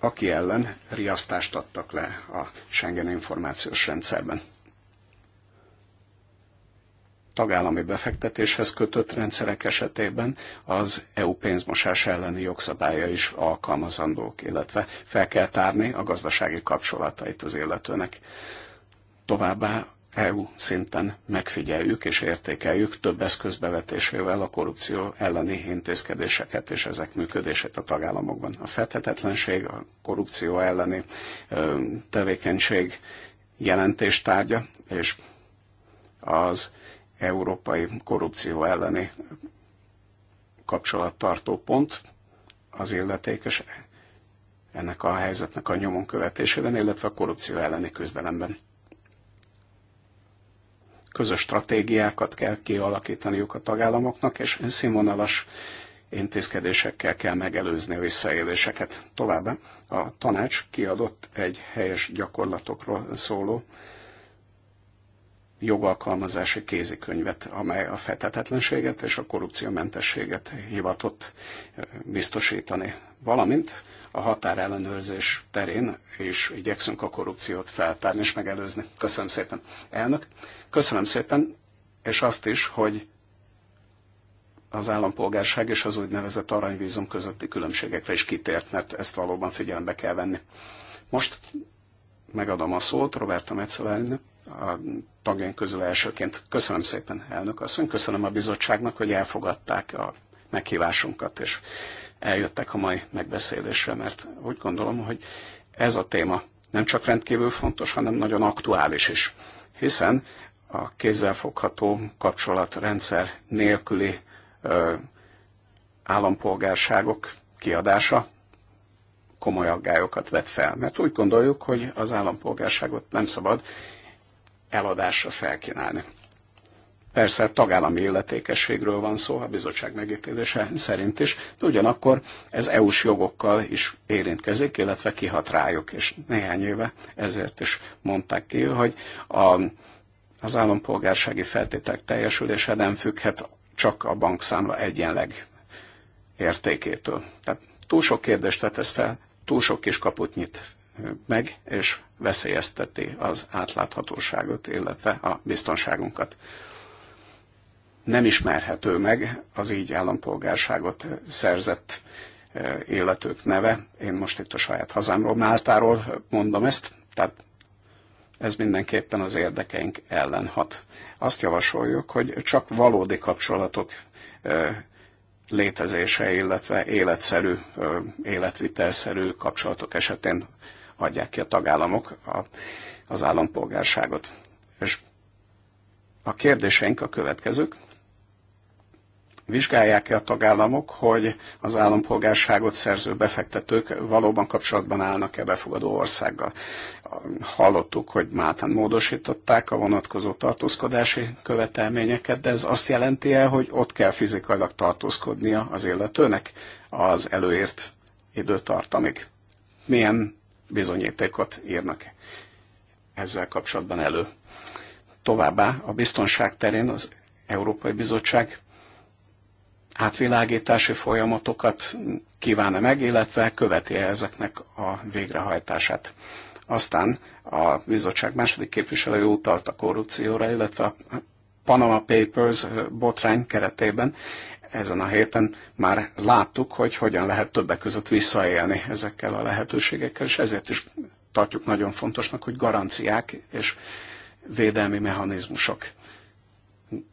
aki ellen riasztást adtak le a Schengen információs rendszerben. Tagállami befektetéshez kötött rendszerek esetében az EU pénzmosás elleni jogszabálya is alkalmazandók, illetve fel kell tárni a gazdasági kapcsolatait az illetőnek. Továbbá EU szinten megfigyeljük és értékeljük több eszközbevetésével a korrupció elleni intézkedéseket és ezek működését a tagállamokban. A fedhetetlenség, a korrupció elleni ö, tevékenység jelentéstárgya, és az európai korrupció elleni kapcsolattartó pont az illetékes ennek a helyzetnek a nyomon követésében, illetve a korrupció elleni küzdelemben közös stratégiákat kell kialakítaniuk a tagállamoknak, és színvonalas intézkedésekkel kell megelőzni a visszaéléseket. Továbbá a tanács kiadott egy helyes gyakorlatokról szóló jogalkalmazási kézikönyvet, amely a fetetetlenséget és a korrupciómentességet hivatott biztosítani, valamint a határellenőrzés terén, és igyekszünk a korrupciót feltárni és megelőzni. Köszönöm szépen, elnök! Köszönöm szépen, és azt is, hogy az állampolgárság és az úgynevezett aranyvízum közötti különbségekre is kitért, mert ezt valóban figyelembe kell venni. Most megadom a szót Roberta Metzelernek, a tagjaink közül elsőként. Köszönöm szépen, elnök asszony, köszönöm a bizottságnak, hogy elfogadták a meghívásunkat, és eljöttek a mai megbeszélésre, mert úgy gondolom, hogy ez a téma nem csak rendkívül fontos, hanem nagyon aktuális is. Hiszen a kézzelfogható kapcsolatrendszer nélküli ö, állampolgárságok kiadása komoly aggályokat vet fel, mert úgy gondoljuk, hogy az állampolgárságot nem szabad eladásra felkínálni. Persze tagállami illetékességről van szó, a bizottság megítélése szerint is, de ugyanakkor ez EU-s jogokkal is érintkezik, illetve kihat rájuk, és néhány éve ezért is mondták ki, hogy a az állampolgársági feltételek teljesülése nem függhet csak a bankszámla egyenleg értékétől. Tehát túl sok kérdést ez fel, túl sok kis kaput nyit meg, és veszélyezteti az átláthatóságot, illetve a biztonságunkat. Nem ismerhető meg az így állampolgárságot szerzett életők eh, neve. Én most itt a saját hazámról, Máltáról mondom ezt, tehát ez mindenképpen az érdekeink ellen hat. Azt javasoljuk, hogy csak valódi kapcsolatok létezése, illetve életszerű, életvitelszerű kapcsolatok esetén adják ki a tagállamok a, az állampolgárságot. És a kérdéseink a következők vizsgálják-e a tagállamok, hogy az állampolgárságot szerző befektetők valóban kapcsolatban állnak-e befogadó országgal. Hallottuk, hogy Máltán módosították a vonatkozó tartózkodási követelményeket, de ez azt jelenti -e, hogy ott kell fizikailag tartózkodnia az illetőnek az előért időtartamig. Milyen bizonyítékot írnak ezzel kapcsolatban elő? Továbbá a biztonság terén az Európai Bizottság átvilágítási folyamatokat -e meg, illetve követi -e ezeknek a végrehajtását. Aztán a bizottság második képviselő utalt a korrupcióra, illetve a Panama Papers botrány keretében ezen a héten már láttuk, hogy hogyan lehet többek között visszaélni ezekkel a lehetőségekkel, és ezért is tartjuk nagyon fontosnak, hogy garanciák és védelmi mechanizmusok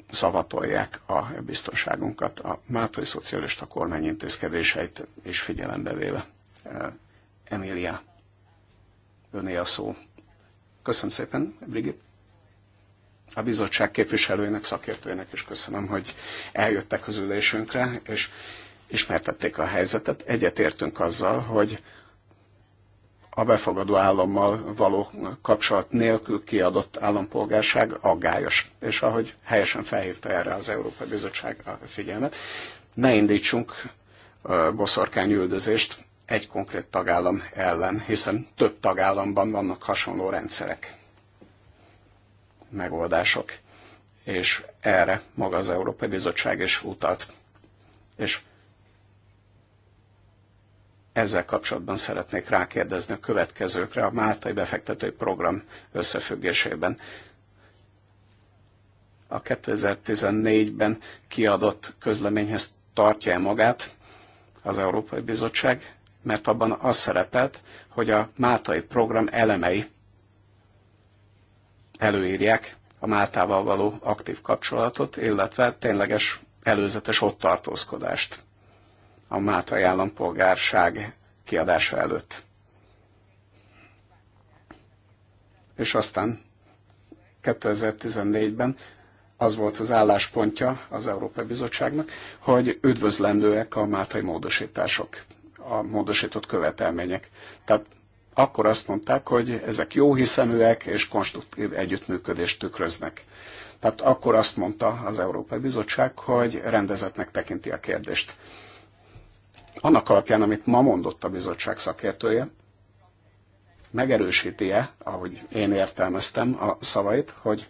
szavatolják a biztonságunkat a Mátai Szocialista Kormány intézkedéseit és figyelembe véve. Eh, Emília, öné a szó. Köszönöm szépen, Brigitte. A bizottság képviselőinek, szakértőinek is köszönöm, hogy eljöttek az ülésünkre, és ismertették a helyzetet. Egyetértünk azzal, hogy a befogadó állammal való kapcsolat nélkül kiadott állampolgárság aggályos. És ahogy helyesen felhívta erre az Európai Bizottság a figyelmet, ne indítsunk boszorkányüldözést egy konkrét tagállam ellen, hiszen több tagállamban vannak hasonló rendszerek, megoldások, és erre maga az Európai Bizottság is utalt. És ezzel kapcsolatban szeretnék rákérdezni a következőkre a Máltai Befektetői Program összefüggésében. A 2014-ben kiadott közleményhez tartja -e magát az Európai Bizottság, mert abban az szerepelt, hogy a Máltai program elemei előírják a Máltával való aktív kapcsolatot, illetve tényleges előzetes ott tartózkodást a Mátai állampolgárság kiadása előtt. És aztán 2014-ben az volt az álláspontja az Európai Bizottságnak, hogy üdvözlendőek a máltai módosítások, a módosított követelmények. Tehát akkor azt mondták, hogy ezek jó hiszeműek és konstruktív együttműködést tükröznek. Tehát akkor azt mondta az Európai Bizottság, hogy rendezetnek tekinti a kérdést annak alapján, amit ma mondott a bizottság szakértője, megerősíti-e, ahogy én értelmeztem a szavait, hogy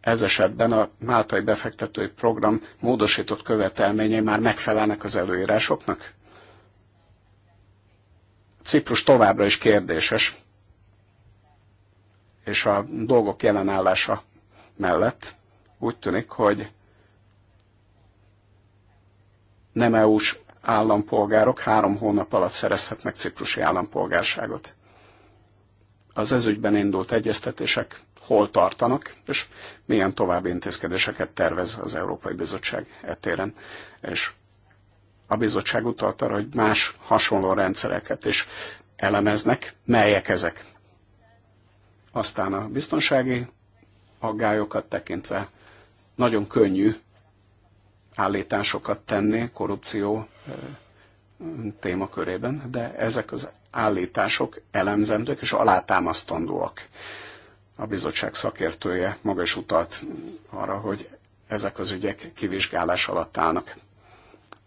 ez esetben a Máltai befektetői program módosított követelményei már megfelelnek az előírásoknak? Ciprus továbbra is kérdéses, és a dolgok jelenállása mellett úgy tűnik, hogy nem EU-s állampolgárok három hónap alatt szerezhetnek ciprusi állampolgárságot. Az ezügyben indult egyeztetések hol tartanak, és milyen további intézkedéseket tervez az Európai Bizottság etéren. És a bizottság utalt arra, hogy más hasonló rendszereket is elemeznek, melyek ezek. Aztán a biztonsági aggályokat tekintve nagyon könnyű állításokat tenni korrupció témakörében, de ezek az állítások elemzendők és alátámasztandóak. A bizottság szakértője maga is utalt arra, hogy ezek az ügyek kivizsgálás alatt állnak.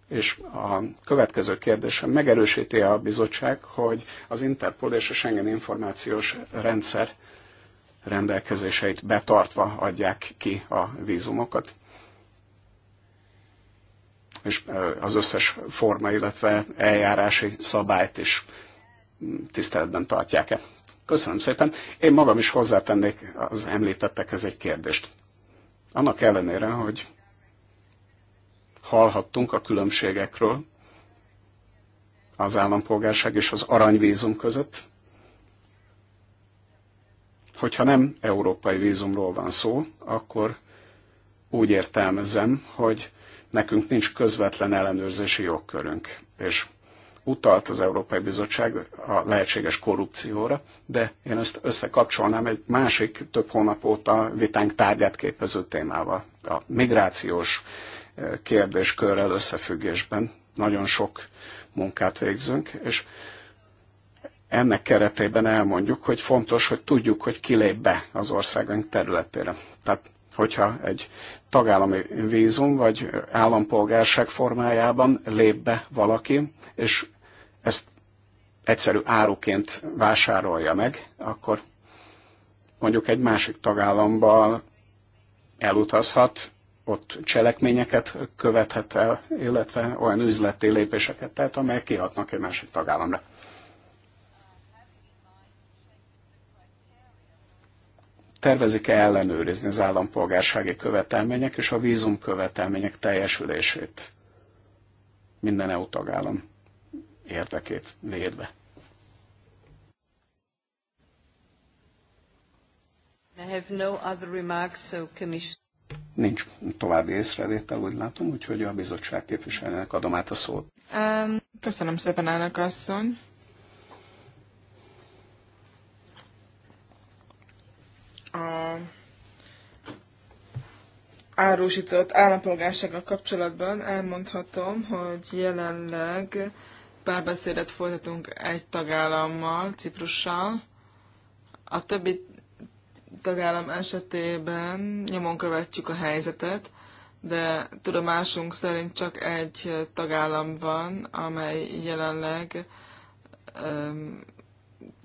És a következő kérdésem megerősíti a bizottság, hogy az Interpol és a Schengen információs rendszer rendelkezéseit betartva adják ki a vízumokat és az összes forma, illetve eljárási szabályt is tiszteletben tartják-e. Köszönöm szépen. Én magam is hozzátennék az említettekhez egy kérdést. Annak ellenére, hogy hallhattunk a különbségekről az állampolgárság és az aranyvízum között, hogyha nem európai vízumról van szó, akkor úgy értelmezem, hogy nekünk nincs közvetlen ellenőrzési jogkörünk, és utalt az Európai Bizottság a lehetséges korrupcióra, de én ezt összekapcsolnám egy másik több hónap óta vitánk tárgyát képező témával, a migrációs eh, kérdéskörrel összefüggésben. Nagyon sok munkát végzünk, és ennek keretében elmondjuk, hogy fontos, hogy tudjuk, hogy ki lép be az országaink területére. Tehát hogyha egy tagállami vízum vagy állampolgárság formájában lép be valaki, és ezt egyszerű áruként vásárolja meg, akkor mondjuk egy másik tagállamban elutazhat, ott cselekményeket követhet el, illetve olyan üzleti lépéseket tehet, amelyek kihatnak egy másik tagállamra. tervezik -e ellenőrizni az állampolgársági követelmények és a vízum követelmények teljesülését minden EU tagállam érdekét védve? I have no other remarks, so commission... Nincs további észrevétel, úgy látom, úgyhogy a bizottság képviselőnek adom át a szót. Um, köszönöm szépen, elnök asszony. a árusított állampolgársággal kapcsolatban elmondhatom, hogy jelenleg párbeszédet folytatunk egy tagállammal, Ciprussal. A többi tagállam esetében nyomon követjük a helyzetet, de tudomásunk szerint csak egy tagállam van, amely jelenleg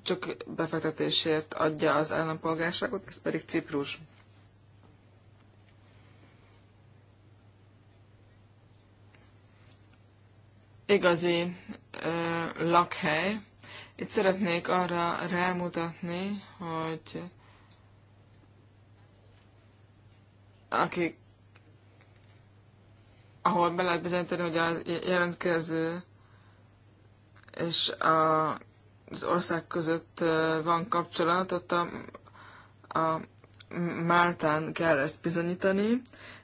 csak befektetésért adja az állampolgárságot, ez pedig Ciprus. Igazi ö, lakhely. Itt szeretnék arra rámutatni, hogy akik, ahol be lehet bizonyítani, hogy a jelentkező és a az ország között van kapcsolat, ott a, a Máltán kell ezt bizonyítani,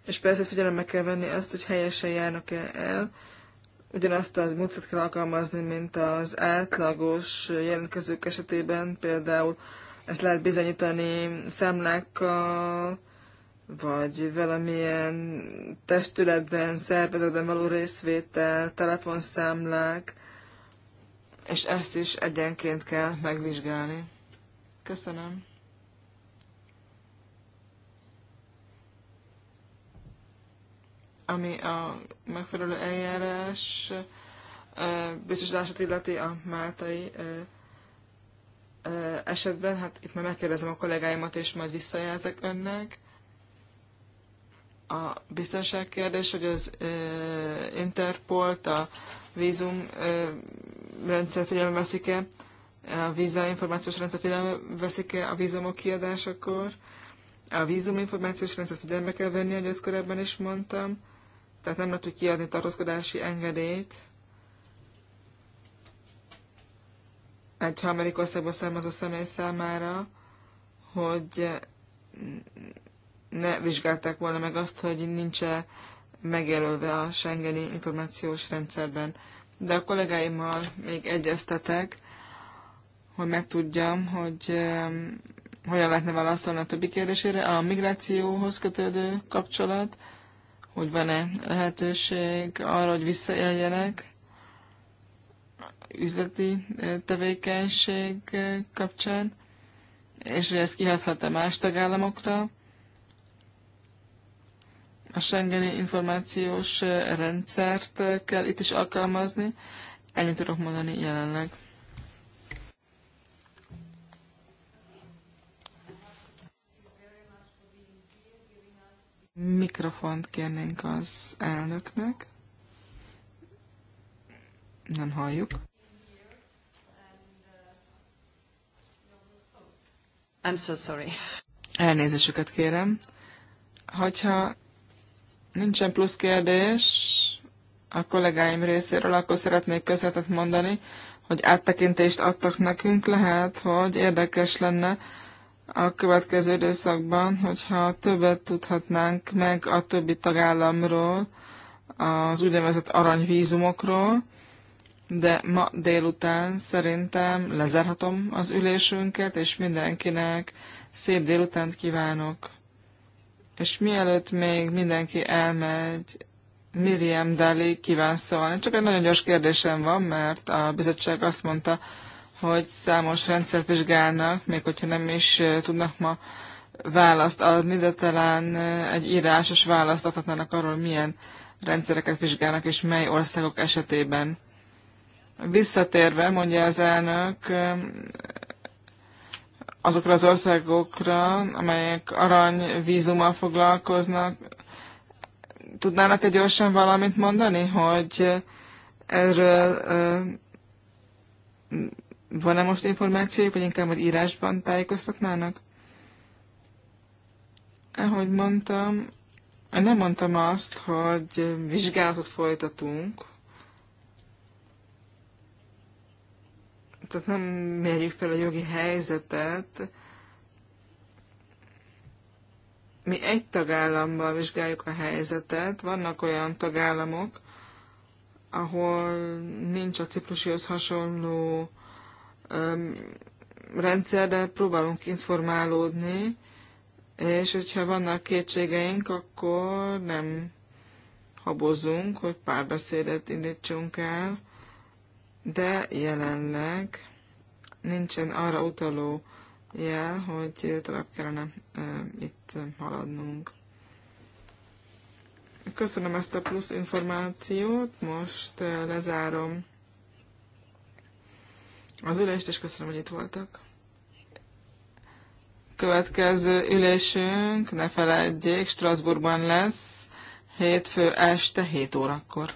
és persze figyelembe kell venni azt, hogy helyesen járnak-e el, ugyanazt az módszert kell alkalmazni, mint az átlagos jelentkezők esetében, például ezt lehet bizonyítani szemlákkal, vagy valamilyen testületben, szervezetben való részvétel, telefonszámlák, és ezt is egyenként kell megvizsgálni. Köszönöm. Ami a megfelelő eljárás biztosítását illeti a máltai esetben, hát itt már megkérdezem a kollégáimat, és majd visszajelzek önnek. A biztonság kérdés, hogy az interpol, a vízum rendszer figyelme veszik-e, a víza információs rendszer figyelme veszik-e a vízumok kiadásakor, a vízum információs rendszer figyelme kell venni, ahogy ezt korábban is mondtam, tehát nem lehet kiadni tartózkodási engedélyt, egy amerikai országból származó személy számára, hogy ne vizsgálták volna meg azt, hogy nincs-e megjelölve a Schengeni információs rendszerben de a kollégáimmal még egyeztetek, hogy megtudjam, hogy hogyan lehetne válaszolni a többi kérdésére. A migrációhoz kötődő kapcsolat, hogy van-e lehetőség arra, hogy visszaéljenek üzleti tevékenység kapcsán, és hogy ez kihathat-e más tagállamokra, a Schengeni információs rendszert kell itt is alkalmazni. Ennyit tudok mondani jelenleg. Mikrofont kérnénk az elnöknek. Nem halljuk. I'm so sorry. Elnézésüket kérem. Hogyha nincsen plusz kérdés a kollégáim részéről, akkor szeretnék közvetet mondani, hogy áttekintést adtak nekünk. Lehet, hogy érdekes lenne a következő időszakban, hogyha többet tudhatnánk meg a többi tagállamról, az úgynevezett aranyvízumokról, de ma délután szerintem lezárhatom az ülésünket, és mindenkinek szép délutánt kívánok! És mielőtt még mindenki elmegy, Miriam Dali kíván szólni. Csak egy nagyon gyors kérdésem van, mert a bizottság azt mondta, hogy számos rendszert vizsgálnak, még hogyha nem is tudnak ma választ adni, de talán egy írásos választ adhatnának arról, milyen rendszereket vizsgálnak, és mely országok esetében. Visszatérve, mondja az elnök, azokra az országokra, amelyek arany vízummal foglalkoznak. tudnának egy gyorsan valamit mondani, hogy erről van-e most információjuk, vagy inkább, hogy írásban tájékoztatnának? Ahogy mondtam, én nem mondtam azt, hogy vizsgálatot folytatunk, tehát nem mérjük fel a jogi helyzetet, mi egy tagállamban vizsgáljuk a helyzetet, vannak olyan tagállamok, ahol nincs a ciklusihoz hasonló öm, rendszer, de próbálunk informálódni, és hogyha vannak kétségeink, akkor nem habozunk, hogy párbeszédet indítsunk el de jelenleg nincsen arra utaló jel, hogy tovább kellene itt haladnunk. Köszönöm ezt a plusz információt, most lezárom az ülést, és köszönöm, hogy itt voltak. Következő ülésünk, ne feledjék, Strasbourgban lesz, hétfő este 7 órakor.